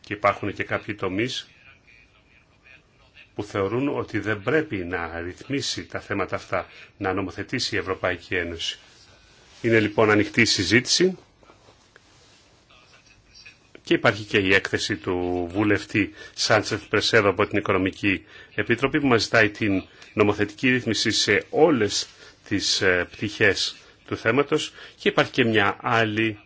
Και υπάρχουν και κάποιοι τομεί που θεωρούν ότι δεν πρέπει να ρυθμίσει τα θέματα αυτά, να νομοθετήσει η Ευρωπαϊκή Ένωση. Είναι λοιπόν ανοιχτή η συζήτηση και υπάρχει και η έκθεση του βουλευτή Σάντσεφ Πρεσέδο από την Οικονομική Επίτροπη που μας ζητάει την νομοθετική ρύθμιση σε όλες τις ε, πτυχές του θέματος και υπάρχει και μια άλλη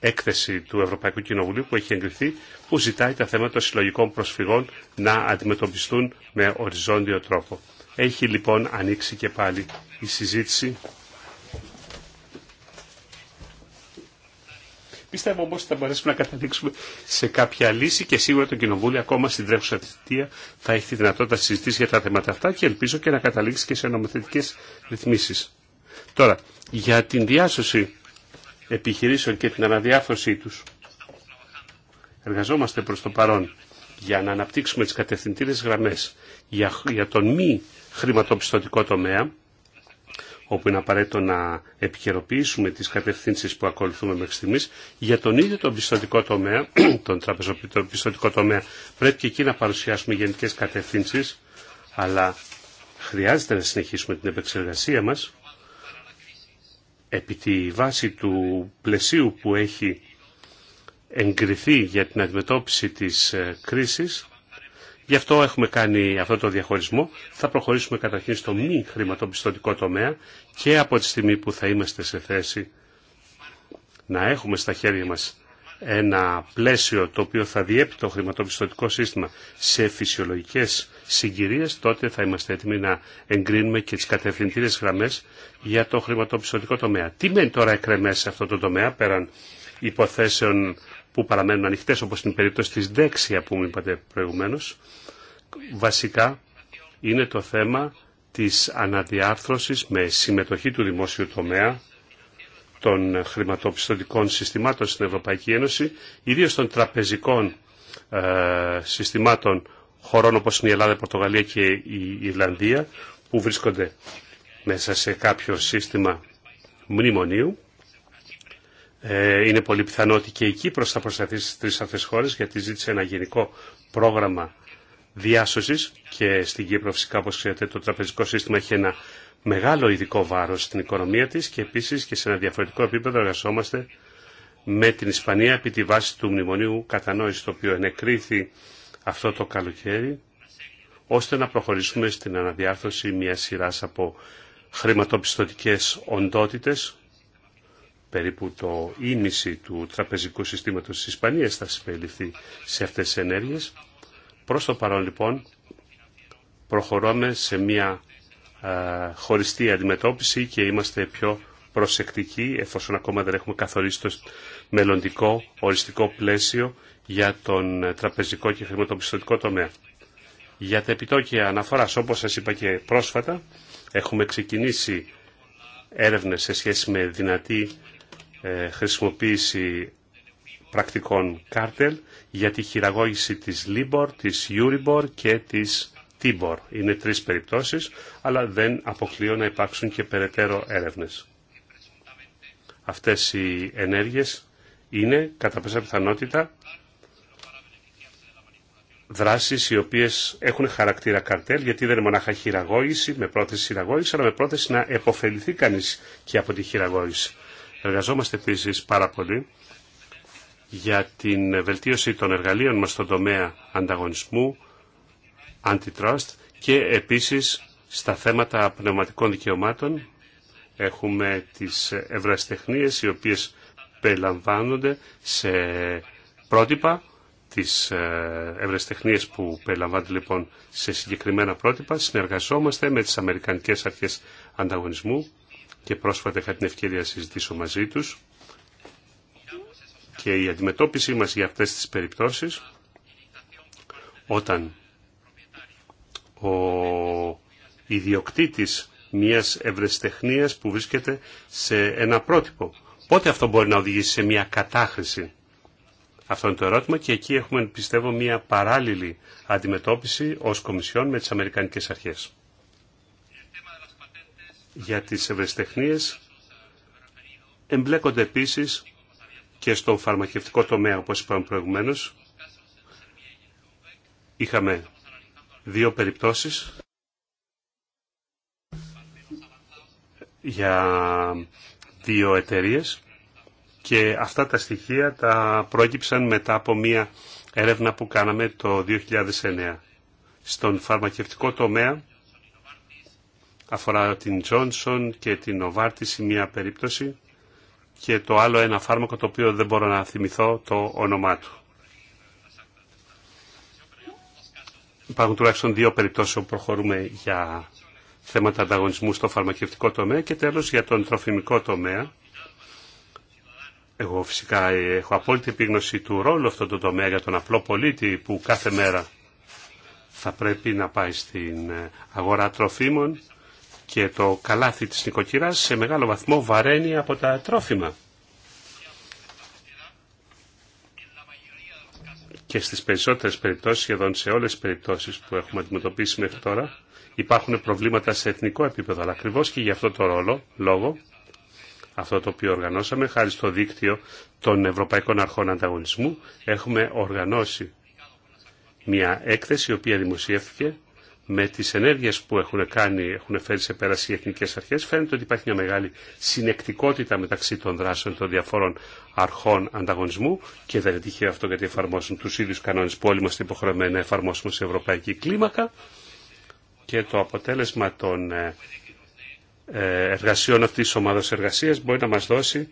έκθεση του Ευρωπαϊκού Κοινοβουλίου που έχει εγκριθεί που ζητάει τα θέματα των συλλογικών προσφυγών να αντιμετωπιστούν με οριζόντιο τρόπο. Έχει λοιπόν ανοίξει και πάλι η συζήτηση Πιστεύω όμω ότι θα μπορέσουμε να καταλήξουμε σε κάποια λύση και σίγουρα το Κοινοβούλιο ακόμα στην τρέχουσα θητεία θα έχει τη δυνατότητα να συζητήσει για τα θέματα αυτά και ελπίζω και να καταλήξει και σε νομοθετικέ ρυθμίσει. Τώρα, για την διάσωση επιχειρήσεων και την αναδιάρθρωσή του. Εργαζόμαστε προ το παρόν για να αναπτύξουμε τι κατευθυντήρε γραμμέ για, για τον μη χρηματοπιστωτικό τομέα όπου είναι απαραίτητο να επικαιροποιήσουμε τις κατευθύνσεις που ακολουθούμε μέχρι στιγμής. Για τον ίδιο τον πιστοτικό τομέα, τον τραπεζοπιστωτικό τομέα, πρέπει και εκεί να παρουσιάσουμε γενικές κατευθύνσεις, αλλά χρειάζεται να συνεχίσουμε την επεξεργασία μας επί τη βάση του πλαισίου που έχει εγκριθεί για την αντιμετώπιση της ε, κρίσης Γι' αυτό έχουμε κάνει αυτό το διαχωρισμό. Θα προχωρήσουμε καταρχήν στο μη χρηματοπιστωτικό τομέα και από τη στιγμή που θα είμαστε σε θέση να έχουμε στα χέρια μας ένα πλαίσιο το οποίο θα διέπει το χρηματοπιστωτικό σύστημα σε φυσιολογικές συγκυρίες, τότε θα είμαστε έτοιμοι να εγκρίνουμε και τις κατευθυντήρες γραμμές για το χρηματοπιστωτικό τομέα. Τι μένει τώρα εκρεμές σε αυτό το τομέα πέραν υποθέσεων που παραμένουν ανοιχτέ, όπως στην περίπτωση της Δέξια που μου είπατε βασικά είναι το θέμα της αναδιάρθρωσης με συμμετοχή του δημόσιου τομέα των χρηματοπιστωτικών συστημάτων στην Ευρωπαϊκή Ένωση, ιδίως των τραπεζικών ε, συστημάτων χωρών όπως είναι η Ελλάδα, η Πορτογαλία και η Ιρλανδία, που βρίσκονται μέσα σε κάποιο σύστημα μνημονίου ε, είναι πολύ πιθανό ότι και η Κύπρος θα προσταθεί στις τρεις αυτές χώρες γιατί ζήτησε ένα γενικό πρόγραμμα διάσωσης και στην Κύπρο φυσικά όπως ξέρετε το τραπεζικό σύστημα έχει ένα μεγάλο ειδικό βάρος στην οικονομία της και επίσης και σε ένα διαφορετικό επίπεδο εργαζόμαστε με την Ισπανία επί τη βάση του μνημονίου κατανόηση το οποίο ενεκρίθη αυτό το καλοκαίρι ώστε να προχωρήσουμε στην αναδιάρθρωση μιας σειράς από χρηματοπιστωτικές οντότητες περίπου το ίμιση του τραπεζικού συστήματος της Ισπανίας θα συμπεριληφθεί σε αυτές τις ενέργειες. Προς το παρόν λοιπόν προχωρούμε σε μια ε, χωριστή αντιμετώπιση και είμαστε πιο προσεκτικοί εφόσον ακόμα δεν έχουμε καθορίσει το μελλοντικό οριστικό πλαίσιο για τον τραπεζικό και χρηματοπιστωτικό τομέα. Για τα επιτόκια αναφορά, όπως σας είπα και πρόσφατα, έχουμε ξεκινήσει έρευνες σε σχέση με δυνατή ε, χρησιμοποίηση πρακτικών κάρτελ για τη χειραγώγηση της Libor, της Euribor και της Tibor. Είναι τρεις περιπτώσεις, αλλά δεν αποκλείω να υπάρξουν και περαιτέρω έρευνες. Αυτές οι ενέργειες είναι, κατά πέσα πιθανότητα, δράσεις οι οποίες έχουν χαρακτήρα καρτέλ, γιατί δεν είναι μονάχα χειραγώγηση, με πρόθεση χειραγώγηση, αλλά με πρόθεση να επωφεληθεί κανείς και από τη χειραγώγηση. Εργαζόμαστε επίσης πάρα πολύ για την βελτίωση των εργαλείων μας στον τομέα ανταγωνισμού, antitrust και επίσης στα θέματα πνευματικών δικαιωμάτων έχουμε τις ευραστεχνίες οι οποίες περιλαμβάνονται σε πρότυπα τις ε, ευρεστεχνίες που περιλαμβάνονται λοιπόν σε συγκεκριμένα πρότυπα. Συνεργαζόμαστε με τις Αμερικανικές Αρχές Ανταγωνισμού και πρόσφατα είχα την ευκαιρία να συζητήσω μαζί τους και η αντιμετώπιση μας για αυτές τις περιπτώσεις όταν ο ιδιοκτήτης μιας ευρεστεχνίας που βρίσκεται σε ένα πρότυπο. Πότε αυτό μπορεί να οδηγήσει σε μια κατάχρηση. Αυτό είναι το ερώτημα και εκεί έχουμε πιστεύω μια παράλληλη αντιμετώπιση ως Κομισιόν με τις Αμερικανικές Αρχές για τις ευρεσιτεχνίες εμπλέκονται επίσης και στον φαρμακευτικό τομέα, όπως είπαμε προηγουμένως. Είχαμε δύο περιπτώσεις για δύο εταιρείες και αυτά τα στοιχεία τα πρόκυψαν μετά από μία έρευνα που κάναμε το 2009. Στον φαρμακευτικό τομέα αφορά την Johnson και την Novartis μία περίπτωση και το άλλο ένα φάρμακο το οποίο δεν μπορώ να θυμηθώ το όνομά του. Υπάρχουν τουλάχιστον δύο περιπτώσεις όπου προχωρούμε για θέματα ανταγωνισμού στο φαρμακευτικό τομέα και τέλος για τον τροφιμικό τομέα. Εγώ φυσικά έχω απόλυτη επίγνωση του ρόλου αυτό το τομέα για τον απλό πολίτη που κάθε μέρα θα πρέπει να πάει στην ε, αγορά τροφίμων και το καλάθι της νοικοκυρά σε μεγάλο βαθμό βαραίνει από τα τρόφιμα. Και στις περισσότερες περιπτώσεις, σχεδόν σε όλες τις περιπτώσεις που έχουμε αντιμετωπίσει μέχρι τώρα, υπάρχουν προβλήματα σε εθνικό επίπεδο. Αλλά ακριβώ και για αυτό το ρόλο, λόγο, αυτό το οποίο οργανώσαμε, χάρη στο δίκτυο των Ευρωπαϊκών Αρχών Ανταγωνισμού, έχουμε οργανώσει μια έκθεση η οποία δημοσιεύθηκε με τις ενέργειες που έχουν, κάνει, έχουν φέρει σε πέραση οι εθνικές αρχές, φαίνεται ότι υπάρχει μια μεγάλη συνεκτικότητα μεταξύ των δράσεων των διαφόρων αρχών ανταγωνισμού και δεν είναι τυχαίο αυτό γιατί εφαρμόσουν τους ίδιους κανόνες που όλοι είμαστε υποχρεωμένοι να εφαρμόσουμε σε ευρωπαϊκή κλίμακα και το αποτέλεσμα των ε, ε, εργασιών αυτής της ομάδας εργασίας μπορεί να μας δώσει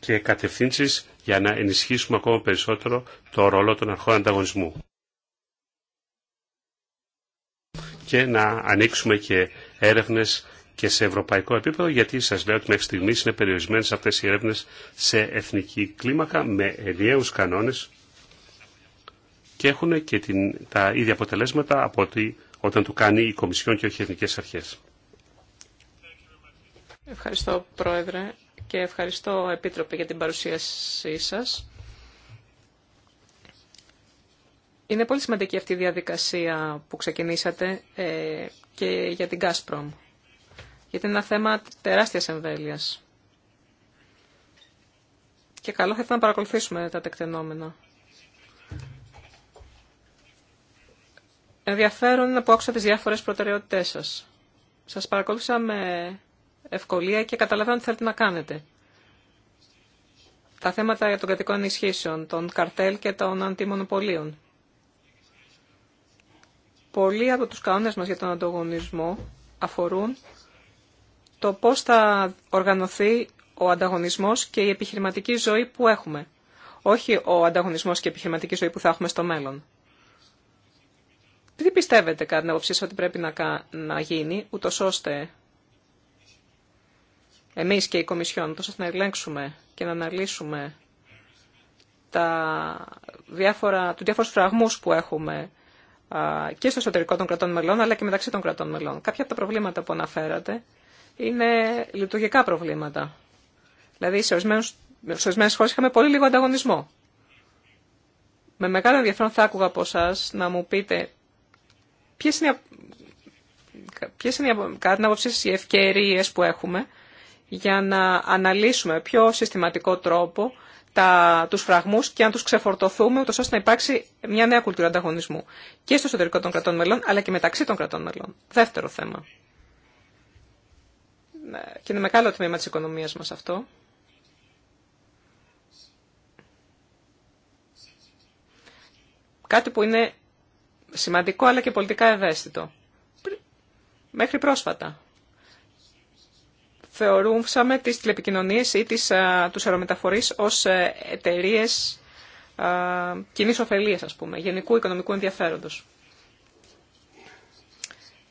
και κατευθύνσεις για να ενισχύσουμε ακόμα περισσότερο το ρόλο των αρχών ανταγωνισμού. και να ανοίξουμε και έρευνες και σε ευρωπαϊκό επίπεδο, γιατί σας λέω ότι μέχρι στιγμής είναι περιορισμένες αυτές οι έρευνες σε εθνική κλίμακα με ενιαίους κανόνες και έχουν και την, τα ίδια αποτελέσματα από ότι όταν του κάνει η Κομισιόν και όχι οι Εθνικές Αρχές. Ευχαριστώ Πρόεδρε και ευχαριστώ Επίτροπε για την παρουσίασή σας. Είναι πολύ σημαντική αυτή η διαδικασία που ξεκινήσατε ε, και για την Gazprom. Γιατί είναι ένα θέμα τεράστιας εμβέλειας. Και καλό θα ήταν να παρακολουθήσουμε τα τεκτενόμενα. Ενδιαφέρον είναι που άκουσα τις διάφορες προτεραιότητές σας. Σας παρακολούθησα με ευκολία και καταλαβαίνω τι θέλετε να κάνετε. Τα θέματα για των κρατικών ενισχύσεων, των καρτέλ και των αντιμονοπολίων. Πολλοί από τους κανόνες μας για τον ανταγωνισμό αφορούν το πώς θα οργανωθεί ο ανταγωνισμός και η επιχειρηματική ζωή που έχουμε. Όχι ο ανταγωνισμός και η επιχειρηματική ζωή που θα έχουμε στο μέλλον. Τι πιστεύετε κατά την άποψή ότι πρέπει να, να γίνει, ούτω ώστε εμείς και η Κομισιόν, ούτως ώστε να ελέγξουμε και να αναλύσουμε τα διάφορα, του διάφορους φραγμούς που έχουμε και στο εσωτερικό των κρατών μελών, αλλά και μεταξύ των κρατών μελών. Κάποια από τα προβλήματα που αναφέρατε είναι λειτουργικά προβλήματα. Δηλαδή, σε ορισμένε χώρε είχαμε πολύ λίγο ανταγωνισμό. Με μεγάλο ενδιαφέρον θα άκουγα από εσά να μου πείτε ποιε είναι, ποιες είναι κατά την άποψή σα οι ευκαιρίε που έχουμε για να αναλύσουμε πιο συστηματικό τρόπο τα, τους φραγμούς και αν τους ξεφορτωθούμε, ούτως ώστε να υπάρξει μια νέα κουλτούρα ανταγωνισμού και στο εσωτερικό των κρατών μελών, αλλά και μεταξύ των κρατών μελών. Δεύτερο θέμα. Ναι, και είναι μεγάλο τμήμα της οικονομίας μας αυτό. Κάτι που είναι σημαντικό αλλά και πολιτικά ευαίσθητο. Μέχρι πρόσφατα θεωρούσαμε τις τηλεπικοινωνίες ή τις, α, τους αερομεταφορείς ως ε, εταιρείε κοινή ωφελία, ας πούμε, γενικού οικονομικού ενδιαφέροντος.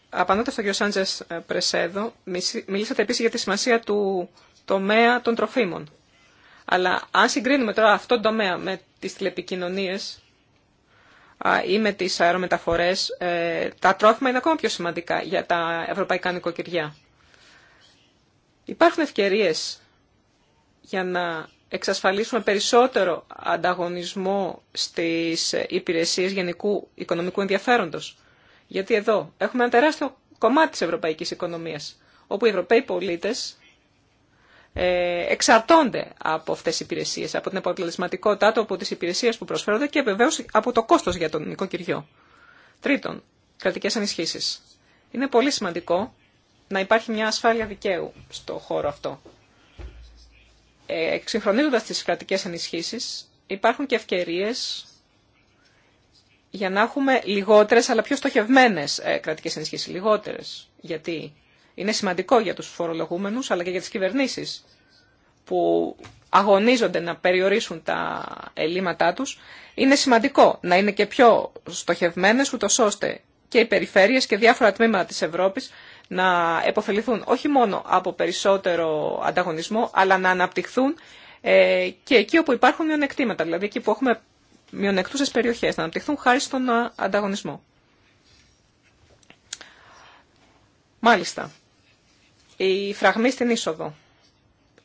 Απαντώντας στον κ. Σάντζες ε, Πρεσέδο, μιλήσατε επίσης για τη σημασία του τομέα των τροφίμων. Αλλά αν συγκρίνουμε τώρα αυτόν τον τομέα με τις τηλεπικοινωνίες ή με τις αερομεταφορές, ε, τα τρόφιμα είναι ακόμα πιο σημαντικά για τα ευρωπαϊκά νοικοκυριά. Υπάρχουν ευκαιρίες για να εξασφαλίσουμε περισσότερο ανταγωνισμό στις υπηρεσίες γενικού οικονομικού ενδιαφέροντος. Γιατί εδώ έχουμε ένα τεράστιο κομμάτι της ευρωπαϊκής οικονομίας, όπου οι ευρωπαίοι πολίτες ε, εξαρτώνται από αυτές τις υπηρεσίες, από την αποτελεσματικότητά του, από τις υπηρεσίες που προσφέρονται και βεβαίω από το κόστος για τον νοικοκυριό. Τρίτον, κρατικές ανισχύσεις. Είναι πολύ σημαντικό να υπάρχει μια ασφάλεια δικαίου στο χώρο αυτό. Ε, εξυγχρονίζοντας τις κρατικές ενισχύσεις, υπάρχουν και ευκαιρίες για να έχουμε λιγότερες αλλά πιο στοχευμένες ε, κρατικές ενισχύσεις. Λιγότερες, γιατί είναι σημαντικό για τους φορολογούμενους αλλά και για τις κυβερνήσεις που αγωνίζονται να περιορίσουν τα ελλείμματά τους. Είναι σημαντικό να είναι και πιο στοχευμένες ούτως ώστε και οι περιφέρειες και διάφορα τμήματα της Ευρώπης να επωφεληθούν όχι μόνο από περισσότερο ανταγωνισμό, αλλά να αναπτυχθούν ε, και εκεί όπου υπάρχουν μειονεκτήματα, δηλαδή εκεί που έχουμε μειονεκτούσες περιοχές, να αναπτυχθούν χάρη στον ανταγωνισμό. Μάλιστα, η φραγμή στην είσοδο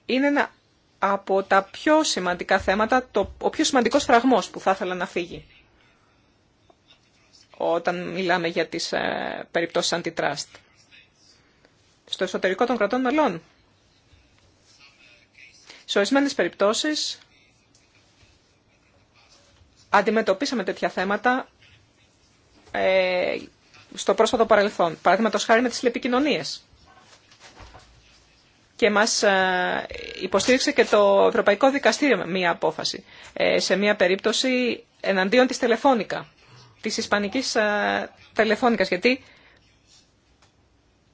είναι ένα από τα πιο σημαντικά θέματα, το, ο πιο σημαντικός φραγμός που θα ήθελα να φύγει όταν μιλάμε για τις ε, περιπτώσεις αντιτράστ στο εσωτερικό των κρατών μελών. Σε ορισμένε περιπτώσει αντιμετωπίσαμε τέτοια θέματα ε, στο πρόσφατο παρελθόν. Παραδείγματο χάρη με τις τηλεπικοινωνίε. Και μας ε, υποστήριξε και το Ευρωπαϊκό Δικαστήριο με μία απόφαση. Ε, σε μία περίπτωση εναντίον της τηλεφώνικα, της ισπανικής ε, τηλεφώνικας, γιατί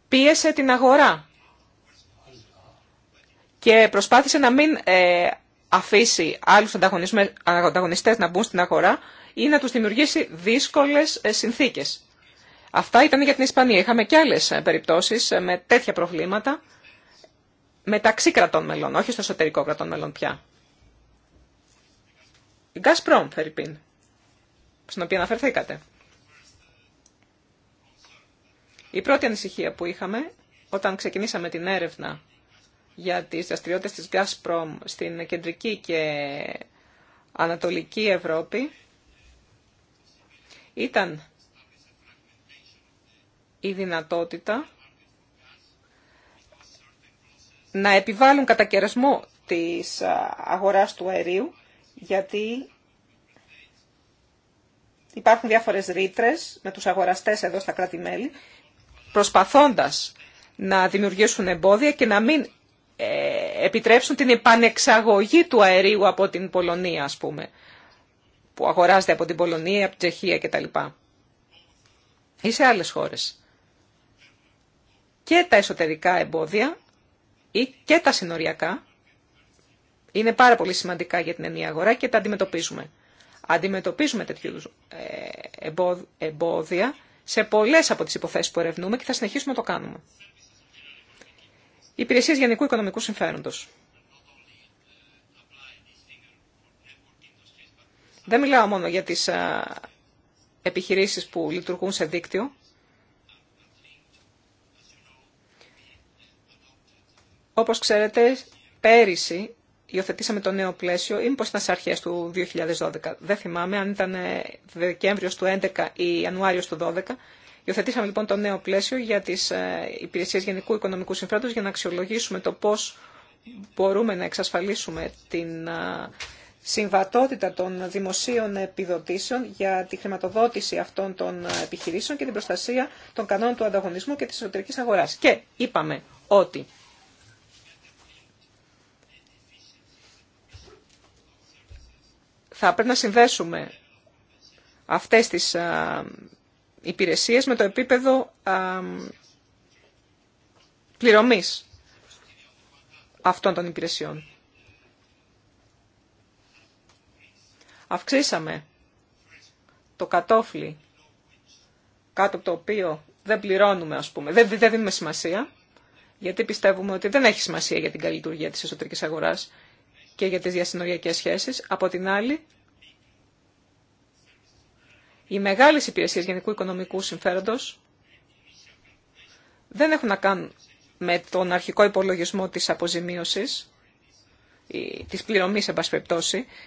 πίεσε την αγορά και προσπάθησε να μην ε, αφήσει άλλους ανταγωνιστές να μπουν στην αγορά ή να τους δημιουργήσει δύσκολες ε, συνθήκες. Αυτά ήταν για την Ισπανία. Είχαμε και άλλες ε, περιπτώσεις με τέτοια προβλήματα μεταξύ κρατών μελών, όχι στο εσωτερικό κρατών μελών πια. Η Gazprom, Φερρυπίν, στην οποία αναφερθήκατε. Η πρώτη ανησυχία που είχαμε όταν ξεκινήσαμε την έρευνα για τις δραστηριότητες της Gazprom στην κεντρική και ανατολική Ευρώπη ήταν η δυνατότητα να επιβάλλουν κατά κερασμό της αγοράς του αερίου, γιατί υπάρχουν διάφορες ρήτρε με τους αγοραστές εδώ στα κράτη-μέλη προσπαθώντας να δημιουργήσουν εμπόδια και να μην ε, επιτρέψουν την επανεξαγωγή του αερίου από την Πολωνία, ας πούμε, που αγοράζεται από την Πολωνία, από την Τσεχία κτλ. Ή σε άλλες χώρες. Και τα εσωτερικά εμπόδια ή και τα συνοριακά είναι πάρα πολύ σημαντικά για την ενή αγορά και τα αντιμετωπίζουμε. Αντιμετωπίζουμε τέτοιου ε, εμπόδια σε πολλέ από τις υποθέσεις που ερευνούμε και θα συνεχίσουμε να το κάνουμε. Υπηρεσίε Γενικού Οικονομικού Συμφέροντος. Δεν μιλάω μόνο για τις επιχειρήσεις που λειτουργούν σε δίκτυο. Όπως ξέρετε, πέρυσι υιοθετήσαμε το νέο πλαίσιο ή μήπως ήταν στις αρχές του 2012. Δεν θυμάμαι αν ήταν ε, Δεκέμβριος του 2011 ή Ιανουάριος του 2012. Υιοθετήσαμε λοιπόν το νέο πλαίσιο για τις ε, υπηρεσίες γενικού οικονομικού συμφέροντος για να αξιολογήσουμε το πώς μπορούμε να εξασφαλίσουμε την ε, συμβατότητα των δημοσίων επιδοτήσεων για τη χρηματοδότηση αυτών των επιχειρήσεων και την προστασία των κανόνων του ανταγωνισμού και της εσωτερικής αγοράς. Και είπαμε ότι θα πρέπει να συνδέσουμε αυτές τις α, υπηρεσίες με το επίπεδο α, πληρωμής αυτών των υπηρεσιών. Αυξήσαμε το κατόφλι κάτω από το οποίο δεν πληρώνουμε, ας πούμε, δεν, δεν δίνουμε σημασία, γιατί πιστεύουμε ότι δεν έχει σημασία για την καλή λειτουργία της εσωτερικής αγοράς και για τις διασυνοριακές σχέσεις. Από την άλλη, οι μεγάλες υπηρεσίες γενικού οικονομικού συμφέροντος δεν έχουν να κάνουν με τον αρχικό υπολογισμό της αποζημίωσης, της πληρωμής, εν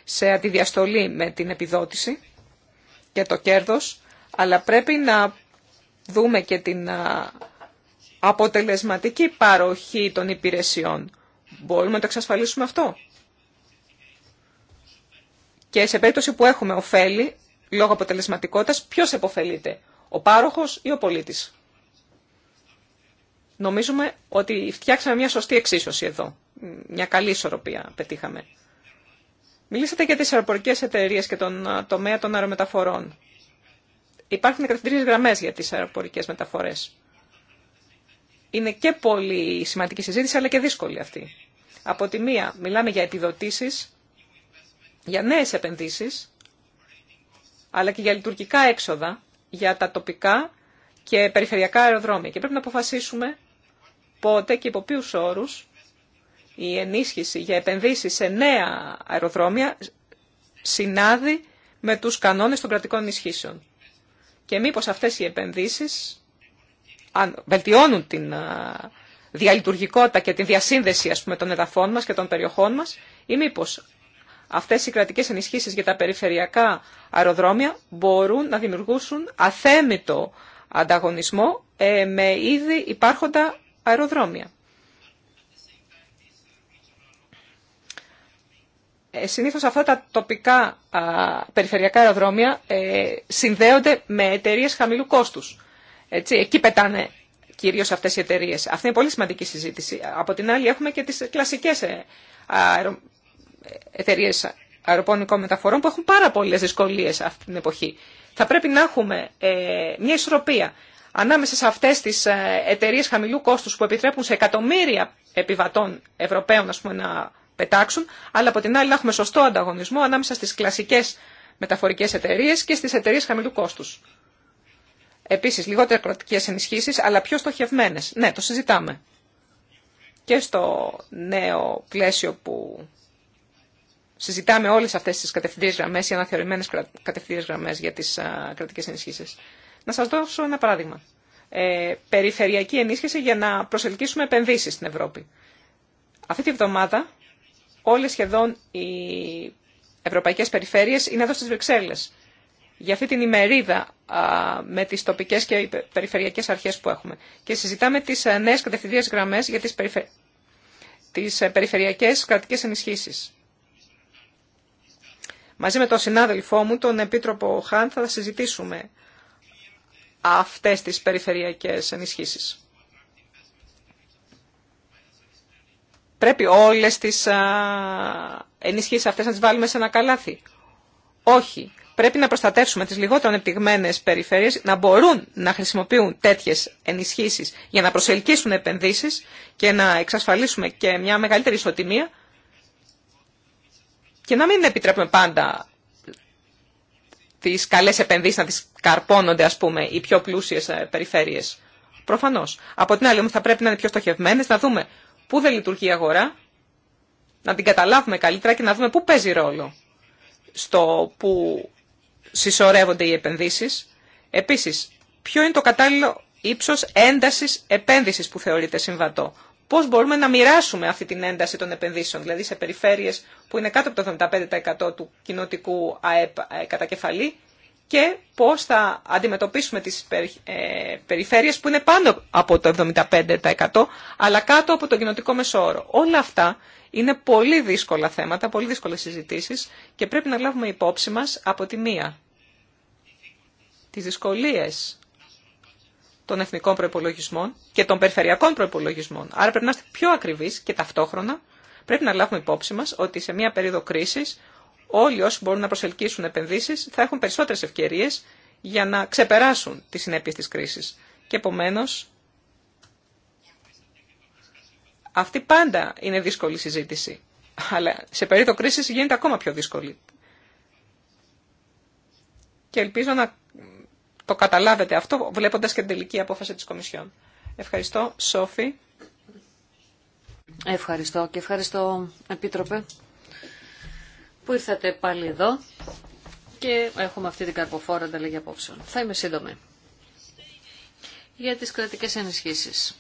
σε αντιδιαστολή με την επιδότηση και το κέρδος, αλλά πρέπει να δούμε και την αποτελεσματική παροχή των υπηρεσιών. Μπορούμε να το εξασφαλίσουμε αυτό. Και σε περίπτωση που έχουμε ωφέλη, λόγω αποτελεσματικότητας, ποιος επωφελείται, ο πάροχος ή ο πολίτης. Νομίζουμε ότι φτιάξαμε μια σωστή εξίσωση εδώ. Μια καλή ισορροπία πετύχαμε. Μιλήσατε για τις αεροπορικές εταιρείες και τον τομέα των αερομεταφορών. Υπάρχουν κατευθυντήριες γραμμές για τις αεροπορικές μεταφορές. Είναι και πολύ σημαντική συζήτηση, αλλά και δύσκολη αυτή. Από τη μία, μιλάμε για επιδοτήσεις για νέες επενδύσεις, αλλά και για λειτουργικά έξοδα, για τα τοπικά και περιφερειακά αεροδρόμια. Και πρέπει να αποφασίσουμε πότε και υπό ποιους όρους η ενίσχυση για επενδύσεις σε νέα αεροδρόμια συνάδει με τους κανόνες των κρατικών ενισχύσεων. Και μήπως αυτές οι επενδύσεις αν βελτιώνουν την διαλειτουργικότητα και τη διασύνδεση ας πούμε, των εδαφών μας και των περιοχών μας ή μήπως αυτές οι κρατικές ενισχύσεις για τα περιφερειακά αεροδρόμια μπορούν να δημιουργούσουν αθέμητο ανταγωνισμό ε, με ήδη υπάρχοντα αεροδρόμια. Ε, συνήθως αυτά τα τοπικά περιφερειακά αεροδρόμια ε, συνδέονται με εταιρείες χαμηλού κόστους. Έτσι, εκεί πετάνε κυρίως αυτές οι εταιρείες. Αυτή είναι πολύ σημαντική συζήτηση. Από την άλλη έχουμε και τις κλασικές αερο εταιρείε αεροπονικών μεταφορών που έχουν πάρα πολλέ δυσκολίε αυτή την εποχή. Θα πρέπει να έχουμε ε, μια ισορροπία ανάμεσα σε αυτέ τι ε, εταιρείε χαμηλού κόστου που επιτρέπουν σε εκατομμύρια επιβατών Ευρωπαίων να πετάξουν, αλλά από την άλλη να έχουμε σωστό ανταγωνισμό ανάμεσα στι κλασικέ μεταφορικέ εταιρείε και στι εταιρείε χαμηλού κόστου. Επίση, λιγότερε κρατικέ ενισχύσει, αλλά πιο στοχευμένε. Ναι, το συζητάμε. Και στο νέο πλαίσιο που συζητάμε όλες αυτές τις κατευθυντήριες γραμμές οι αναθεωρημένες κατευθυντήριες γραμμές για τις κρατικές ενισχύσεις. Να σας δώσω ένα παράδειγμα. Ε, περιφερειακή ενίσχυση για να προσελκύσουμε επενδύσεις στην Ευρώπη. Αυτή τη βδομάδα όλες σχεδόν οι ευρωπαϊκές περιφέρειες είναι εδώ στις Βρυξέλλες. Για αυτή την ημερίδα με τις τοπικές και περιφερειακές αρχές που έχουμε. Και συζητάμε τις ε, νέες κατευθυντήριες γραμμές για τις, περιφε... τις ε, περιφερειακές κρατικές ενισχύσεις. Μαζί με τον συνάδελφό μου, τον Επίτροπο Χάν, θα συζητήσουμε αυτές τις περιφερειακές ενισχύσεις. Πρέπει όλες τις ενισχύσεις αυτές να τις βάλουμε σε ένα καλάθι. Όχι. Πρέπει να προστατεύσουμε τις λιγότερο ανεπτυγμένες περιφέρειες να μπορούν να χρησιμοποιούν τέτοιες ενισχύσεις για να προσελκύσουν επενδύσεις και να εξασφαλίσουμε και μια μεγαλύτερη ισοτιμία και να μην επιτρέπουμε πάντα τις καλές επενδύσεις να τις καρπώνονται, ας πούμε, οι πιο πλούσιες ε, περιφέρειες. Προφανώς. Από την άλλη, όμως, θα πρέπει να είναι πιο στοχευμένες, να δούμε πού δεν λειτουργεί η αγορά, να την καταλάβουμε καλύτερα και να δούμε πού παίζει ρόλο στο που συσσωρεύονται οι επενδύσεις. Επίσης, ποιο είναι το κατάλληλο ύψος έντασης επένδυσης που θεωρείται συμβατό πώς μπορούμε να μοιράσουμε αυτή την ένταση των επενδύσεων, δηλαδή σε περιφέρειες που είναι κάτω από το 75% του κοινοτικού ΑΕΠ ε, κατά κεφαλή και πώς θα αντιμετωπίσουμε τις ε, περιφέρειες που είναι πάνω από το 75% αλλά κάτω από το κοινοτικό μεσόωρο. Όλα αυτά είναι πολύ δύσκολα θέματα, πολύ δύσκολε συζητήσεις και πρέπει να λάβουμε υπόψη μας από τη μία τις δυσκολίες των εθνικών προπολογισμών και των περιφερειακών προπολογισμών. Άρα πρέπει να είμαστε πιο ακριβεί και ταυτόχρονα πρέπει να λάβουμε υπόψη μα ότι σε μια περίοδο κρίση όλοι όσοι μπορούν να προσελκύσουν επενδύσει θα έχουν περισσότερε ευκαιρίε για να ξεπεράσουν τι συνέπειε τη κρίση. Και επομένω. Αυτή πάντα είναι δύσκολη συζήτηση, αλλά σε περίοδο κρίσης γίνεται ακόμα πιο δύσκολη. Και ελπίζω να το καταλάβετε αυτό βλέποντας και την τελική απόφαση της Κομισιόν. Ευχαριστώ. Σόφη. Ευχαριστώ και ευχαριστώ Επίτροπε που ήρθατε πάλι εδώ και έχουμε αυτή την καρποφόρα ανταλλαγή απόψεων. Θα είμαι σύντομη. Για τις κρατικές ενισχύσεις.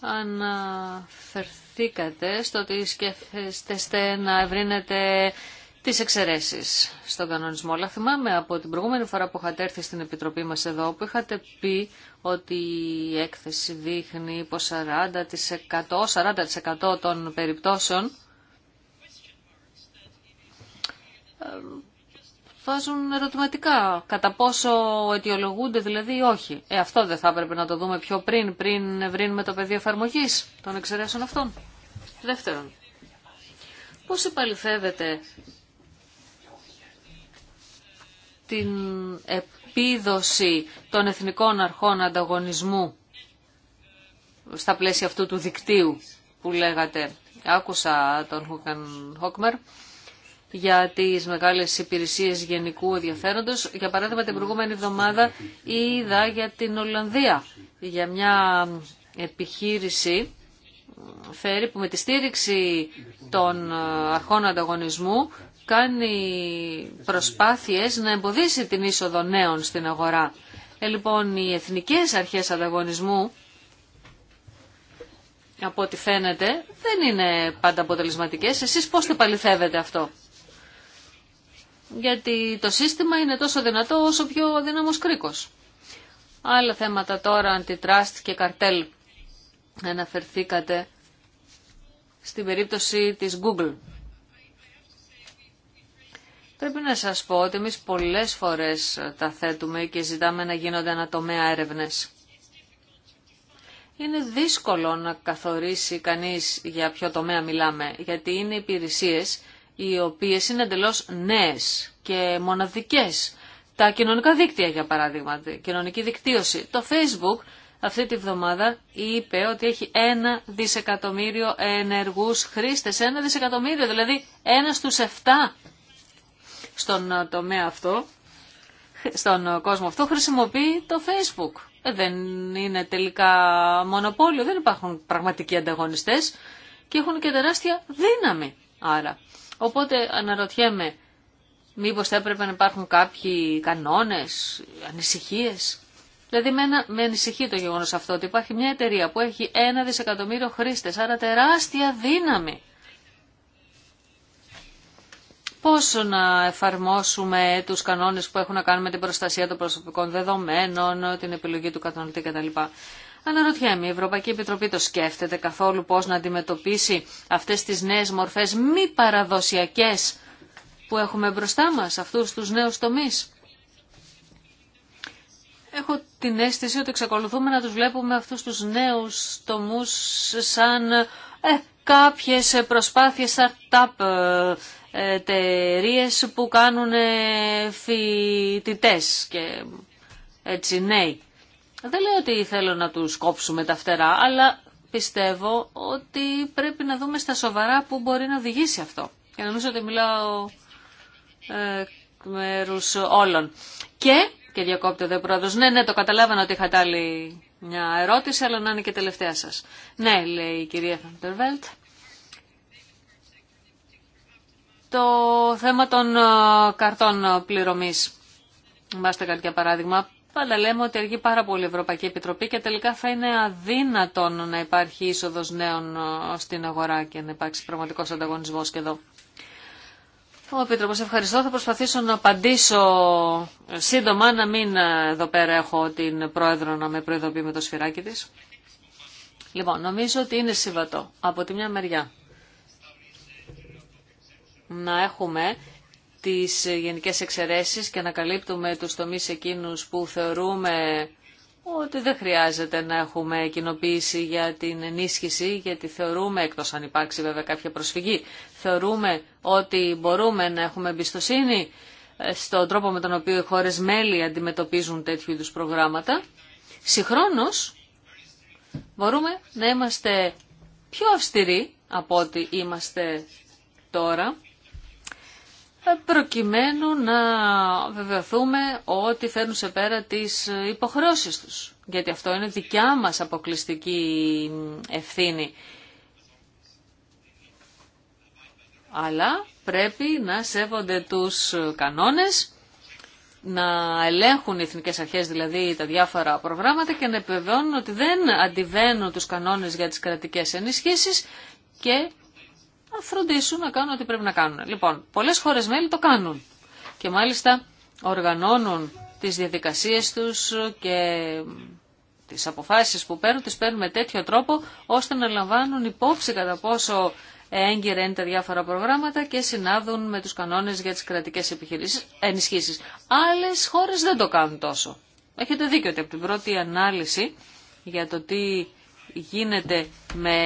Αναφερθήκατε στο ότι σκέφτεστε να ευρύνετε τις εξαιρέσει στον κανονισμό. Αλλά θυμάμαι από την προηγούμενη φορά που είχατε έρθει στην Επιτροπή μας εδώ, που είχατε πει ότι η έκθεση δείχνει πως 40%, 40% των περιπτώσεων ε, βάζουν ερωτηματικά κατά πόσο αιτιολογούνται δηλαδή ή όχι. Ε, αυτό δεν θα έπρεπε να το δούμε πιο πριν, πριν βρίνουμε το πεδίο εφαρμογή των εξαιρέσεων αυτών. Δεύτερον, πώς υπαλληφεύεται την επίδοση των εθνικών αρχών ανταγωνισμού στα πλαίσια αυτού του δικτύου που λέγατε. Άκουσα τον Χούκαν Χόκμερ για τις μεγάλες υπηρεσίες γενικού ενδιαφέροντος. Για παράδειγμα την προηγούμενη εβδομάδα είδα για την Ολλανδία, για μια επιχείρηση φέρει που με τη στήριξη των αρχών ανταγωνισμού κάνει προσπάθειες να εμποδίσει την είσοδο νέων στην αγορά. Ε, λοιπόν, οι εθνικές αρχές ανταγωνισμού, από ό,τι φαίνεται, δεν είναι πάντα αποτελεσματικές. Εσείς πώς το παληθεύετε αυτό. Γιατί το σύστημα είναι τόσο δυνατό όσο πιο δυναμός κρίκος. Άλλα θέματα τώρα, αντιτράστ και καρτέλ. Αναφερθήκατε στην περίπτωση της Google. Πρέπει να σας πω ότι εμεί πολλές φορές τα θέτουμε και ζητάμε να γίνονται ανατομέα έρευνες. Είναι δύσκολο να καθορίσει κανείς για ποιο τομέα μιλάμε, γιατί είναι υπηρεσίες οι οποίες είναι εντελώς νέες και μοναδικές. Τα κοινωνικά δίκτυα, για παράδειγμα, κοινωνική δικτύωση. Το Facebook αυτή τη βδομάδα είπε ότι έχει ένα δισεκατομμύριο ενεργούς χρήστες. Ένα δισεκατομμύριο, δηλαδή ένα στους στον ε, τομέα αυτό, στον ε, κόσμο αυτό, χρησιμοποιεί το Facebook. Ε, δεν είναι τελικά μονοπόλιο, δεν υπάρχουν πραγματικοί ανταγωνιστές και έχουν και τεράστια δύναμη. Άρα, οπότε αναρωτιέμαι, μήπως θα έπρεπε να υπάρχουν κάποιοι κανόνες, ανησυχίες. Δηλαδή με, με ανησυχεί το γεγονός αυτό ότι υπάρχει μια εταιρεία που έχει ένα δισεκατομμύριο χρήστες, άρα τεράστια δύναμη πώς να εφαρμόσουμε τους κανόνες που έχουν να κάνουν με την προστασία των προσωπικών δεδομένων, την επιλογή του καταναλωτή κτλ. Αναρωτιέμαι, η Ευρωπαϊκή Επιτροπή το σκέφτεται καθόλου πώς να αντιμετωπίσει αυτές τις νέες μορφές μη παραδοσιακές που έχουμε μπροστά μας, αυτούς τους νέους τομείς. Έχω την αίσθηση ότι εξακολουθούμε να τους βλέπουμε αυτούς τους νέους τομούς σαν ε, κάποιες προσπάθειες startup ε, εταιρείε που κάνουν ε, φοιτητέ και έτσι νέοι. Δεν λέω ότι θέλω να τους κόψουμε τα φτερά, αλλά πιστεύω ότι πρέπει να δούμε στα σοβαρά που μπορεί να οδηγήσει αυτό. Και νομίζω ότι μιλάω ε, μέρους όλων. Και, και διακόπτω δε πρόεδρος, ναι, ναι, το καταλάβανα ότι είχατε άλλη μια ερώτηση, αλλά να είναι και τελευταία σας. Ναι, λέει η κυρία Φαντερβέλτ. το θέμα των ε, καρτών πληρωμής. κάτι για παράδειγμα. Πάντα λέμε ότι αργεί πάρα πολύ η Ευρωπαϊκή Επιτροπή και τελικά θα είναι αδύνατον να υπάρχει είσοδος νέων ε, στην αγορά και να υπάρξει πραγματικός ανταγωνισμός και εδώ. Ο Επίτροπος, ευχαριστώ. Θα προσπαθήσω να απαντήσω ε, σύντομα, να μην εδώ πέρα έχω την πρόεδρο να με προειδοποιεί με το σφυράκι της. Λοιπόν, νομίζω ότι είναι συμβατό από τη μια μεριά να έχουμε τις γενικές εξαιρέσεις και να καλύπτουμε τους τομείς εκείνους που θεωρούμε ότι δεν χρειάζεται να έχουμε κοινοποίηση για την ενίσχυση, γιατί θεωρούμε, εκτός αν υπάρξει βέβαια κάποια προσφυγή, θεωρούμε ότι μπορούμε να έχουμε εμπιστοσύνη ε, στον τρόπο με τον οποίο οι χώρες μέλη αντιμετωπίζουν τέτοιου είδους προγράμματα. Συγχρόνως, μπορούμε να είμαστε πιο αυστηροί από ό,τι είμαστε τώρα ε, προκειμένου να βεβαιωθούμε ότι φέρνουν σε πέρα τις υποχρώσεις τους. Γιατί αυτό είναι δικιά μας αποκλειστική ευθύνη. Αλλά πρέπει να σέβονται τους κανόνες, να ελέγχουν οι εθνικές αρχές δηλαδή τα διάφορα προγράμματα και να επιβεβαιώνουν ότι δεν αντιβαίνουν τους κανόνες για τις κρατικές ενισχύσεις και να φροντίσουν να κάνουν ό,τι πρέπει να κάνουν. Λοιπόν, πολλές χώρες μέλη το κάνουν και μάλιστα οργανώνουν τις διαδικασίες τους και τις αποφάσεις που παίρνουν, τις παίρνουν με τέτοιο τρόπο ώστε να λαμβάνουν υπόψη κατά πόσο έγκυρα είναι τα διάφορα προγράμματα και συνάδουν με τους κανόνες για τις κρατικές επιχειρήσεις, ενισχύσεις. Άλλες χώρες δεν το κάνουν τόσο. Έχετε δίκιο ότι από την πρώτη ανάλυση για το τι γίνεται με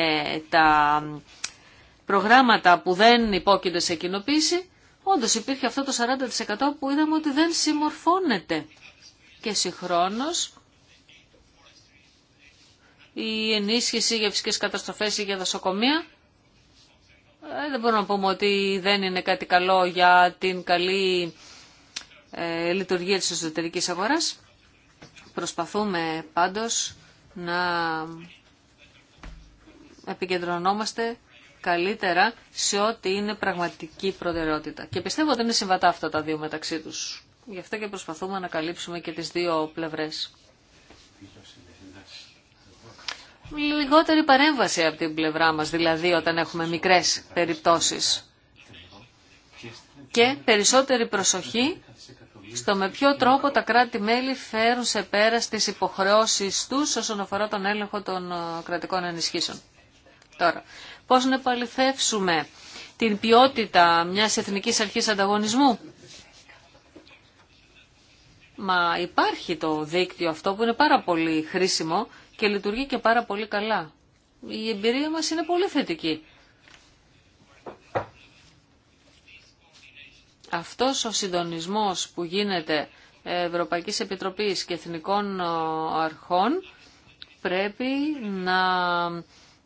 τα προγράμματα που δεν υπόκεινται σε κοινοποίηση, όντω υπήρχε αυτό το 40% που είδαμε ότι δεν συμμορφώνεται. Και συγχρόνω η ενίσχυση για φυσικέ καταστροφές ή για δασοκομεία ε, δεν μπορούμε να πούμε ότι δεν είναι κάτι καλό για την καλή ε, λειτουργία της εσωτερικής αγοράς. Προσπαθούμε πάντως να επικεντρωνόμαστε καλύτερα σε ό,τι είναι πραγματική προτεραιότητα. Και πιστεύω ότι είναι συμβατά αυτά τα δύο μεταξύ τους. Γι' αυτό και προσπαθούμε να καλύψουμε και τις δύο πλευρές. Λιγότερη παρέμβαση από την πλευρά μας, δηλαδή όταν έχουμε μικρές περιπτώσεις. Και περισσότερη προσοχή στο με ποιο τρόπο τα κράτη-μέλη φέρουν σε πέρα στις υποχρεώσεις τους όσον αφορά τον έλεγχο των ε, κρατικών ενισχύσεων. Τώρα, πώς να επαληθεύσουμε την ποιότητα μιας εθνικής αρχής ανταγωνισμού. Μα υπάρχει το δίκτυο αυτό που είναι πάρα πολύ χρήσιμο και λειτουργεί και πάρα πολύ καλά. Η εμπειρία μας είναι πολύ θετική. Αυτός ο συντονισμός που γίνεται Ευρωπαϊκής Επιτροπής και Εθνικών Αρχών πρέπει να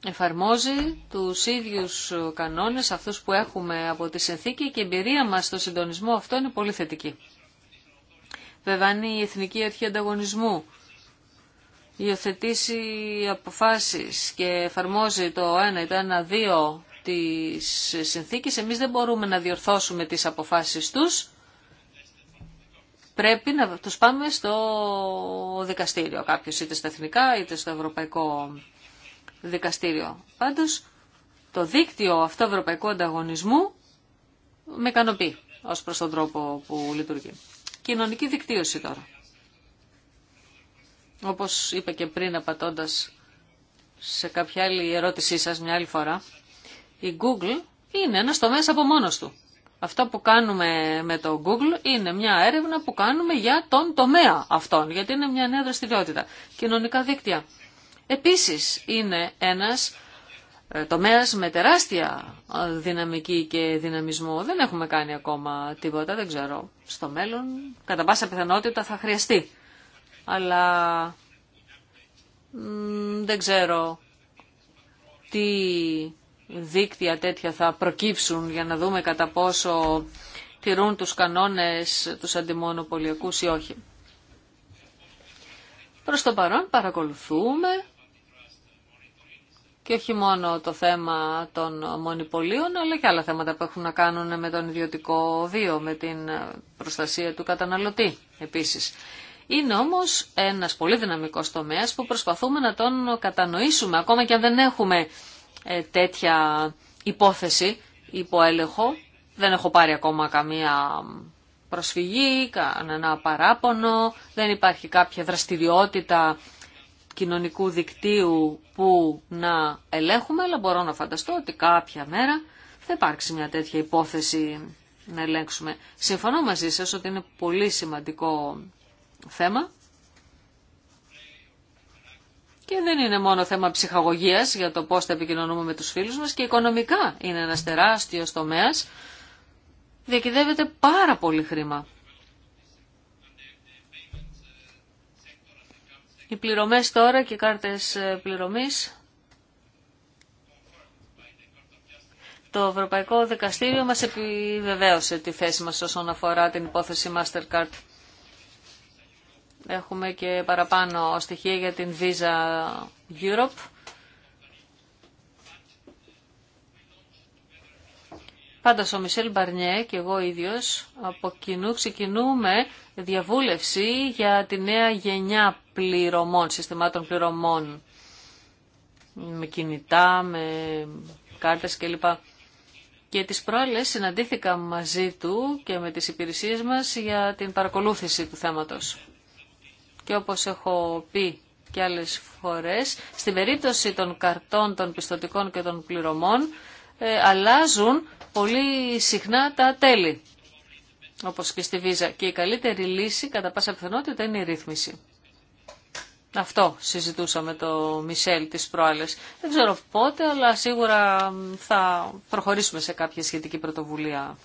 εφαρμόζει τους ίδιους κανόνες, αυτούς που έχουμε από τη συνθήκη και η εμπειρία μας στο συντονισμό αυτό είναι πολύ θετική. Βέβαια, αν η Εθνική Αρχή Ανταγωνισμού υιοθετήσει αποφάσεις και εφαρμόζει το 1 ή το 1-2 της συνθήκης, εμείς δεν μπορούμε να διορθώσουμε τις αποφάσεις τους, πρέπει να τους πάμε στο δικαστήριο, κάποιος είτε στα εθνικά είτε στο ευρωπαϊκό δικαστήριο. Πάντως, το δίκτυο αυτό ευρωπαϊκού ανταγωνισμού με ικανοποιεί ως προς τον τρόπο που λειτουργεί. Κοινωνική δικτύωση τώρα. Όπως είπα και πριν απατώντας σε κάποια άλλη ερώτησή σας μια άλλη φορά, η Google είναι ένας τομέας από μόνος του. Αυτό που κάνουμε με το Google είναι μια έρευνα που κάνουμε για τον τομέα αυτόν, γιατί είναι μια νέα δραστηριότητα. Κοινωνικά δίκτυα επίσης είναι ένας ε, τομέας με τεράστια δυναμική και δυναμισμό. Δεν έχουμε κάνει ακόμα τίποτα, δεν ξέρω. Στο μέλλον, κατά πάσα πιθανότητα θα χρειαστεί. Αλλά δεν ξέρω τι δίκτυα τέτοια θα προκύψουν για να δούμε κατά πόσο τηρούν τους κανόνες τους αντιμονοπολιακούς ή όχι. Προς το παρόν παρακολουθούμε και όχι μόνο το θέμα των μονιπολίων, αλλά και άλλα θέματα που έχουν να κάνουν με τον ιδιωτικό βίο, με την προστασία του καταναλωτή επίσης. Είναι όμως ένας πολύ δυναμικός τομέας που προσπαθούμε να τον κατανοήσουμε, ακόμα και αν δεν έχουμε ε, τέτοια υπόθεση υπό έλεγχο. Δεν έχω πάρει ακόμα καμία προσφυγή, κανένα παράπονο, δεν υπάρχει κάποια δραστηριότητα κοινωνικού δικτύου που να ελέγχουμε, αλλά μπορώ να φανταστώ ότι κάποια μέρα θα υπάρξει μια τέτοια υπόθεση να ελέγξουμε. Συμφωνώ μαζί σας ότι είναι πολύ σημαντικό θέμα και δεν είναι μόνο θέμα ψυχαγωγίας για το πώς θα επικοινωνούμε με τους φίλους μας και οικονομικά είναι ένας τεράστιος τομέας. Διακυδεύεται πάρα πολύ χρήμα. Οι πληρωμές τώρα και οι κάρτες ε, πληρωμής. Το Ευρωπαϊκό Δικαστήριο μας επιβεβαίωσε τη θέση μας όσον αφορά την υπόθεση Mastercard. Έχουμε και παραπάνω στοιχεία για την Visa Europe πάντα ο Μισελ Μπαρνιέ και εγώ ίδιος από κοινού ξεκινούμε διαβούλευση για τη νέα γενιά πληρωμών, συστημάτων πληρωμών με κινητά, με κάρτες κλπ. Και τις προάλλες συναντήθηκα μαζί του και με τις υπηρεσίες μας για την παρακολούθηση του θέματος. Και όπως έχω πει και άλλες φορές, στην περίπτωση των καρτών, των πιστοτικών και των πληρωμών, ε, αλλάζουν πολύ συχνά τα τέλη, όπως και στη Βίζα. Και η καλύτερη λύση, κατά πάσα πιθανότητα, είναι η ρύθμιση. Αυτό συζητούσαμε το Μισελ της προάλλες. Δεν ξέρω πότε, αλλά σίγουρα θα προχωρήσουμε σε κάποια σχετική πρωτοβουλία.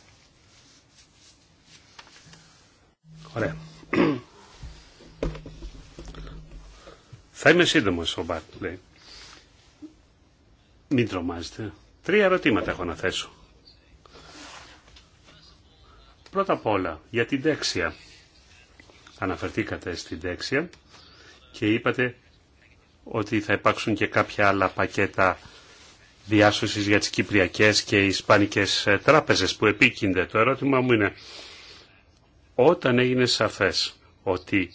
Ωραία. Θα είμαι σύντομος, ο Μπάρτ λέει. Μην τρομάζετε. Τρία ερωτήματα έχω να θέσω. Πρώτα απ' όλα, για την τέξια. Αναφερθήκατε στην τέξια και είπατε ότι θα υπάρξουν και κάποια άλλα πακέτα διάσωσης για τις κυπριακές και ισπανικές ε, τράπεζες που επίκυνται. Το ερώτημα μου είναι, όταν έγινε σαφές ότι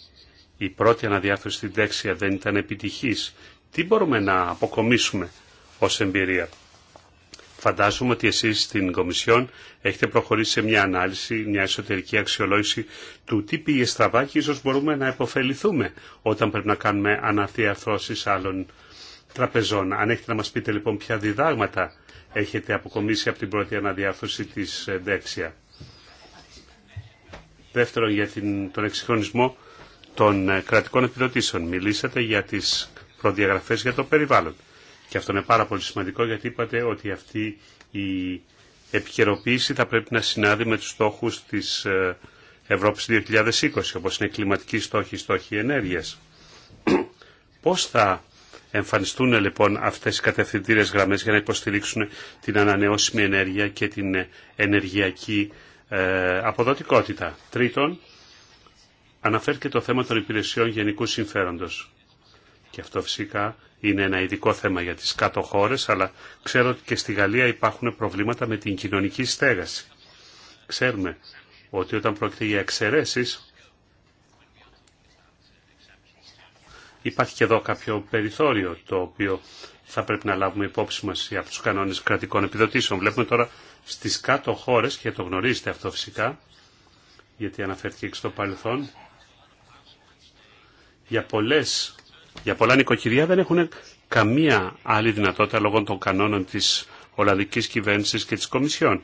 η πρώτη αναδιάρθρωση στην τέξια δεν ήταν επιτυχής, τι μπορούμε να αποκομίσουμε ως εμπειρία. Φαντάζομαι ότι εσείς στην Κομισιόν έχετε προχωρήσει σε μια ανάλυση, μια εσωτερική αξιολόγηση του τι πήγε στραβά και ίσως μπορούμε να επωφεληθούμε όταν πρέπει να κάνουμε αναθιαρθρώσεις άλλων τραπεζών. Αν έχετε να μας πείτε λοιπόν ποια διδάγματα έχετε αποκομίσει από την πρώτη αναδιάρθρωση της Δέξια. Δεύτερον, για την, τον εξυγχρονισμό των κρατικών επιδοτήσεων. Μιλήσατε για τις προδιαγραφές για το περιβάλλον. Και αυτό είναι πάρα πολύ σημαντικό γιατί είπατε ότι αυτή η επικαιροποίηση θα πρέπει να συνάδει με τους στόχους της ε, Ευρώπης 2020, όπως είναι κλιματική στόχοι, στόχοι ενέργειας. Πώς θα εμφανιστούν λοιπόν αυτές οι κατευθυντήρες γραμμές για να υποστηρίξουν την ανανεώσιμη ενέργεια και την ε, ενεργειακή ε, αποδοτικότητα. Τρίτον, αναφέρθηκε το θέμα των υπηρεσιών γενικού συμφέροντος. Και αυτό φυσικά είναι ένα ειδικό θέμα για τις κάτω χώρες, αλλά ξέρω ότι και στη Γαλλία υπάρχουν προβλήματα με την κοινωνική στέγαση. Ξέρουμε ότι όταν πρόκειται για εξαιρέσει. Υπάρχει και εδώ κάποιο περιθώριο το οποίο θα πρέπει να λάβουμε υπόψη μας από τους κανόνες κρατικών επιδοτήσεων. Βλέπουμε τώρα στις κάτω χώρες, και το γνωρίζετε αυτό φυσικά, γιατί αναφέρθηκε και στο παρελθόν, για πολλές για πολλά νοικοκυριά δεν έχουν καμία άλλη δυνατότητα λόγω των κανόνων της Ολλανδικής Κυβέρνησης και της Κομισιόν.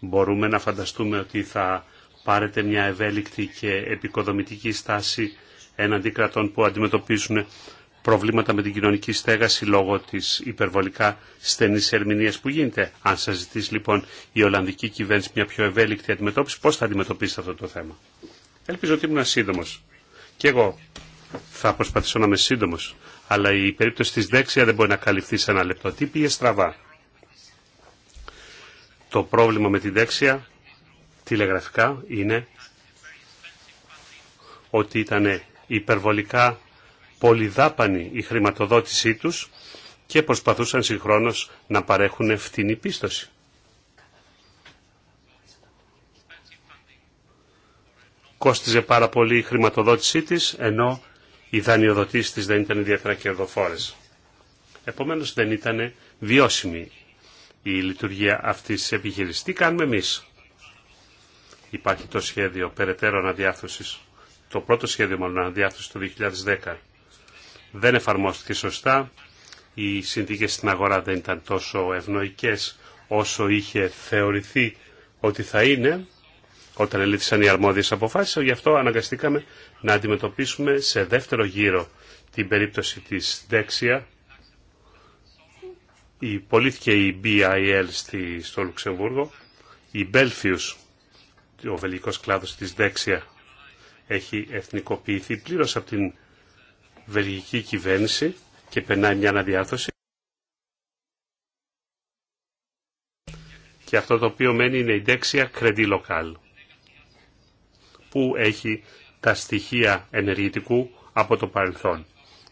Μπορούμε να φανταστούμε ότι θα πάρετε μια ευέλικτη και επικοδομητική στάση έναντι κρατών που αντιμετωπίζουν προβλήματα με την κοινωνική στέγαση λόγω της υπερβολικά στενής ερμηνείας που γίνεται. Αν σας ζητήσει λοιπόν η Ολλανδική κυβέρνηση μια πιο ευέλικτη αντιμετώπιση, πώς θα αντιμετωπίσετε αυτό το θέμα. Ελπίζω ότι ήμουν σύντομο. Και εγώ θα προσπαθήσω να είμαι σύντομο. Αλλά η περίπτωση της δέξια δεν μπορεί να καλυφθεί σε ένα λεπτό. Τι πήγε στραβά. Το πρόβλημα με τη δέξια τηλεγραφικά είναι ότι ήταν υπερβολικά πολυδάπανη η χρηματοδότησή τους και προσπαθούσαν συγχρόνως να παρέχουν φτηνή πίστοση. Κόστιζε πάρα πολύ η χρηματοδότησή της, ενώ οι δανειοδοτήσει τη δεν ήταν ιδιαίτερα κερδοφόρε. Επομένω, δεν ήταν βιώσιμη η λειτουργία αυτής τη επιχείρησης. Τι κάνουμε εμεί. Υπάρχει το σχέδιο περαιτέρω αναδιάθρωση, το πρώτο σχέδιο μάλλον αναδιάθρωση το 2010. Δεν εφαρμόστηκε σωστά, οι συνθήκε στην αγορά δεν ήταν τόσο ευνοϊκές όσο είχε θεωρηθεί ότι θα είναι όταν ελήφθησαν οι αρμόδιες αποφάσεις. Γι' αυτό αναγκαστήκαμε να αντιμετωπίσουμε σε δεύτερο γύρο την περίπτωση της Δέξια. Η, πολίθηκε η BIL στη, στο Λουξεμβούργο. Η Belfius, ο βελγικός κλάδος της Δέξια, έχει εθνικοποιηθεί πλήρως από την βελγική κυβέρνηση και περνάει μια αναδιάρθρωση. Και αυτό το οποίο μένει είναι η Δέξια Credit Local που έχει τα στοιχεία ενεργητικού από το παρελθόν.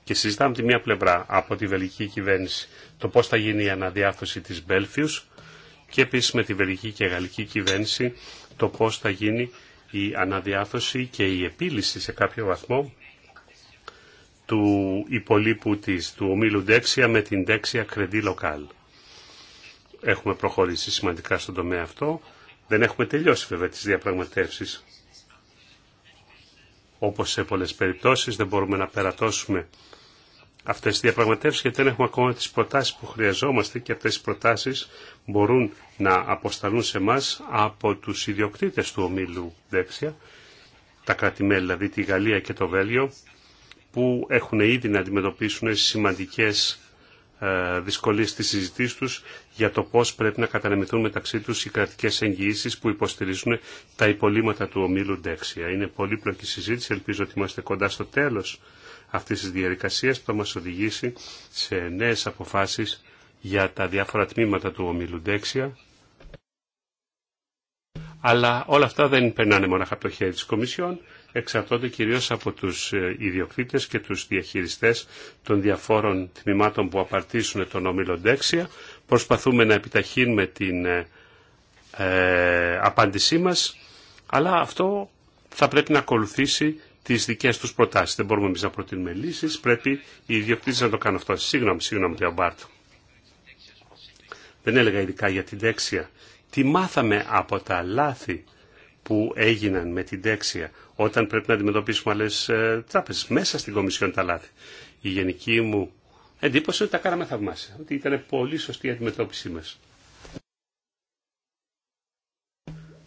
Και συζητάμε τη μία πλευρά από τη Βελική κυβέρνηση το πώς θα γίνει η αναδιάθρωση της Μπέλφιους και επίσης με τη βελική και γαλλική κυβέρνηση το πώς θα γίνει η αναδιάθρωση και η επίλυση σε κάποιο βαθμό του υπολείπου της, του ομίλου Δέξια με την Δέξια Κρεντή Λοκάλ. Έχουμε προχωρήσει σημαντικά στον τομέα αυτό. Δεν έχουμε τελειώσει βέβαια τις διαπραγματεύσεις όπως σε πολλές περιπτώσεις δεν μπορούμε να περατώσουμε αυτές τις διαπραγματεύσεις γιατί δεν έχουμε ακόμα τις προτάσεις που χρειαζόμαστε και αυτές οι προτάσεις μπορούν να αποσταλούν σε εμά από τους ιδιοκτήτες του ομίλου Δέξια, τα κρατημέλη δηλαδή τη Γαλλία και το Βέλγιο, που έχουν ήδη να αντιμετωπίσουν σημαντικές ε, Δυσκολίε στις συζητήσεις τους για το πώς πρέπει να κατανεμηθούν μεταξύ τους οι κρατικές εγγυήσεις που υποστηρίζουν τα υπολείμματα του ομίλου Ντέξια. Είναι πολύπλοκη συζήτηση, ελπίζω ότι είμαστε κοντά στο τέλος αυτής της διαδικασίας που θα μας οδηγήσει σε νέες αποφάσεις για τα διάφορα τμήματα του ομίλου Ντέξια. Αλλά όλα αυτά δεν περνάνε μόνο από το χέρι της Κομισιόν εξαρτώνται κυρίως από τους ε, ιδιοκτήτες και τους διαχειριστές των διαφόρων τμήματων που απαρτίζουν τον ομιλοντέξια. Προσπαθούμε να επιταχύνουμε την ε, ε, απάντησή μας, αλλά αυτό θα πρέπει να ακολουθήσει τι δικέ του προτάσει. Δεν μπορούμε εμεί να προτείνουμε λύσει. Πρέπει οι ιδιοκτήτε να το κάνουν αυτό. Συγγνώμη, συγγνώμη, κύριε Δεν έλεγα ειδικά για την δέξια. Τι μάθαμε από τα λάθη που έγιναν με την τέξια όταν πρέπει να αντιμετωπίσουμε άλλε τράπεζε μέσα στην Κομισιόν τα λάθη. Η γενική μου εντύπωση ότι τα κάναμε θαυμάσια, ότι ήταν πολύ σωστή η αντιμετώπιση μα.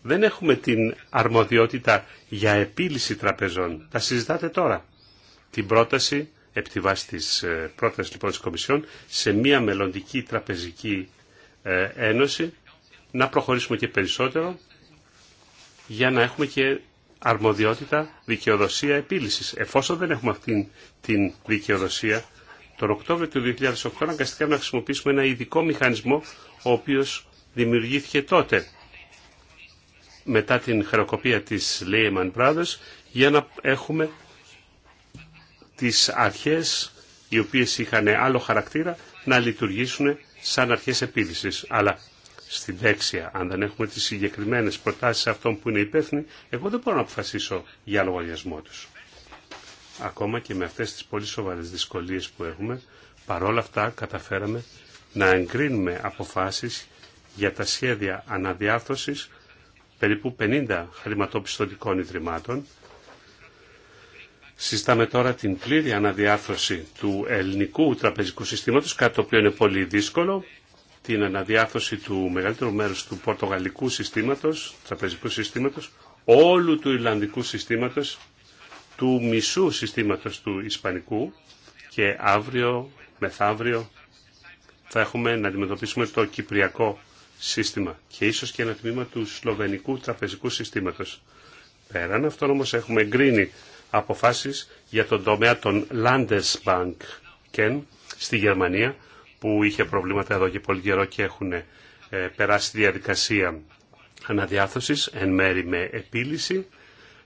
Δεν έχουμε την αρμοδιότητα για επίλυση τραπεζών. Τα συζητάτε τώρα. Την πρόταση, επί τη βάση της ε, πρότασης λοιπόν της Κομισιόν, σε μια μελλοντική τραπεζική ε, ένωση, να προχωρήσουμε και περισσότερο για να έχουμε και αρμοδιότητα, δικαιοδοσία επίλυση. Εφόσον δεν έχουμε αυτή την δικαιοδοσία, τον Οκτώβριο του 2008 αναγκαστικά να χρησιμοποιήσουμε ένα ειδικό μηχανισμό, ο οποίος δημιουργήθηκε τότε μετά την χρεοκοπία της Lehman Brothers για να έχουμε τις αρχές οι οποίες είχαν άλλο χαρακτήρα να λειτουργήσουν σαν αρχές επίλυσης. Αλλά στην δέξια. Αν δεν έχουμε τις συγκεκριμένες προτάσεις αυτών που είναι υπεύθυνοι, εγώ δεν μπορώ να αποφασίσω για λογαριασμό τους. Ακόμα και με αυτές τις πολύ σοβαρές δυσκολίες που έχουμε, παρόλα αυτά καταφέραμε να εγκρίνουμε αποφάσεις για τα σχέδια αναδιάρθρωσης περίπου 50 χρηματοπιστωτικών ιδρυμάτων. Συστάμε τώρα την πλήρη αναδιάρθρωση του ελληνικού τραπεζικού συστήματος, κάτι το οποίο είναι πολύ δύσκολο την αναδιάρθρωση του μεγαλύτερου μέρους του πορτογαλικού συστήματος, τραπεζικού συστήματος, όλου του Ιρλανδικού συστήματος, του μισού συστήματος του Ισπανικού και αύριο, μεθαύριο, θα έχουμε να αντιμετωπίσουμε το κυπριακό σύστημα και ίσως και ένα τμήμα του σλοβενικού τραπεζικού συστήματος. Πέραν αυτό όμως έχουμε εγκρίνει αποφάσεις για τον τομέα των Landesbank και στη Γερμανία που είχε προβλήματα εδώ και πολύ καιρό και έχουν ε, περάσει τη διαδικασία αναδιάθρωσης, εν μέρη με επίλυση.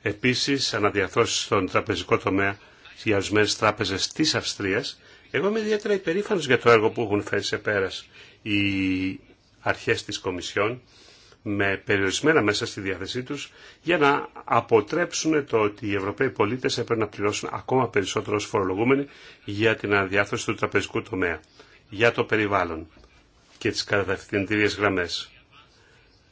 Επίσης, αναδιαθρώσεις στον τραπεζικό τομέα για ορισμένε τράπεζες της Αυστρίας. Εγώ είμαι ιδιαίτερα υπερήφανος για το έργο που έχουν φέρει σε πέρας οι αρχές της Κομισιόν με περιορισμένα μέσα στη διάθεσή τους για να αποτρέψουν το ότι οι Ευρωπαίοι πολίτες έπρεπε να πληρώσουν ακόμα περισσότερο ως φορολογούμενοι για την αναδιάθρωση του τραπεζικού τομέα για το περιβάλλον και τις κατευθυντήριες γραμμές.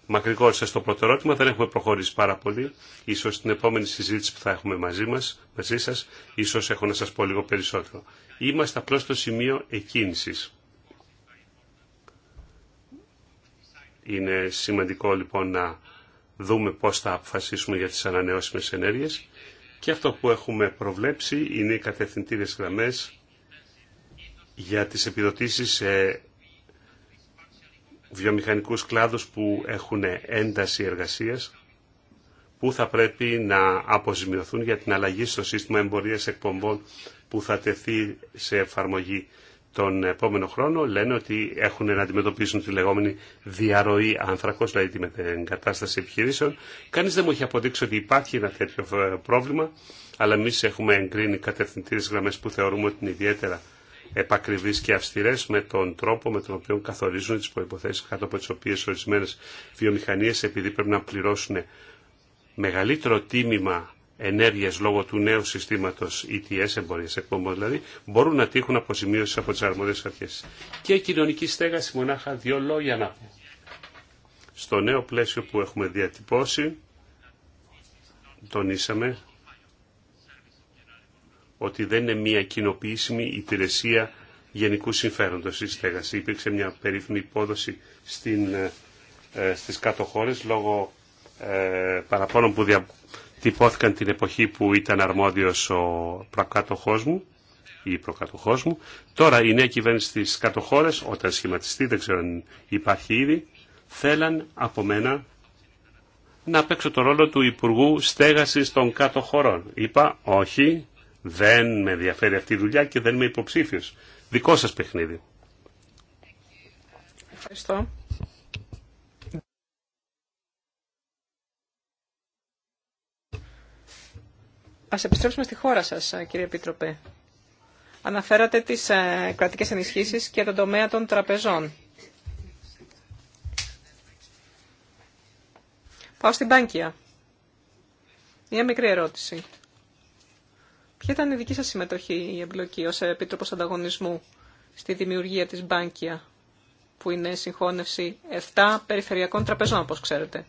Μακρυγόρισα στο πρώτο ερώτημα, δεν έχουμε προχωρήσει πάρα πολύ. Ίσως στην επόμενη συζήτηση που θα έχουμε μαζί, μας, μαζί σας, ίσως έχω να σας πω λίγο περισσότερο. Είμαστε απλώς στο σημείο εκκίνησης. Είναι σημαντικό λοιπόν να δούμε πώς θα αποφασίσουμε για τις ανανεώσιμες ενέργειες και αυτό που έχουμε προβλέψει είναι οι κατευθυντήριες γραμμές για τις επιδοτήσεις σε βιομηχανικούς κλάδους που έχουν ένταση εργασίας που θα πρέπει να αποζημιωθούν για την αλλαγή στο σύστημα εμπορίας εκπομπών που θα τεθεί σε εφαρμογή τον επόμενο χρόνο. Λένε ότι έχουν να αντιμετωπίσουν τη λεγόμενη διαρροή άνθρακος, δηλαδή την εγκατάσταση επιχειρήσεων. Κανείς δεν μου έχει αποδείξει ότι υπάρχει ένα τέτοιο ε, πρόβλημα, αλλά εμεί έχουμε εγκρίνει κατευθυντήρες γραμμές που θεωρούμε ότι είναι ιδιαίτερα επακριβεί και αυστηρέ με τον τρόπο με τον οποίο καθορίζουν τι προποθέσει κάτω από τι οποίε ορισμένε βιομηχανίε επειδή πρέπει να πληρώσουν μεγαλύτερο τίμημα ενέργεια λόγω του νέου συστήματο ETS, εμπορίας εκπομπών δηλαδή, μπορούν να τύχουν αποζημίωση από τι αρμόδιε αρχές. Και κοινωνική στέγαση μονάχα δύο λόγια να πω. Στο νέο πλαίσιο που έχουμε διατυπώσει, τονίσαμε ότι δεν είναι μια κοινοποιήσιμη υπηρεσία γενικού συμφέροντος η στέγαση. Υπήρξε μια περίφημη υπόδοση στην, ε, ε, στις κάτω χώρες λόγω ε, που διατυπώθηκαν την εποχή που ήταν αρμόδιος ο προκάτοχός μου ή προκατοχός μου. Τώρα η νέα κυβέρνηση στις κάτω όταν σχηματιστεί, δεν ξέρω αν υπάρχει ήδη, θέλαν από μένα να παίξω το ρόλο του Υπουργού Στέγασης των Κάτω Χωρών. Είπα όχι, δεν με ενδιαφέρει αυτή η δουλειά και δεν είμαι υποψήφιο. Δικό σας παιχνίδι. Ευχαριστώ. Ας επιστρέψουμε στη χώρα σας, ε, κύριε Επίτροπε. Αναφέρατε τις ε, κρατικές ενισχύσεις και τον τομέα των τραπεζών. Πάω στην Πάνκια. Μια μικρή ερώτηση. Ποια ήταν η δική σας συμμετοχή, η εμπλοκή ως Επίτροπος Ανταγωνισμού στη δημιουργία της Μπάνκια, που είναι συγχώνευση 7 περιφερειακών τραπεζών, όπως ξέρετε.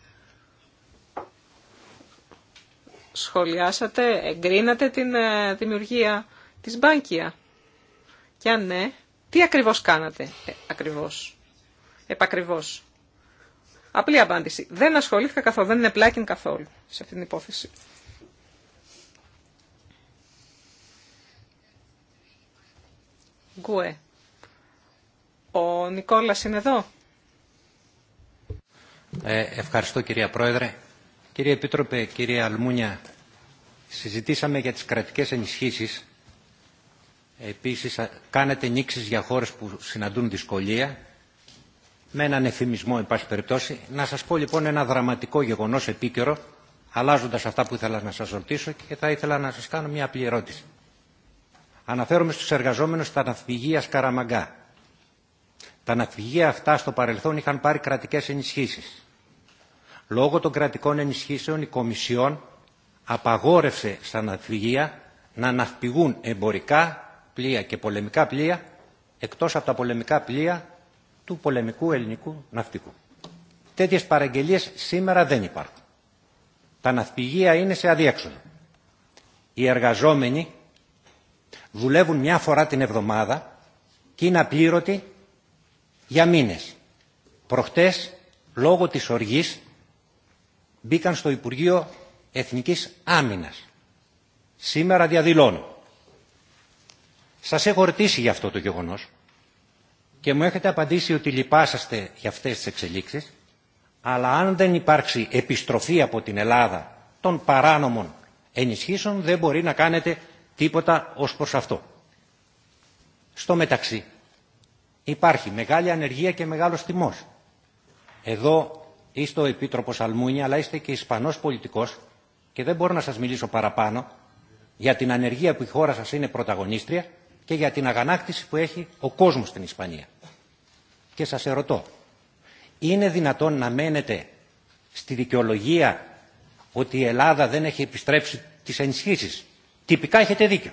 Σχολιάσατε, εγκρίνατε την ε, δημιουργία της Μπάνκια. Και αν ναι, τι ακριβώς κάνατε, ε, ακριβώς, επακριβώς. Απλή απάντηση. Δεν ασχολήθηκα καθόλου, δεν είναι πλάκιν καθόλου σε αυτή την υπόθεση. Ο Νικόλας είναι εδώ. Ε, ευχαριστώ κυρία Πρόεδρε. Κύριε Επίτροπε, κύριε Αλμούνια, συζητήσαμε για τις κρατικές ενισχύσεις. Επίσης, κάνετε νήξεις για χώρες που συναντούν δυσκολία, με έναν εφημισμό, εν πάση περιπτώσει. Να σας πω λοιπόν ένα δραματικό γεγονός επίκαιρο, αλλάζοντας αυτά που ήθελα να σας ρωτήσω και θα ήθελα να σας κάνω μια απλή ερώτηση. Αναφέρομαι στους εργαζόμενους τα ναυπηγεία Σκαραμαγκά. Τα ναυπηγεία αυτά στο παρελθόν είχαν πάρει κρατικές ενισχύσεις. Λόγω των κρατικών ενισχύσεων η Κομισιόν απαγόρευσε στα ναυπηγεία να ναυπηγούν εμπορικά πλοία και πολεμικά πλοία εκτός από τα πολεμικά πλοία του πολεμικού ελληνικού ναυτικού. Τέτοιες παραγγελίες σήμερα δεν υπάρχουν. Τα ναυπηγεία είναι σε αδίέξοδο. Οι εργαζόμενοι δουλεύουν μια φορά την εβδομάδα και είναι απλήρωτοι για μήνες. Προχτές, λόγω της οργής, μπήκαν στο Υπουργείο Εθνικής Άμυνας. Σήμερα διαδηλώνω. Σας έχω ρωτήσει για αυτό το γεγονός και μου έχετε απαντήσει ότι λυπάσαστε για αυτές τις εξελίξεις, αλλά αν δεν υπάρξει επιστροφή από την Ελλάδα των παράνομων ενισχύσεων, δεν μπορεί να κάνετε τίποτα ως προς αυτό. Στο μεταξύ υπάρχει μεγάλη ανεργία και μεγάλος τιμός. Εδώ είστε ο Επίτροπος Αλμούνια αλλά είστε και Ισπανός πολιτικός και δεν μπορώ να σας μιλήσω παραπάνω για την ανεργία που η χώρα σας είναι πρωταγωνίστρια και για την αγανάκτηση που έχει ο κόσμος στην Ισπανία. Και σας ερωτώ, είναι δυνατόν να μένετε στη δικαιολογία ότι η Ελλάδα δεν έχει επιστρέψει τις ενισχύσεις Τυπικά έχετε δίκιο.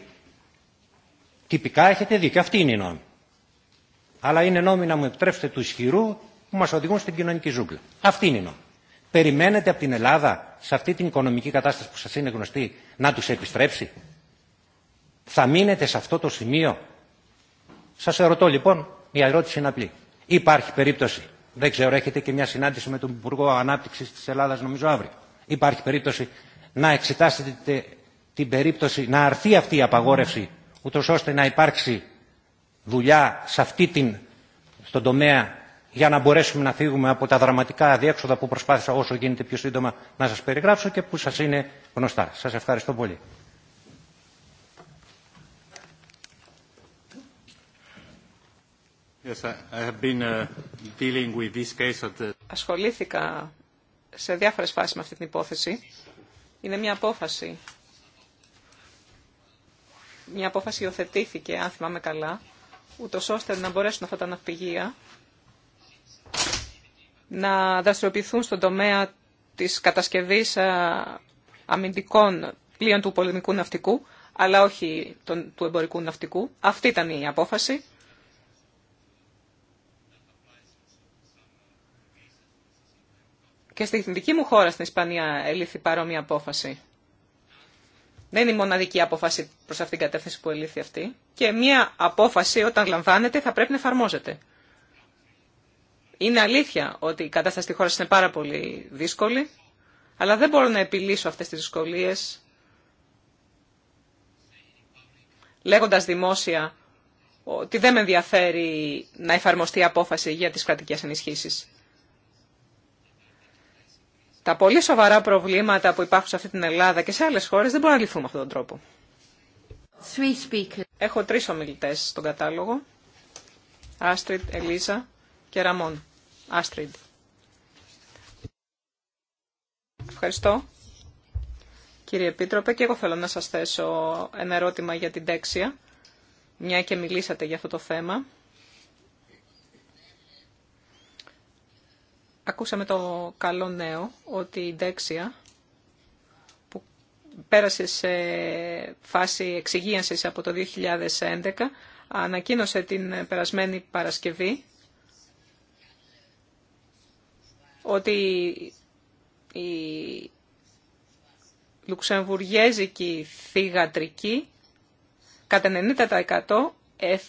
Τυπικά έχετε δίκιο. Αυτή είναι η νόμη. Αλλά είναι νόμη να μου επιτρέψετε του ισχυρού που μα οδηγούν στην κοινωνική ζούγκλα. Αυτή είναι η νόμη. Περιμένετε από την Ελλάδα σε αυτή την οικονομική κατάσταση που σα είναι γνωστή να του επιστρέψει. Θα μείνετε σε αυτό το σημείο. Σα ερωτώ λοιπόν, η ερώτηση είναι απλή. Υπάρχει περίπτωση, δεν ξέρω, έχετε και μια συνάντηση με τον Υπουργό Ανάπτυξη τη Ελλάδα νομίζω αύριο. Υπάρχει περίπτωση να εξετάσετε την περίπτωση να αρθεί αυτή η απαγόρευση, ούτω ώστε να υπάρξει δουλειά σε αυτή την, στον τομέα για να μπορέσουμε να φύγουμε από τα δραματικά αδιέξοδα που προσπάθησα όσο γίνεται πιο σύντομα να σας περιγράψω και που σας είναι γνωστά. Σας ευχαριστώ πολύ. Yes, been uh, with this case the... Ασχολήθηκα σε διάφορες φάσεις με αυτή την υπόθεση. Είναι μια απόφαση μια απόφαση υιοθετήθηκε, αν θυμάμαι καλά, ούτω ώστε να μπορέσουν αυτά τα ναυπηγεία να δραστηριοποιηθούν στον τομέα της κατασκευής ε, αμυντικών πλοίων του πολεμικού ναυτικού, αλλά όχι του εμπορικού ναυτικού. Αυτή ήταν η απόφαση. Και στη δική μου χώρα, στην Ισπανία, ελήφθη παρόμοια απόφαση δεν είναι η μοναδική απόφαση προ αυτήν την κατεύθυνση που ελήφθη αυτή. Και μία απόφαση όταν λαμβάνεται θα πρέπει να εφαρμόζεται. Είναι αλήθεια ότι η κατάσταση στη χώρα είναι πάρα πολύ δύσκολη, αλλά δεν μπορώ να επιλύσω αυτές τις δυσκολίες λέγοντας δημόσια ότι δεν με ενδιαφέρει να εφαρμοστεί η απόφαση για τις κρατικές ενισχύσεις. Τα πολύ σοβαρά προβλήματα που υπάρχουν σε αυτή την Ελλάδα και σε άλλε χώρε δεν μπορούν να λυθούν με αυτόν τον τρόπο. Έχω τρει ομιλητέ στον κατάλογο. Άστριντ, Ελίζα και Ραμόν. Άστριντ. Ευχαριστώ. Κύριε Επίτροπε, και εγώ θέλω να σας θέσω ένα ερώτημα για την τέξια, μια και μιλήσατε για αυτό το θέμα. Ακούσαμε το καλό νέο ότι η Δέξια που πέρασε σε φάση εξυγίανσης από το 2011 ανακοίνωσε την περασμένη Παρασκευή ότι η λουξεμβουργέζικη θηγατρική κατά 90% εφ'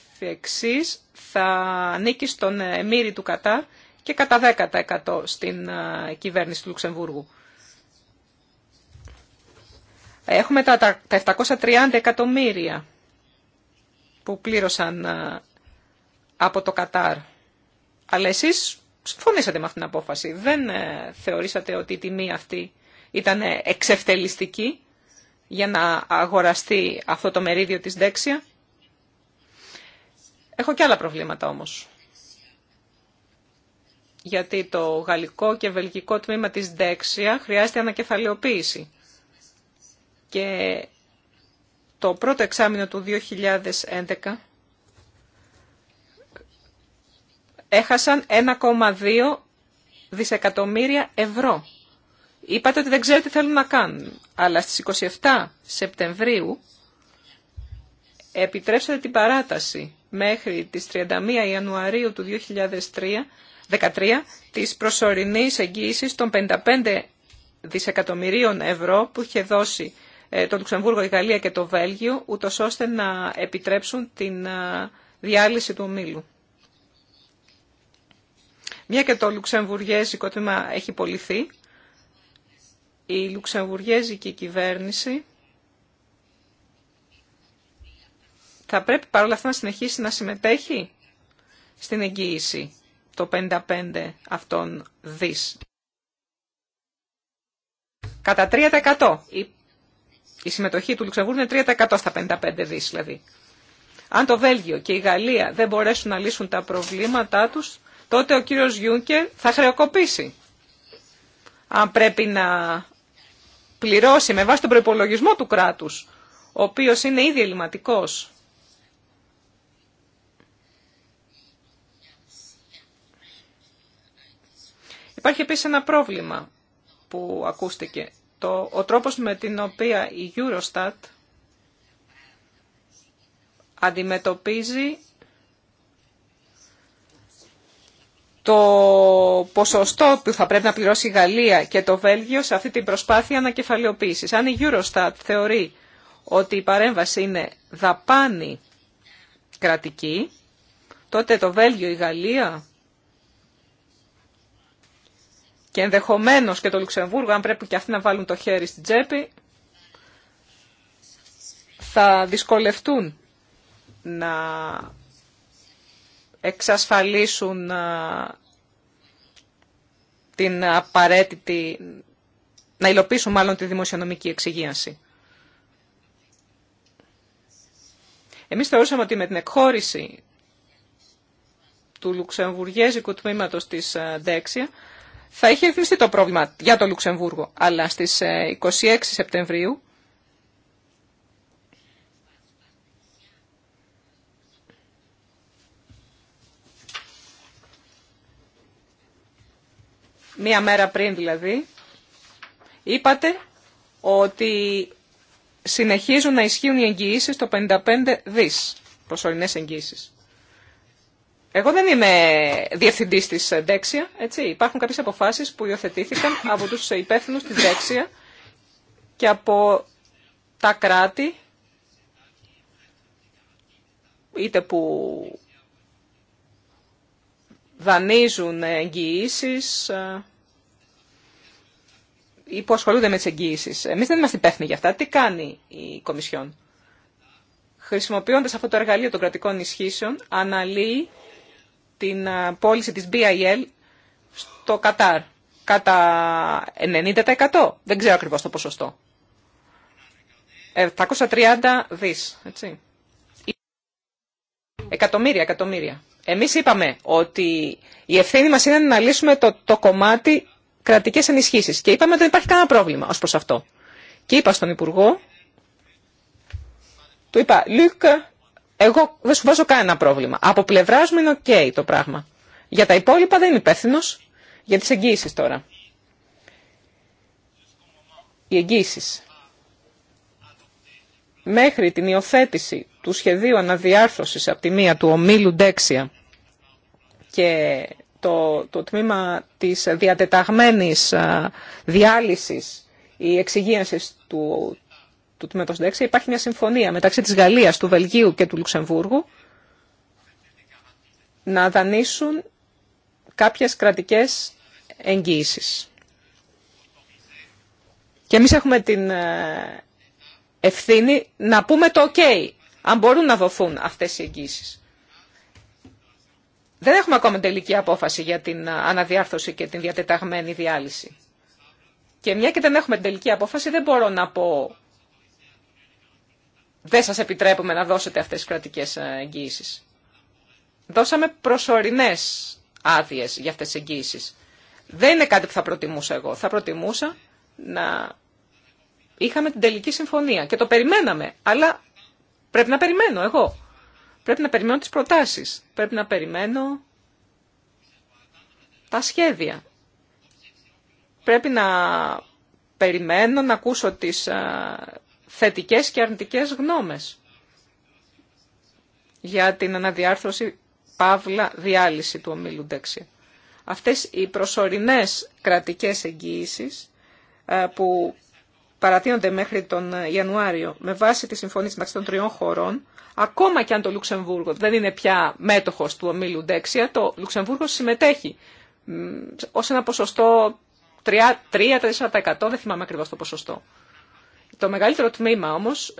θα ανήκει στον εμμύρη του Κατάρ και κατά 10% στην ε, κυβέρνηση του Λουξεμβούργου. Έχουμε τα 730 εκατομμύρια που πλήρωσαν ε, από το Κατάρ. Αλλά εσείς συμφωνήσατε με αυτήν την απόφαση. Δεν ε, θεωρήσατε ότι η τιμή αυτή ήταν εξευτελιστική για να αγοραστεί αυτό το μερίδιο της Δέξια. Έχω και άλλα προβλήματα όμως γιατί το γαλλικό και βελγικό τμήμα της Δέξια χρειάζεται ανακεφαλαιοποίηση. Και το πρώτο εξάμεινο του 2011 έχασαν 1,2 δισεκατομμύρια ευρώ. Είπατε ότι δεν ξέρετε τι θέλουν να κάνουν, αλλά στις 27 Σεπτεμβρίου επιτρέψατε την παράταση μέχρι τις 31 Ιανουαρίου του 2003 13 της προσωρινής εγγύησης των 55 δισεκατομμυρίων ευρώ που είχε δώσει ε, το Λουξεμβούργο, η Γαλλία και το Βέλγιο, ούτω ώστε να επιτρέψουν την ε, διάλυση του ομίλου. Μια και το Λουξεμβουργέζικο τμήμα έχει πολιθεί, η Λουξεμβουργέζικη κυβέρνηση θα πρέπει παρόλα αυτά να συνεχίσει να συμμετέχει στην εγγύηση το 55 αυτών δις. Κατά 3% η, συμμετοχή του Λουξεμβούργου είναι 3% στα 55 δις δηλαδή. Αν το Βέλγιο και η Γαλλία δεν μπορέσουν να λύσουν τα προβλήματά τους, τότε ο κύριος Γιούνκερ θα χρεοκοπήσει. Αν πρέπει να πληρώσει με βάση τον προϋπολογισμό του κράτους, ο οποίος είναι ήδη ελληματικός Υπάρχει επίσης ένα πρόβλημα που ακούστηκε. Το, ο τρόπος με την οποία η Eurostat αντιμετωπίζει το ποσοστό που θα πρέπει να πληρώσει η Γαλλία και το Βέλγιο σε αυτή την προσπάθεια ανακεφαλαιοποίησης. Αν η Eurostat θεωρεί ότι η παρέμβαση είναι δαπάνη κρατική, τότε το Βέλγιο, η Γαλλία και ενδεχομένως και το Λουξεμβούργο, αν πρέπει και αυτοί να βάλουν το χέρι στην τσέπη, θα δυσκολευτούν να εξασφαλίσουν την απαραίτητη, να υλοποιήσουν μάλλον τη δημοσιονομική εξυγίανση. Εμείς θεωρούσαμε ότι με την εκχώρηση του Λουξεμβουργέζικου τμήματος της Δέξια θα είχε ρυθμιστεί το πρόβλημα για το Λουξεμβούργο. Αλλά στις 26 ε, Σεπτεμβρίου μία μέρα πριν δηλαδή, είπατε ότι συνεχίζουν να ισχύουν οι εγγυήσεις το 55 δις, προσωρινές εγγυήσεις. Εγώ δεν είμαι διευθυντή της Δέξια, έτσι. Υπάρχουν κάποιες αποφάσεις που υιοθετήθηκαν από τους υπεύθυνου της Δέξια και από τα κράτη, είτε που δανείζουν εγγυήσει ε, ή που ασχολούνται με τις εγγυήσει. Εμείς δεν είμαστε υπεύθυνοι για αυτά. Τι κάνει η Κομισιόν. Χρησιμοποιώντας αυτό το εργαλείο των κρατικών ισχύσεων, αναλύει την ε, πώληση της BIL στο Κατάρ κατά 90%. Δεν ξέρω ακριβώς το ποσοστό. 730 δις, έτσι. Εκατομμύρια, εκατομμύρια. Εμείς είπαμε ότι η ευθύνη μας είναι να λύσουμε το, το κομμάτι κρατικές ενισχύσεις. Και είπαμε ότι δεν υπάρχει κανένα πρόβλημα ως προς αυτό. Και είπα στον Υπουργό, του είπα, Λουκ, εγώ δεν σου βάζω κανένα πρόβλημα. Από πλευρά μου είναι οκ το πράγμα. Για τα υπόλοιπα δεν είμαι υπεύθυνο. Για τι εγγύησει τώρα. Οι εγγύησει. Μέχρι την υιοθέτηση του σχεδίου αναδιάρθρωσης από τη μία του ομίλου Ντέξια και το, το τμήμα της διατεταγμένης διάλυσης ή εξυγίανση του, του τμήματο 16 υπάρχει μια συμφωνία μεταξύ της Γαλλίας, του Βελγίου και του Λουξεμβούργου να δανείσουν κάποιες κρατικές εγγύησεις. Και εμείς έχουμε την ε, ευθύνη να πούμε το ok, αν μπορούν να δοθούν αυτές οι εγγύησεις. Δεν έχουμε ακόμα τελική απόφαση για την ε, αναδιάρθρωση και την διατεταγμένη διάλυση. Και μια και δεν έχουμε τελική απόφαση, δεν μπορώ να πω δεν σας επιτρέπουμε να δώσετε αυτές τις κρατικές ε, εγγύησεις. Δώσαμε προσωρινές άδειες για αυτές τις εγγύησεις. Δεν είναι κάτι που θα προτιμούσα εγώ. Θα προτιμούσα να είχαμε την τελική συμφωνία και το περιμέναμε, αλλά πρέπει να περιμένω εγώ. Πρέπει να περιμένω τις προτάσεις, πρέπει να περιμένω τα σχέδια. Πρέπει να περιμένω να ακούσω τις ε, θετικές και αρνητικές γνώμες για την αναδιάρθρωση παύλα διάλυση του ομίλου Ντέξια. Αυτές οι προσωρινές κρατικές εγγύησεις ε, που παρατείνονται μέχρι τον Ιανουάριο με βάση τη συμφωνία μεταξύ των τριών χωρών, ακόμα και αν το Λουξεμβούργο δεν είναι πια μέτοχος του ομίλου δέξια, το Λουξεμβούργο συμμετέχει ως ένα ποσοστό 3-4%, δεν θυμάμαι ακριβώς το ποσοστό. Το μεγαλύτερο τμήμα όμως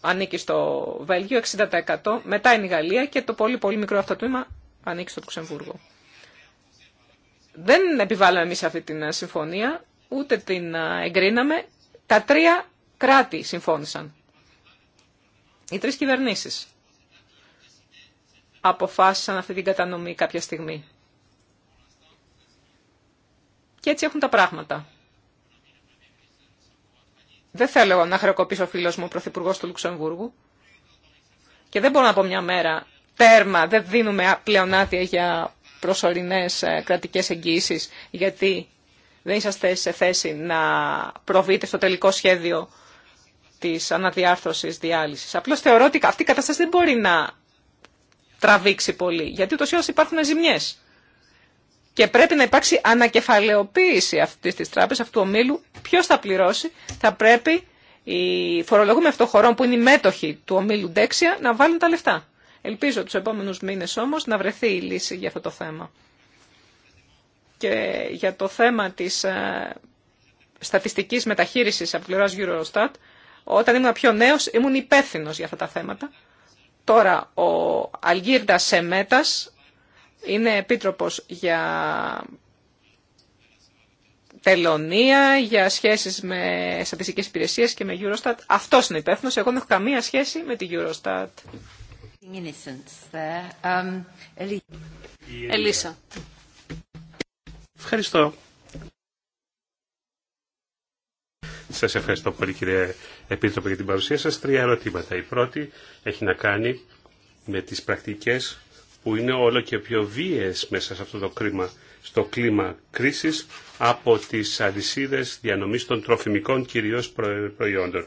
ανήκει στο Βέλγιο, 60%, μετά είναι η Γαλλία και το πολύ πολύ μικρό αυτό τμήμα ανήκει στο Λουξεμβούργο. Δεν επιβάλλαμε εμείς αυτή την ε, συμφωνία, ούτε την ε, εγκρίναμε. Τα τρία κράτη συμφώνησαν. Οι τρεις κυβερνήσεις αποφάσισαν αυτή την κατανομή κάποια στιγμή. Και έτσι έχουν τα πράγματα. Δεν θέλω να χρεοκοπήσω ο φίλος μου, ο Πρωθυπουργός του Λουξεμβούργου. Και δεν μπορώ να πω μια μέρα, τέρμα, δεν δίνουμε πλεονάτια για προσωρινές ε, κρατικές εγγύησεις, γιατί δεν είσαστε σε θέση να προβείτε στο τελικό σχέδιο της αναδιάρθρωσης διάλυσης. Απλώς θεωρώ ότι αυτή η κατάσταση δεν μπορεί να τραβήξει πολύ, γιατί ούτως ή υπάρχουν ζημιές και πρέπει να υπάρξει ανακεφαλαιοποίηση αυτή τη τράπεζα αυτού του ομίλου. Ποιο θα πληρώσει, θα πρέπει οι φορολογούμενοι αυτών χωρών που είναι οι μέτοχοι του ομίλου Ντέξια να βάλουν τα λεφτά. Ελπίζω του επόμενου μήνες όμως να βρεθεί η λύση για αυτό το θέμα. Και για το θέμα της ε, στατιστικής μεταχείρισης από πλευράς Eurostat, όταν ήμουν πιο νέος ήμουν υπεύθυνο για αυτά τα θέματα. Τώρα ο Αλγύρντα Σεμέτας είναι επίτροπος για τελωνία, για σχέσεις με στατιστικές υπηρεσίες και με Eurostat. Αυτός είναι υπεύθυνος, εγώ δεν έχω καμία σχέση με τη Eurostat. Ελίσσα. Ευχαριστώ. Σας ευχαριστώ πολύ κύριε Επίτροπε για την παρουσία σας. Τρία ερωτήματα. Η πρώτη έχει να κάνει με τις πρακτικές που είναι όλο και πιο βίαιες μέσα σε αυτό το κρίμα, στο κλίμα κρίσης από τις αλυσίδες διανομής των τροφιμικών κυρίως προϊόντων.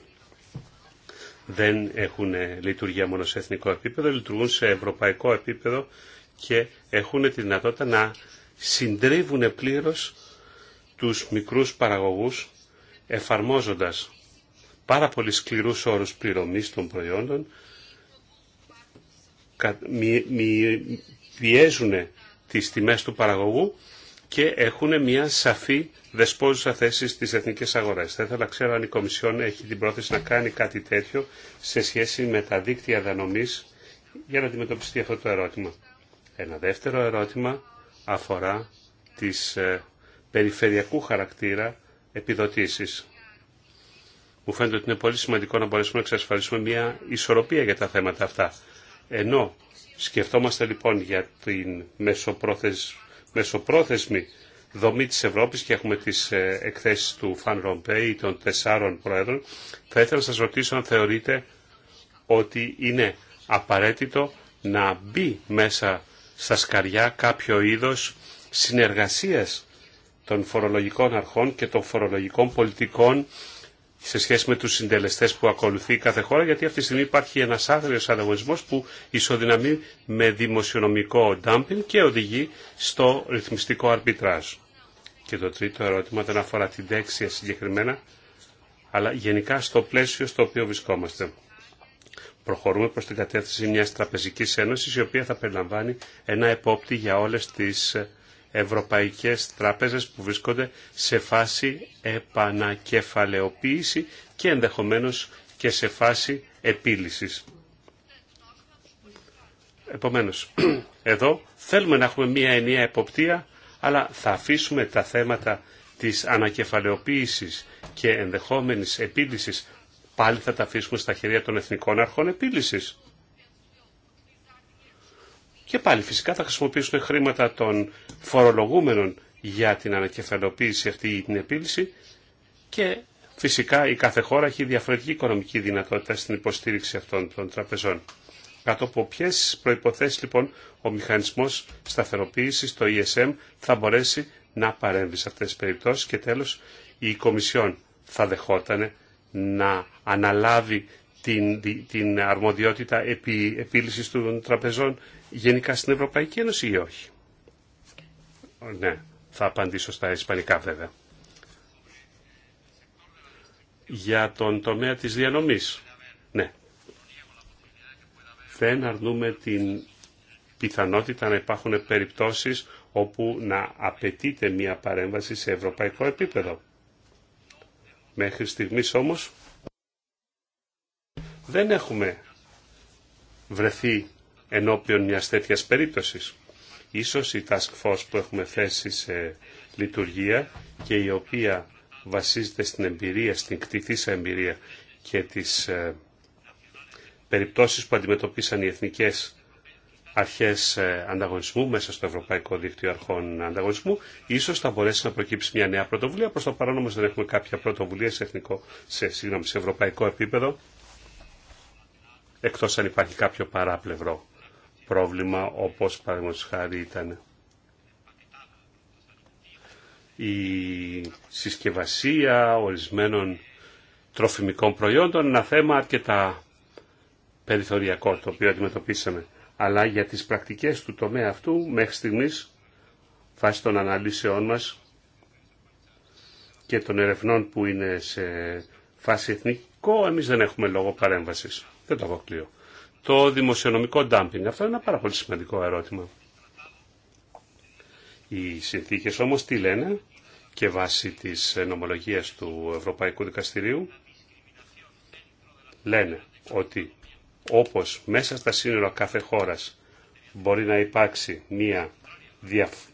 Δεν έχουν λειτουργία μόνο σε εθνικό επίπεδο, λειτουργούν σε ευρωπαϊκό επίπεδο και έχουν τη δυνατότητα να συντρίβουν πλήρως τους μικρούς παραγωγούς εφαρμόζοντας πάρα πολύ σκληρούς όρους πληρωμής των προϊόντων, πιέζουν τις τιμές του παραγωγού και έχουν μια σαφή δεσπόζουσα θέση στις εθνικές αγορές. Θα ήθελα να ξέρω αν η Κομισιόν έχει την πρόθεση να κάνει κάτι τέτοιο σε σχέση με τα δίκτυα δανομής για να αντιμετωπιστεί αυτό το ερώτημα. Ένα δεύτερο ερώτημα αφορά τις ε, περιφερειακού χαρακτήρα επιδοτήσεις. Μου φαίνεται ότι είναι πολύ σημαντικό να μπορέσουμε να εξασφαλίσουμε μια ισορροπία για τα θέματα αυτά. Ενώ σκεφτόμαστε λοιπόν για την μεσοπρόθεσμη δομή της Ευρώπης και έχουμε τις ε, εκθέσεις του Φαν Ρομπέι ή των τεσσάρων πρόεδρων, θα ήθελα να σας ρωτήσω αν θεωρείτε ότι είναι απαραίτητο να μπει μέσα στα σκαριά κάποιο είδος συνεργασίας των φορολογικών αρχών και των φορολογικών πολιτικών σε σχέση με τους συντελεστές που ακολουθεί κάθε χώρα, γιατί αυτή τη στιγμή υπάρχει ένας άγριος ανταγωνισμός που ισοδυναμεί με δημοσιονομικό ντάμπινγκ και οδηγεί στο ρυθμιστικό αρμπιτράζ. Και το τρίτο ερώτημα δεν αφορά την τέξια συγκεκριμένα, αλλά γενικά στο πλαίσιο στο οποίο βρισκόμαστε. Προχωρούμε προς την κατεύθυνση μιας τραπεζικής ένωσης, η οποία θα περιλαμβάνει ένα επόπτη για όλες τις ευρωπαϊκές τράπεζες που βρίσκονται σε φάση επανακεφαλαιοποίηση και ενδεχομένως και σε φάση επίλυσης. Επομένως, εδώ θέλουμε να έχουμε μία ενιαία εποπτεία, αλλά θα αφήσουμε τα θέματα της ανακεφαλαιοποίησης και ενδεχόμενης επίλυσης πάλι θα τα αφήσουμε στα χέρια των εθνικών αρχών επίλυσης. Και πάλι φυσικά θα χρησιμοποιήσουν χρήματα των φορολογούμενων για την ανακεφαλοποίηση αυτή ή την επίλυση και φυσικά κάθε χώρα έχει διαφορετική οικονομική δυνατότητα στην υποστήριξη αυτών των τραπεζών. Κάτω από ποιε προποθέσει λοιπόν ο μηχανισμό σταθεροποίηση, το ESM, θα μπορέσει να παρέμβει σε αυτέ τι περιπτώσει και τέλο η Κομισιόν θα δεχόταν να αναλάβει την, αρμοδιότητα επί, επίλυσης των τραπεζών γενικά στην Ευρωπαϊκή Ένωση ή όχι. Ναι, θα απαντήσω στα ισπανικά βέβαια. Για τον τομέα της διανομής. Ναι. Δεν αρνούμε την πιθανότητα να υπάρχουν περιπτώσεις όπου να απαιτείται μια παρέμβαση σε ευρωπαϊκό επίπεδο. Μέχρι στιγμής όμως δεν έχουμε βρεθεί ενώπιον μιας τέτοιας περίπτωσης. Ίσως η task force που έχουμε θέσει σε λειτουργία και η οποία βασίζεται στην εμπειρία, στην κτηθήσα εμπειρία και τις ε, περιπτώσεις που αντιμετωπίσαν οι εθνικές αρχές ε, ανταγωνισμού μέσα στο Ευρωπαϊκό Δίκτυο Αρχών Ανταγωνισμού, ίσως θα μπορέσει να προκύψει μια νέα πρωτοβουλία. Προς το παρόν όμως δεν έχουμε κάποια πρωτοβουλία σε, εθνικό, σε ευρωπαϊκό επίπεδο, εκτός αν υπάρχει κάποιο παράπλευρο πρόβλημα όπως παραδείγματος χάρη ήταν η συσκευασία ορισμένων τροφιμικών προϊόντων, ένα θέμα αρκετά περιθωριακό το οποίο αντιμετωπίσαμε. Αλλά για τις πρακτικές του τομέα αυτού μέχρι στιγμής βάσει των αναλύσεών μας και των ερευνών που είναι σε φάση εθνικό, εμείς δεν έχουμε λόγο παρέμβασης. Δεν το αποκλείω το δημοσιονομικό ντάμπινγκ. Αυτό είναι ένα πάρα πολύ σημαντικό ερώτημα. Οι συνθήκες όμως τι λένε και βάσει της νομολογίας του Ευρωπαϊκού Δικαστηρίου λένε ότι όπως μέσα στα σύνορα κάθε χώρας μπορεί να υπάρξει μία διαφορά,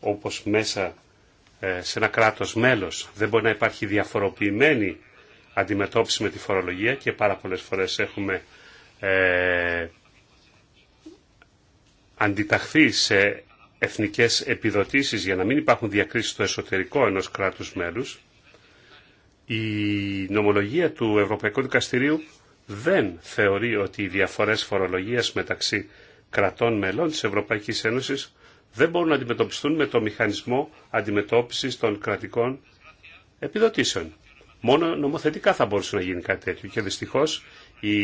όπως μέσα ε, σε ένα κράτος μέλος δεν μπορεί να υπάρχει διαφοροποιημένη αντιμετώπιση με τη φορολογία και πάρα πολλές φορές έχουμε ε, αντιταχθεί σε εθνικές επιδοτήσεις για να μην υπάρχουν διακρίσεις στο εσωτερικό ενός κράτους μέλους, η νομολογία του Ευρωπαϊκού Δικαστηρίου δεν θεωρεί ότι οι διαφορές φορολογίας μεταξύ κρατών μελών της Ευρωπαϊκής Ένωσης δεν μπορούν να αντιμετωπιστούν με το μηχανισμό αντιμετώπισης των κρατικών επιδοτήσεων. Μόνο νομοθετικά θα μπορούσε να γίνει κάτι τέτοιο και δυστυχώς η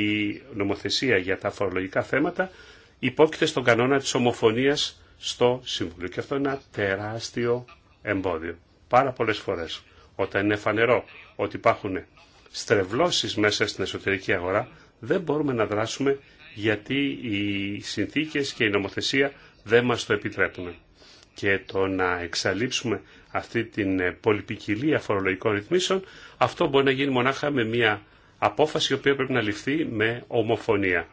νομοθεσία για τα φορολογικά θέματα υπόκειται στον κανόνα της ομοφωνίας στο Συμβουλίο. Και αυτό είναι ένα τεράστιο εμπόδιο. Πάρα πολλές φορές όταν είναι φανερό ότι υπάρχουν στρεβλώσεις μέσα στην εσωτερική αγορά δεν μπορούμε να δράσουμε γιατί οι συνθήκες και η νομοθεσία δεν μας το επιτρέπουν. Και το να εξαλείψουμε αυτή την πολυπικιλία φορολογικών ρυθμίσεων, αυτό μπορεί να γίνει μονάχα με μια απόφαση η οποία πρέπει να ληφθεί με ομοφωνία.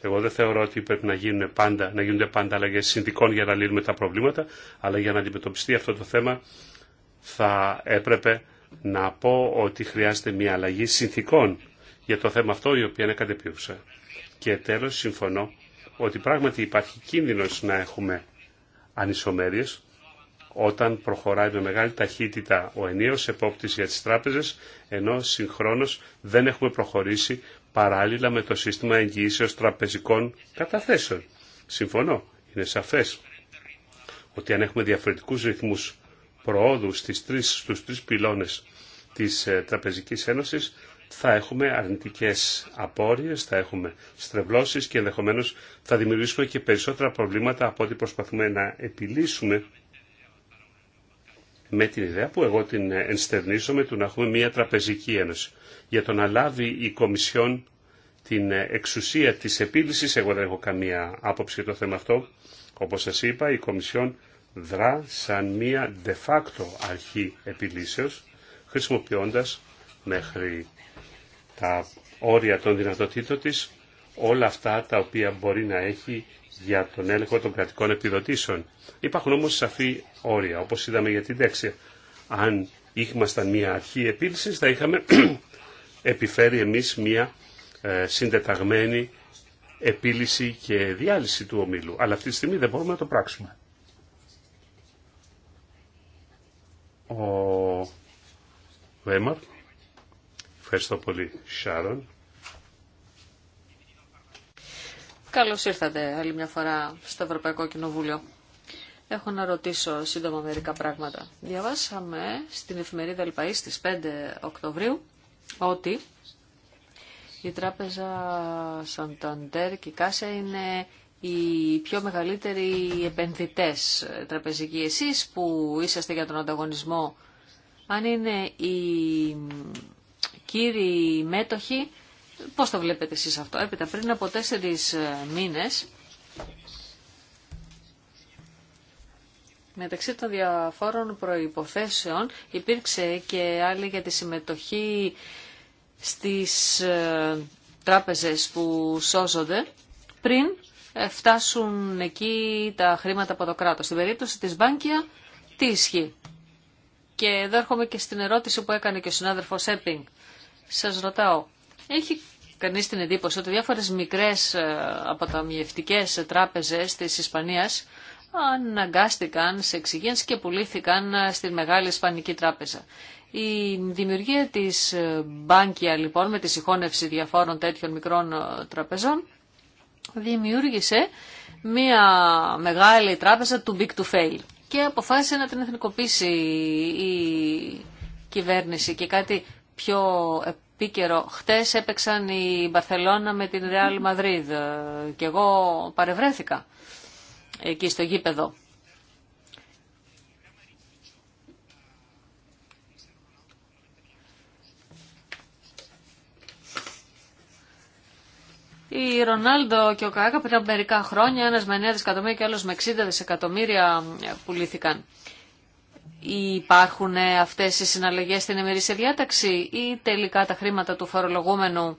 Εγώ δεν θεωρώ ότι πρέπει να, γίνουν πάντα, να γίνονται πάντα αλλαγέ συνδικών για να λύνουμε τα προβλήματα, αλλά για να αντιμετωπιστεί αυτό το θέμα θα έπρεπε να πω ότι χρειάζεται μια αλλαγή συνθήκων για το θέμα αυτό η οποία είναι κατεπίουσα. Και τέλος συμφωνώ ότι πράγματι υπάρχει κίνδυνος να έχουμε ανισομέρειες όταν προχωράει με μεγάλη ταχύτητα ο ενίος επόπτης για τις τράπεζες, ενώ συγχρόνως δεν έχουμε προχωρήσει παράλληλα με το σύστημα εγγυήσεως τραπεζικών καταθέσεων. Συμφωνώ, είναι σαφές ότι αν έχουμε διαφορετικούς ρυθμούς προόδου στις τρεις, στους τρεις πυλώνες της ε, Τραπεζικής Ένωσης, θα έχουμε αρνητικές απόρριες, θα έχουμε στρεβλώσεις και ενδεχομένως θα δημιουργήσουμε και περισσότερα προβλήματα από ό,τι προσπαθούμε να επιλύσουμε με την ιδέα που εγώ την ενστερνίζομαι το να έχουμε μια τραπεζική ένωση. Για το να λάβει η Κομισιόν την εξουσία της επίλυσης, εγώ δεν έχω καμία άποψη για το θέμα αυτό. Όπως σας είπα, η Κομισιόν δρά σαν μια de facto αρχή επιλύσεως, χρησιμοποιώντας μέχρι τα όρια των δυνατοτήτων της όλα αυτά τα οποία μπορεί να έχει για τον έλεγχο των κρατικών επιδοτήσεων. Υπάρχουν όμως σαφή όρια, όπως είδαμε για την τέξη. Αν ήμασταν μια αρχή επίλυσης, θα είχαμε επιφέρει εμείς μια ε, συντεταγμένη επίλυση και διάλυση του ομίλου. Αλλά αυτή τη στιγμή δεν μπορούμε να το πράξουμε. Ο Βέμαρ. Ευχαριστώ πολύ, Σάρον. Καλώ ήρθατε άλλη μια φορά στο Ευρωπαϊκό Κοινοβούλιο. Έχω να ρωτήσω σύντομα μερικά πράγματα. Διαβάσαμε στην εφημερίδα ΕΛΠΑΗ στι 5 Οκτωβρίου ότι η τράπεζα Σανταντέρ και η Κάσα είναι οι πιο μεγαλύτεροι επενδυτέ τραπεζικοί. εσεί που είσαστε για τον ανταγωνισμό, αν είναι οι κύριοι μέτοχοι, Πώς το βλέπετε εσείς αυτό. Έπειτα πριν από τέσσερις ε, μήνες Μεταξύ των διαφόρων προϋποθέσεων υπήρξε και άλλη για τη συμμετοχή στις ε, τράπεζες που σώζονται πριν ε, φτάσουν εκεί τα χρήματα από το κράτος. Στην περίπτωση της Μπάνκια τι ισχύει. Και εδώ έρχομαι και στην ερώτηση που έκανε και ο συνάδελφος Έπινγκ. Σας ρωτάω, έχει κανείς την εντύπωση ότι διάφορες μικρές ε, αποταμιευτικές τράπεζες της Ισπανίας αναγκάστηκαν σε εξυγένση και πουλήθηκαν ε, στη Μεγάλη Ισπανική Τράπεζα. Η δημιουργία της Μπάνκια ε, λοιπόν με τη συγχώνευση διαφόρων τέτοιων μικρών τραπεζών δημιούργησε μια μεγάλη τράπεζα του Big to Fail και αποφάσισε να την εθνικοποιήσει η κυβέρνηση και κάτι πιο επίκαιρο. Χτες έπαιξαν η Μπαρθελώνα με την Ρεάλ Μαδρίδ και εγώ παρευρέθηκα εκεί στο γήπεδο. Η Ρονάλντο και ο Κάκα πριν από μερικά χρόνια, ένας με 9 δισεκατομμύρια και άλλος με 60 δισεκατομμύρια ε, πουλήθηκαν ή υπάρχουν ε, αυτές οι συναλλαγές στην σε διάταξη ή τελικά τα χρήματα του φορολογούμενου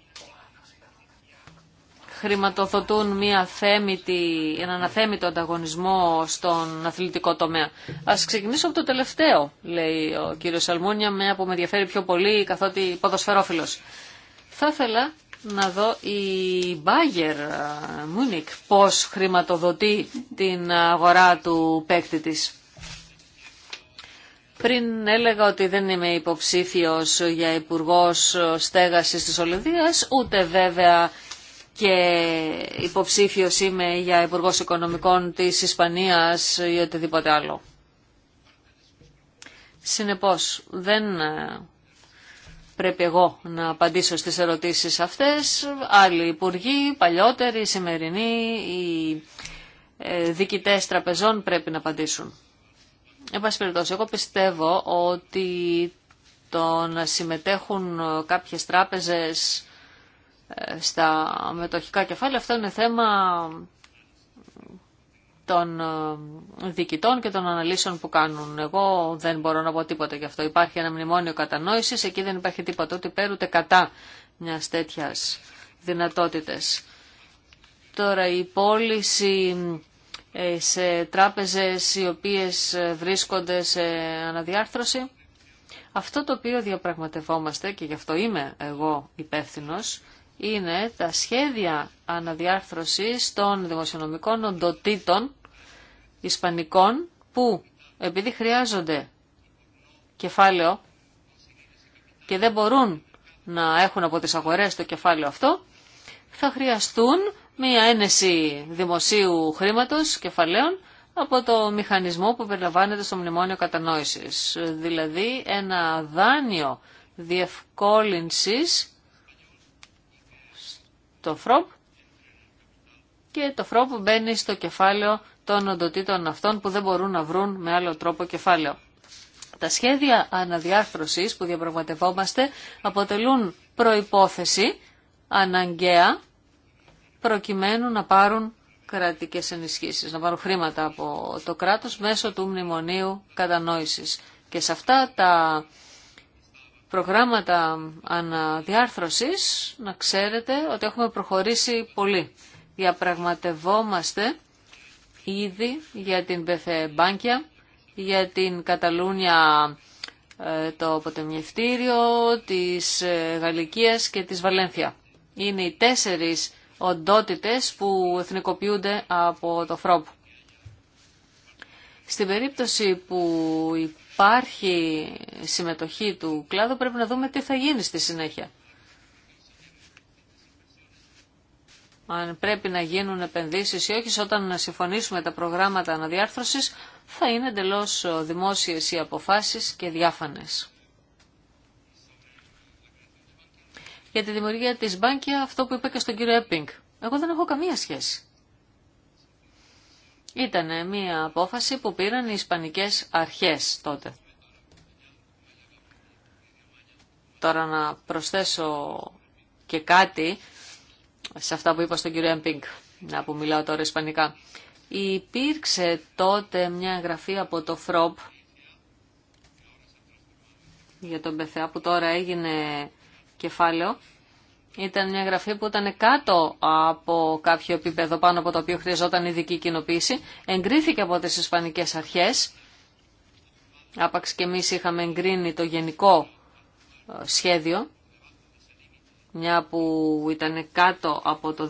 χρηματοδοτούν μια θέμητη, έναν αθέμητο ανταγωνισμό στον αθλητικό τομέα. Ας ξεκινήσω από το τελευταίο, λέει ο κύριος Σαλμούνια, μια που με ενδιαφέρει πιο πολύ καθότι ποδοσφαιρόφιλος. Θα ήθελα να δω η Bayer ε, Μούνικ πώς χρηματοδοτεί την αγορά του παίκτη της. Πριν έλεγα ότι δεν είμαι υποψήφιος για υπουργό στέγασης της Ολλανδίας, ούτε βέβαια και υποψήφιος είμαι για υπουργό οικονομικών της Ισπανίας ή οτιδήποτε άλλο. Συνεπώς, δεν ε, πρέπει εγώ να απαντήσω στις ερωτήσεις αυτές. Άλλοι υπουργοί, παλιότεροι, σημερινοί, οι ε, διοικητές τραπεζών πρέπει να απαντήσουν. Εν πάση περιπτώσει, εγώ πιστεύω ότι το να συμμετέχουν κάποιες τράπεζες ε, στα μετοχικά κεφάλαια, αυτό είναι θέμα των ε, διοικητών και των αναλύσεων που κάνουν. Εγώ δεν μπορώ να πω τίποτα γι' αυτό. Υπάρχει ένα μνημόνιο κατανόησης, εκεί δεν υπάρχει τίποτα ούτε υπέρ ούτε κατά μια τέτοια δυνατότητες. Τώρα η πώληση ε, σε τράπεζες οι οποίες ε, βρίσκονται σε αναδιάρθρωση. Αυτό το οποίο διαπραγματευόμαστε και γι' αυτό είμαι εγώ υπεύθυνο είναι τα σχέδια αναδιάρθρωσης των δημοσιονομικών οντοτήτων ισπανικών που επειδή χρειάζονται κεφάλαιο και δεν μπορούν να έχουν από τις αγορές το κεφάλαιο αυτό, θα χρειαστούν μία ένεση δημοσίου χρήματος κεφαλαίων από το μηχανισμό που περιλαμβάνεται στο μνημόνιο κατανόησης. Δηλαδή ένα δάνειο διευκόλυνσης το ΦΡΟΠ και το ΦΡΟΠ μπαίνει στο κεφάλαιο των οντοτήτων αυτών που δεν μπορούν να βρουν με άλλο τρόπο κεφάλαιο. Τα σχέδια αναδιάρθρωσης που διαπραγματευόμαστε αποτελούν προϋπόθεση αναγκαία προκειμένου να πάρουν κρατικές ενισχύσεις, να πάρουν χρήματα από το κράτος μέσω του μνημονίου κατανόησης. Και σε αυτά τα προγράμματα αναδιάρθρωσης να ξέρετε ότι έχουμε προχωρήσει πολύ. Διαπραγματευόμαστε ήδη για την Μπάνκια, για την Καταλούνια ε, το Ποτεμιευτήριο, της ε, Γαλλικίας και της Βαλένθια. Είναι οι τέσσερις οντότητες που εθνικοποιούνται από το ΦΡΟΠ. Στην περίπτωση που υπάρχει συμμετοχή του κλάδου πρέπει να δούμε τι θα γίνει στη συνέχεια. αν πρέπει να γίνουν επενδύσεις ή όχι, όταν να συμφωνήσουμε τα προγράμματα αναδιάρθρωσης, θα είναι εντελώς δημόσιες οι αποφάσεις και διάφανες. για τη δημιουργία της Μπάνκια αυτό που είπα και στον κύριο Έπινγκ. Εγώ δεν έχω καμία σχέση. Ήταν μια απόφαση που πήραν οι Ισπανικές αρχές τότε. Τώρα να προσθέσω και κάτι σε αυτά που είπα στον κύριο Έμπινγκ, να που μιλάω τώρα Ισπανικά. Υπήρξε τότε μια εγγραφή από το ΦΡΟΠ για τον πεθεά που τώρα έγινε κεφάλαιο ήταν μια γραφή που ήταν κάτω από κάποιο επίπεδο πάνω από το οποίο χρειαζόταν ειδική κοινοποίηση. Εγκρίθηκε από τις Ισπανικές αρχές. Άπαξ και εμείς είχαμε εγκρίνει το γενικό ε, σχέδιο, μια που ήταν κάτω από το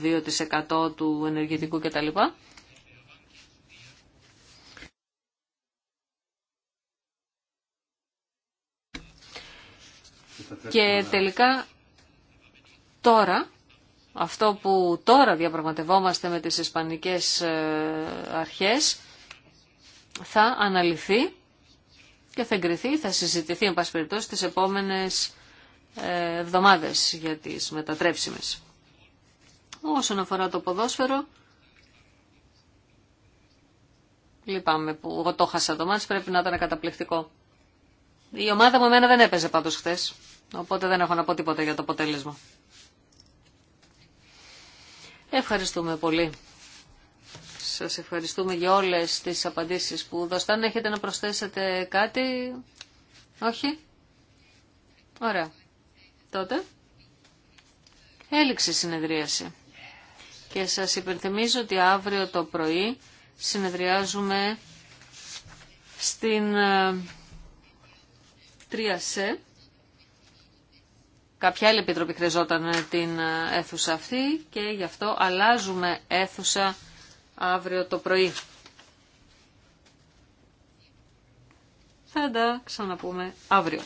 2% του ενεργητικού κτλ. Και τελικά τώρα, αυτό που τώρα διαπραγματευόμαστε με τις ισπανικές ε, αρχές, θα αναλυθεί και θα εγκριθεί, θα συζητηθεί, εν πάση περιπτώσει, τις επόμενες ε, εβδομάδες για τις μετατρέψιμες. Όσον αφορά το ποδόσφαιρο, λυπάμαι που εγώ το χάσα το πρέπει να ήταν καταπληκτικό. Η ομάδα μου εμένα δεν έπαιζε πάντως χθες. Οπότε δεν έχω να πω τίποτα για το αποτέλεσμα. Ευχαριστούμε πολύ. Σας ευχαριστούμε για όλες τις απαντήσεις που δωστάνε. Έχετε να προσθέσετε κάτι, όχι. Ωραία. Τότε. Έληξε η συνεδρίαση. Και σας υπενθυμίζω ότι αύριο το πρωί συνεδριάζουμε στην 3 ε, σε Κάποια άλλη επιτροπή χρειαζόταν την αίθουσα αυτή και γι' αυτό αλλάζουμε αίθουσα αύριο το πρωί. Θα τα ξαναπούμε αύριο.